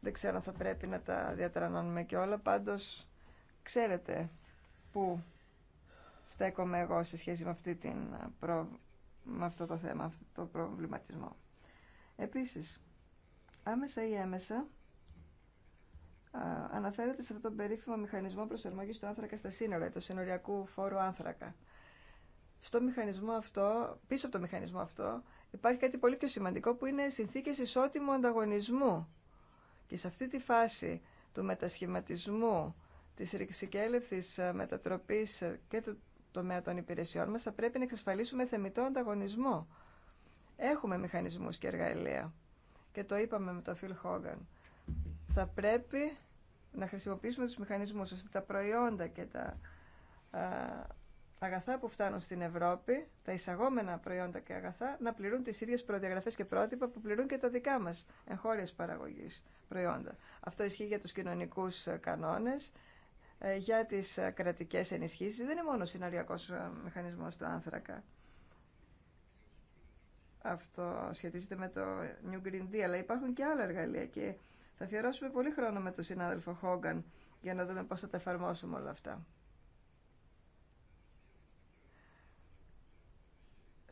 δεν ξέρω αν θα πρέπει να τα διατρανώνουμε και όλα. Πάντως ξέρετε που στέκομαι εγώ σε σχέση με, αυτή την προ... με αυτό το θέμα, αυτό το προβληματισμό. Επίσης, άμεσα ή έμεσα αναφέρεται σε αυτόν τον περίφημο μηχανισμό προσαρμογή του άνθρακα στα σύνορα, του συνοριακού φόρου άνθρακα. Στο μηχανισμό αυτό, πίσω από το μηχανισμό αυτό, υπάρχει κάτι πολύ πιο σημαντικό που είναι συνθήκε ισότιμου ανταγωνισμού. Και σε αυτή τη φάση του μετασχηματισμού, τη ρηξικέλευτη ε, μετατροπή ε, και του τομέα των υπηρεσιών μα θα πρέπει να εξασφαλίσουμε θεμητό ανταγωνισμό. Έχουμε μηχανισμού και εργαλεία. Και το είπαμε με τον Φιλ Χόγκαν θα πρέπει να χρησιμοποιήσουμε τους μηχανισμούς ώστε τα προϊόντα και τα αγαθά που φτάνουν στην Ευρώπη, τα εισαγόμενα προϊόντα και αγαθά, να πληρούν τις ίδιες προδιαγραφές και πρότυπα που πληρούν και τα δικά μας εγχώριας παραγωγής προϊόντα. Αυτό ισχύει για τους κοινωνικούς ε, κανόνες, ε, για τις ε, κρατικές ενισχύσεις. Δεν είναι μόνο ο συναριακός μηχανισμός του άνθρακα. Αυτό σχετίζεται με το New Green Deal, αλλά υπάρχουν και άλλα εργαλεία και θα αφιερώσουμε πολύ χρόνο με τον συνάδελφο Χόγκαν για να δούμε πώς θα τα εφαρμόσουμε όλα αυτά.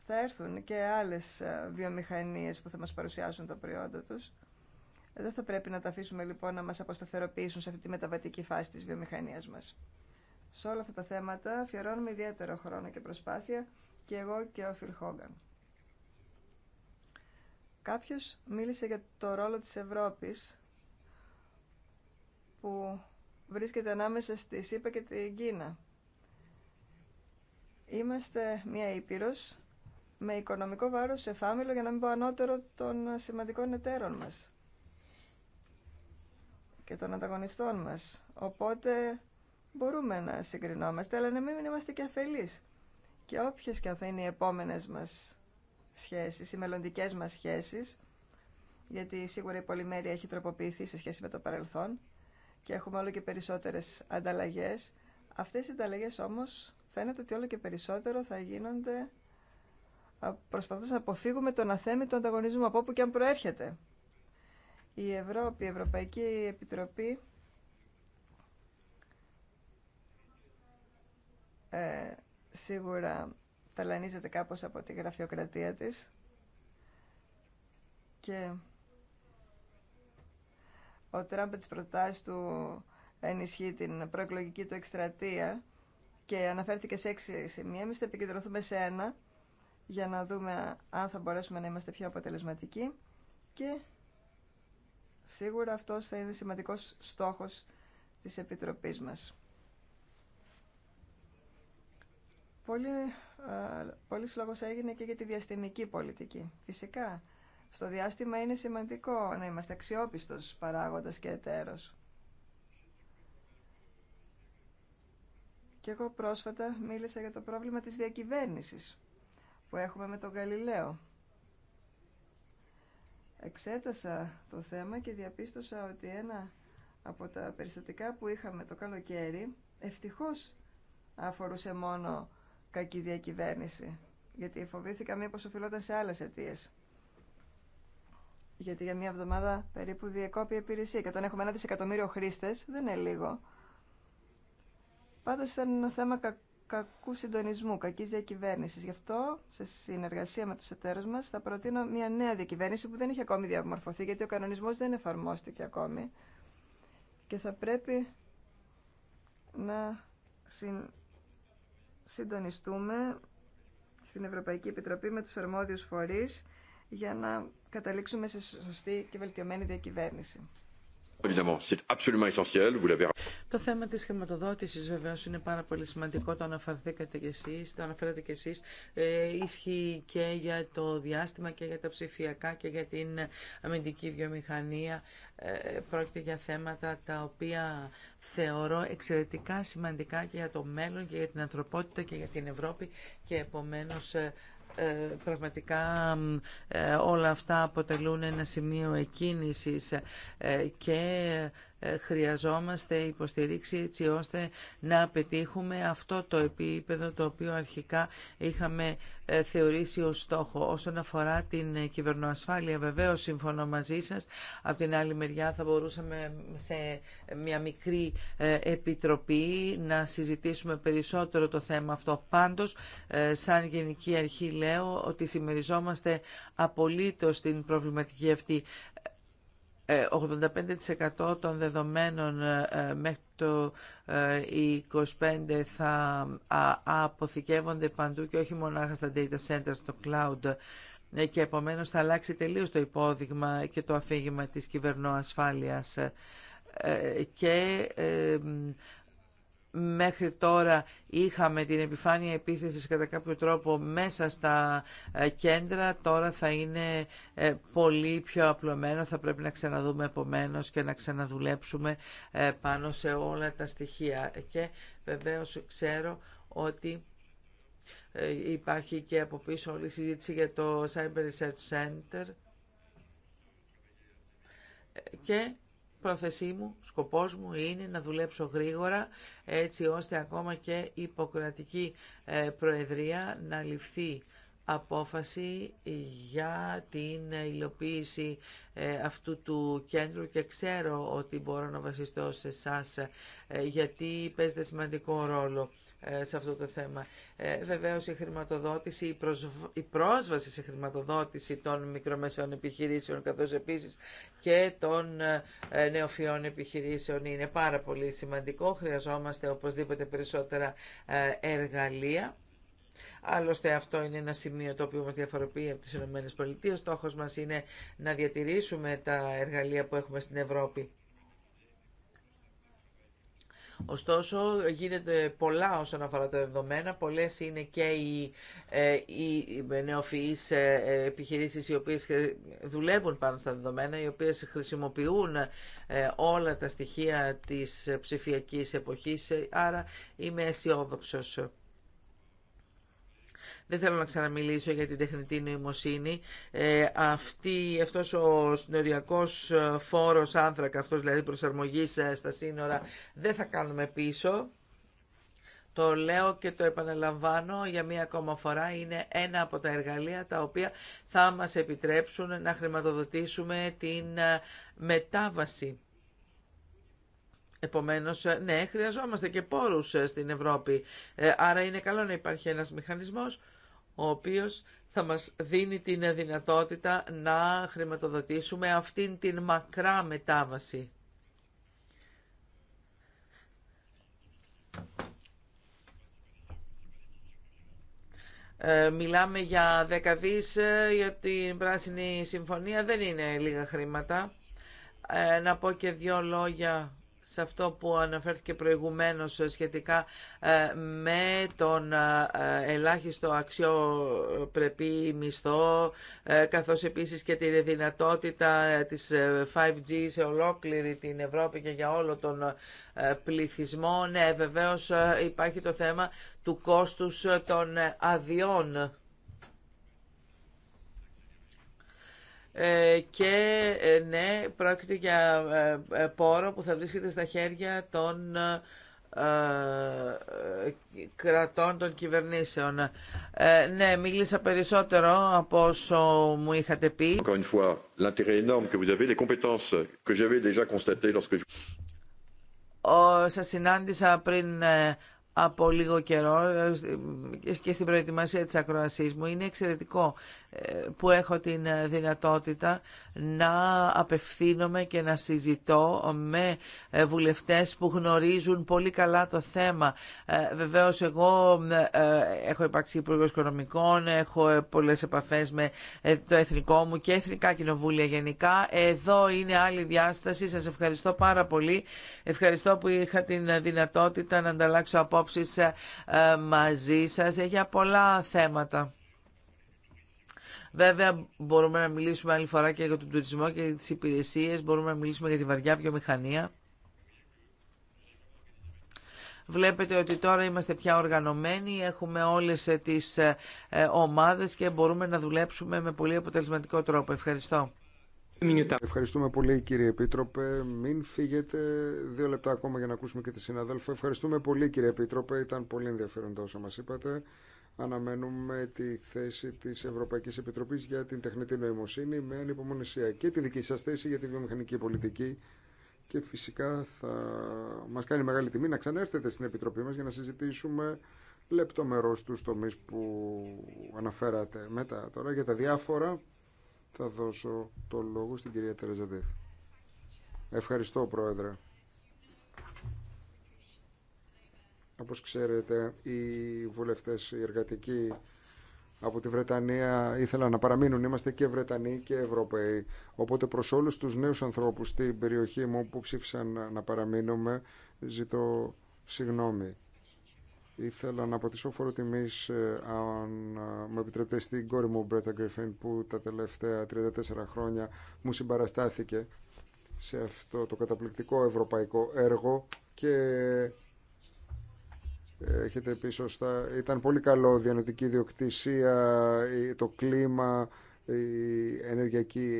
Θα έρθουν και άλλες ε, βιομηχανίες που θα μας παρουσιάσουν τα προϊόντα τους. Δεν θα πρέπει να τα αφήσουμε λοιπόν να μας αποσταθεροποιήσουν σε αυτή τη μεταβατική φάση της βιομηχανίας μας. Σε όλα αυτά τα θέματα αφιερώνουμε ιδιαίτερο χρόνο και προσπάθεια και εγώ και ο Φιλ Χόγκαν. Κάποιος μίλησε για το ρόλο της Ευρώπης που βρίσκεται ανάμεσα στη ΣΥΠΑ και την Κίνα. Είμαστε μία ήπειρος με οικονομικό βάρος εφάμιλο για να μην πω ανώτερο των σημαντικών εταίρων μας και των ανταγωνιστών μας. Οπότε μπορούμε να συγκρινόμαστε, αλλά να μην είμαστε και αφελείς. Και όποιες και θα είναι οι επόμενες μας σχέσεις, οι μελλοντικέ μας σχέσεις, γιατί σίγουρα η πολυμέρεια έχει τροποποιηθεί σε σχέση με το παρελθόν, και έχουμε όλο και περισσότερες ανταλλαγές. Αυτές οι ανταλλαγές όμως φαίνεται ότι όλο και περισσότερο θα γίνονται προσπαθώντας να αποφύγουμε τον αθέμητο ανταγωνισμό από όπου και αν προέρχεται. Η Ευρώπη, η Ευρωπαϊκή Επιτροπή ε, σίγουρα ταλανίζεται κάπως από τη γραφειοκρατία της και ο Τραμπ τις προτάσεις του ενισχύει την προεκλογική του εκστρατεία και αναφέρθηκε σε έξι σημεία. Εμεί θα επικεντρωθούμε σε ένα για να δούμε αν θα μπορέσουμε να είμαστε πιο αποτελεσματικοί και σίγουρα αυτός θα είναι σημαντικός στόχος της Επιτροπής μας. Πολύ, ε, πολύς λόγος έγινε και για τη διαστημική πολιτική. Φυσικά, στο διάστημα είναι σημαντικό να είμαστε αξιόπιστος παράγοντας και εταίρος. Και εγώ πρόσφατα μίλησα για το πρόβλημα της διακυβέρνησης που έχουμε με τον Γαλιλαίο. Εξέτασα το θέμα και διαπίστωσα ότι ένα από τα περιστατικά που είχαμε το καλοκαίρι ευτυχώς αφορούσε μόνο κακή διακυβέρνηση γιατί φοβήθηκα μήπως οφειλόταν σε άλλες αιτίες γιατί για μια εβδομάδα περίπου διεκόπη η υπηρεσία και όταν έχουμε ένα δισεκατομμύριο χρήστε, δεν είναι λίγο. Πάντω ήταν ένα θέμα κακού συντονισμού, κακή διακυβέρνηση. Γι' αυτό, σε συνεργασία με του εταίρου μα, θα προτείνω μια νέα διακυβέρνηση που δεν έχει ακόμη διαμορφωθεί, γιατί ο κανονισμό δεν εφαρμόστηκε ακόμη. Και θα πρέπει να συν, συντονιστούμε στην Ευρωπαϊκή Επιτροπή με τους αρμόδιους φορεί για να καταλήξουμε σε σωστή και βελτιωμένη διακυβέρνηση. Το θέμα της χρηματοδότησης βεβαίως είναι πάρα πολύ σημαντικό, το αναφερθήκατε και εσείς, το αναφέρατε και εσείς, ε, ισχύει και για το διάστημα και για τα ψηφιακά και για την αμυντική βιομηχανία. Ε, πρόκειται για θέματα τα οποία θεωρώ εξαιρετικά σημαντικά και για το μέλλον και για την ανθρωπότητα και για την Ευρώπη και επομένως ε, ε, πραγματικά ε, όλα αυτά αποτελούν ένα σημείο εκκίνησης ε, και ε, χρειαζόμαστε υποστηρίξη έτσι ώστε να πετύχουμε αυτό το επίπεδο το οποίο αρχικά είχαμε ε, θεωρήσει ως στόχο. Όσον αφορά την ε, κυβερνοασφάλεια, βεβαίω συμφωνώ μαζί σας. Από την άλλη μεριά θα μπορούσαμε σε μια μικρή επιτροπή να συζητήσουμε περισσότερο το θέμα αυτό. Πάντως, σαν γενική αρχή λέω ότι συμμεριζόμαστε απολύτως την προβληματική αυτή 85% των δεδομένων ε, ε, μέχρι το 25 ε, θα αποθηκεύονται παντού και όχι μονάχα στα data centers, στο cloud και επομένως θα αλλάξει τελείως το υπόδειγμα και το αφήγημα της κυβερνοασφάλειας και μέχρι τώρα είχαμε την επιφάνεια επίθεσης κατά κάποιο τρόπο μέσα στα ε, κέντρα, τώρα θα είναι ε, πολύ πιο απλωμένο, θα πρέπει να ξαναδούμε επομένω και να ξαναδουλέψουμε ε, πάνω σε όλα τα στοιχεία. Και βεβαίως ξέρω ότι υπάρχει και από πίσω όλη η συζήτηση για το Cyber Research Center και πρόθεσή μου, σκοπός μου είναι να δουλέψω γρήγορα έτσι ώστε ακόμα και η υποκρατική ε, προεδρία να ληφθεί απόφαση για την υλοποίηση ε, αυτού του κέντρου και ξέρω ότι μπορώ να βασιστώ σε εσά ε, γιατί παίζετε σημαντικό ρόλο. Ε, σε αυτό το θέμα. Ε, βεβαίως η χρηματοδότηση, η, πρόσβαση σε χρηματοδότηση των μικρομεσαίων επιχειρήσεων καθώς επίσης και των ε, νεοφυών επιχειρήσεων είναι πάρα πολύ σημαντικό. Χρειαζόμαστε οπωσδήποτε περισσότερα εργαλεία. Άλλωστε αυτό είναι ένα σημείο το οποίο μας διαφοροποιεί από τις ΗΠΑ. Στόχος μας είναι να διατηρήσουμε τα εργαλεία που έχουμε στην Ευρώπη. Ωστόσο γίνεται πολλά όσον αφορά τα δεδομένα, πολλές είναι και οι, ε, οι νεοφυείς ε, ε, επιχειρήσεις οι οποίες δουλεύουν πάνω στα δεδομένα, οι οποίες χρησιμοποιούν όλα τα στοιχεία της ψηφιακή εποχής, άρα είμαι αισιόδοξο. Δεν θέλω να ξαναμιλήσω για την τεχνητή νοημοσύνη. Ε, αυτή, αυτός ο συνοριακός ε, φόρος άνθρακα, αυτός δηλαδή προσαρμογής ε, στα σύνορα, δεν θα κάνουμε πίσω. Το λέω και το επαναλαμβάνω για μία ακόμα φορά, είναι ένα από τα εργαλεία τα οποία θα μας επιτρέψουν να χρηματοδοτήσουμε την ε, μετάβαση. Επομένως, ναι, χρειαζόμαστε και πόρους στην Ευρώπη, άρα είναι καλό να υπάρχει ένας μηχανισμός ο οποίος θα μας δίνει την δυνατότητα να χρηματοδοτήσουμε αυτήν την μακρά μετάβαση. Ε, μιλάμε για δεκαδείς, ε, για την Πράσινη Συμφωνία δεν είναι λίγα χρήματα. Ε, να πω και δύο λόγια σε αυτό που αναφέρθηκε προηγουμένως σχετικά ε, με τον ε, ε, ελάχιστο αξιοπρεπή μισθό, καθώς επίσης και τη δυνατότητα της 5G σε ολόκληρη την Ευρώπη και για όλο τον πληθυσμό. Ναι, βεβαίως υπάρχει το θέμα του κόστους των αδειών. Ε, και ε, ναι, πρόκειται για ε, πόρο που θα βρίσκεται στα χέρια των κρατών των κυβερνήσεων. ναι, μίλησα περισσότερο από όσο μου είχατε πει. Encore συνάντησα πριν από λίγο καιρό ε, και στην προετοιμασία της ακροασής μου. Είναι εξαιρετικό ε, που έχω την ε, δυνατότητα να απευθύνομαι και να συζητώ με βουλευτές που γνωρίζουν πολύ καλά το θέμα. Βεβαίως εγώ έχω υπάρξει υπουργός οικονομικών, έχω πολλές επαφές με το εθνικό μου και εθνικά κοινοβούλια γενικά. Εδώ είναι άλλη διάσταση. Σας ευχαριστώ πάρα πολύ. Ευχαριστώ που είχα την δυνατότητα να ανταλλάξω από απόψεις ε, ε, μαζί σας για πολλά θέματα. Βέβαια, μπορούμε να μιλήσουμε άλλη φορά και για τον τουρισμό και τις υπηρεσίες, μπορούμε να μιλήσουμε για τη βαριά βιομηχανία. Βλέπετε ότι τώρα είμαστε πια οργανωμένοι, έχουμε όλες ε, τις ομάδες και μπορούμε να δουλέψουμε με πολύ αποτελεσματικό τρόπο. Ευχαριστώ. Ευχαριστούμε πολύ κύριε Επίτροπε. Μην φύγετε δύο λεπτά ακόμα για να ακούσουμε και τη συναδέλφα. Ευχαριστούμε πολύ κύριε Επίτροπε. Ήταν πολύ ενδιαφέροντα όσα μας είπατε. Αναμένουμε τη θέση της Ευρωπαϊκής Επιτροπής για την τεχνητή νοημοσύνη με ανυπομονησία και τη δική σας θέση για τη βιομηχανική πολιτική και φυσικά θα μας κάνει μεγάλη τιμή να ξανέρθετε στην Επιτροπή μας για να συζητήσουμε λεπτομερώς του τομείς που αναφέρατε μετά τώρα για τα διάφορα θα δώσω το λόγο στην κυρία Τερεζαντέθ. Ευχαριστώ, Πρόεδρε. Όπως ξέρετε, οι βουλευτές, οι εργατικοί από τη Βρετανία ήθελαν να παραμείνουν. Είμαστε και Βρετανοί και Ευρωπαίοι. Οπότε προς όλους τους νέους ανθρώπους στην περιοχή μου που ψήφισαν να παραμείνουμε, ζητώ συγγνώμη. Ήθελα να αποτισώ φόρο τιμή, ε, αν με επιτρέπετε, στην κόρη μου Μπρέτα Γκριφίν που τα τελευταία 34 χρόνια μου συμπαραστάθηκε σε αυτό το καταπληκτικό ευρωπαϊκό έργο και ε, έχετε πει σωστά, ήταν πολύ καλό διανοητική διοκτησία, το κλίμα, η ενεργειακή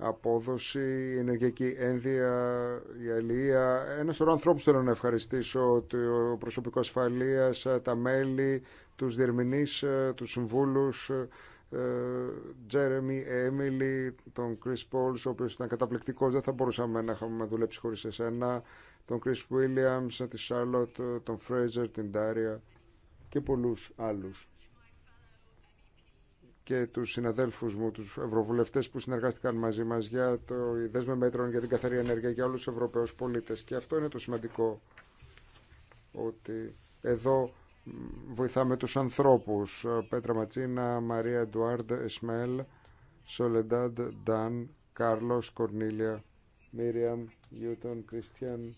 απόδοση, ενεργειακή ένδυα, η αλληλεία. Ένα σωρό ανθρώπου θέλω να ευχαριστήσω, το προσωπικό ασφαλεία, τα μέλη, τους διερμηνείς, τους συμβούλους, ε, Τζέρεμι, Έμιλι, τον Κρι Πόλς, ο οποίος ήταν καταπληκτικός, δεν θα μπορούσαμε να είχαμε δουλέψει χωρίς εσένα, τον Κρι Βίλιαμ, τη Σάρλοτ, τον Φρέζερ, την Τάρια και πολλού άλλους και τους συναδέλφους μου, τους ευρωβουλευτές που συνεργάστηκαν μαζί μας για το δέσμε μέτρων για την καθαρή ενέργεια για όλους τους Ευρωπαίους πολίτες. Και αυτό είναι το σημαντικό, ότι εδώ βοηθάμε τους ανθρώπους. Πέτρα Ματσίνα, Μαρία Εντουάρντ, Εσμελ, Σολεντάντ, Ντάν, Κάρλος, Κορνίλια, Μίριαμ, Γιούτον, Κριστιαν,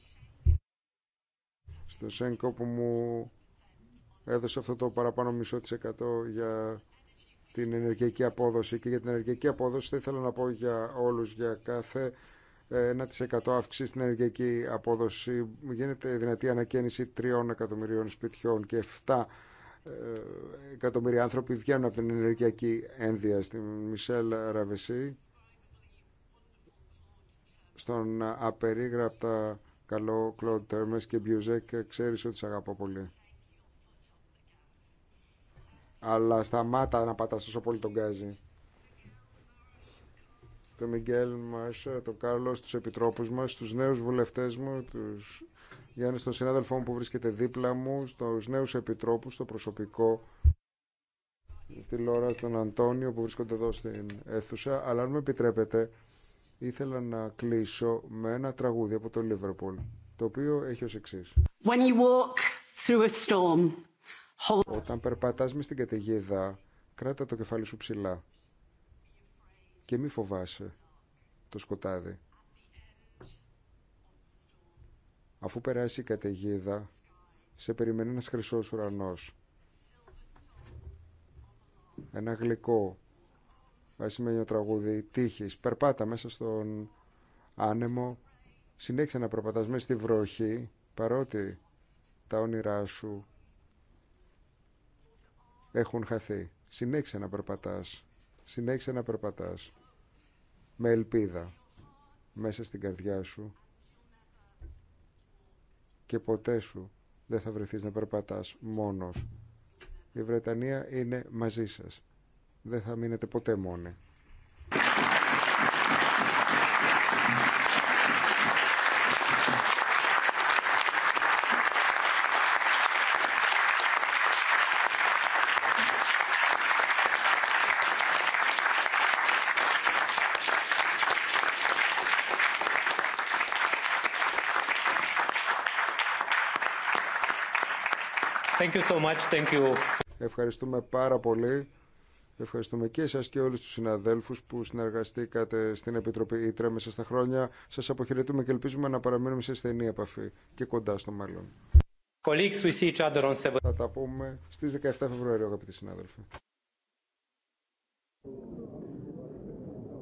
στο ΣΕΝΚΟ που μου έδωσε αυτό το παραπάνω μισό της εκατό για την ενεργειακή απόδοση. Και για την ενεργειακή απόδοση θα ήθελα να πω για όλους, για κάθε 1% αύξηση στην ενεργειακή απόδοση. Γίνεται δυνατή ανακαίνιση 3 εκατομμυρίων σπιτιών και 7 ε, εκατομμύρια άνθρωποι βγαίνουν από την ενεργειακή ένδυα στην Μισελ Ραβεσί στον απερίγραπτα καλό Κλοντ Τέρμες και Μπιουζέκ ξέρεις ότι σε αγαπώ πολύ αλλά σταμάτα να πατάς τόσο πολύ τον γκάζι. Το Μιγγέλ μας, το Κάρλος, τους επιτρόπους μας, τους νέους βουλευτές μου, τους Γιάννη, στον συνάδελφό μου που βρίσκεται δίπλα μου, στους νέους επιτρόπους, στο προσωπικό, στη Λόρα, στον Αντώνιο που βρίσκονται εδώ στην αίθουσα. Αλλά αν με επιτρέπετε, ήθελα να κλείσω με ένα τραγούδι από το Λίβερπουλ, το οποίο έχει ως εξής. Όταν περπατάς με στην καταιγίδα, κράτα το κεφάλι σου ψηλά και μη φοβάσαι το σκοτάδι. Αφού περάσει η καταιγίδα, σε περιμένει ένας χρυσός ουρανός. Ένα γλυκό, ασημένιο τραγούδι, τύχης. Περπάτα μέσα στον άνεμο, συνέχισε να περπατάς μέσα στη βροχή, παρότι τα όνειρά σου έχουν χαθεί. Συνέχισε να περπατάς, συνέχισε να περπατάς με ελπίδα μέσα στην καρδιά σου και ποτέ σου δεν θα βρεθείς να περπατάς μόνος. Η Βρετανία είναι μαζί σας. Δεν θα μείνετε ποτέ μόνοι. Ευχαριστούμε πάρα πολύ. Ευχαριστούμε και εσάς και όλους τους συναδέλφους που συνεργαστήκατε στην Επιτροπή Ήτρα μέσα στα χρόνια. Σας αποχαιρετούμε και ελπίζουμε να παραμείνουμε σε στενή επαφή και κοντά στο μέλλον. Colleagues, we see each Θα τα πούμε στις 17 Φεβρουαρίου, αγαπητοί συνάδελφοι.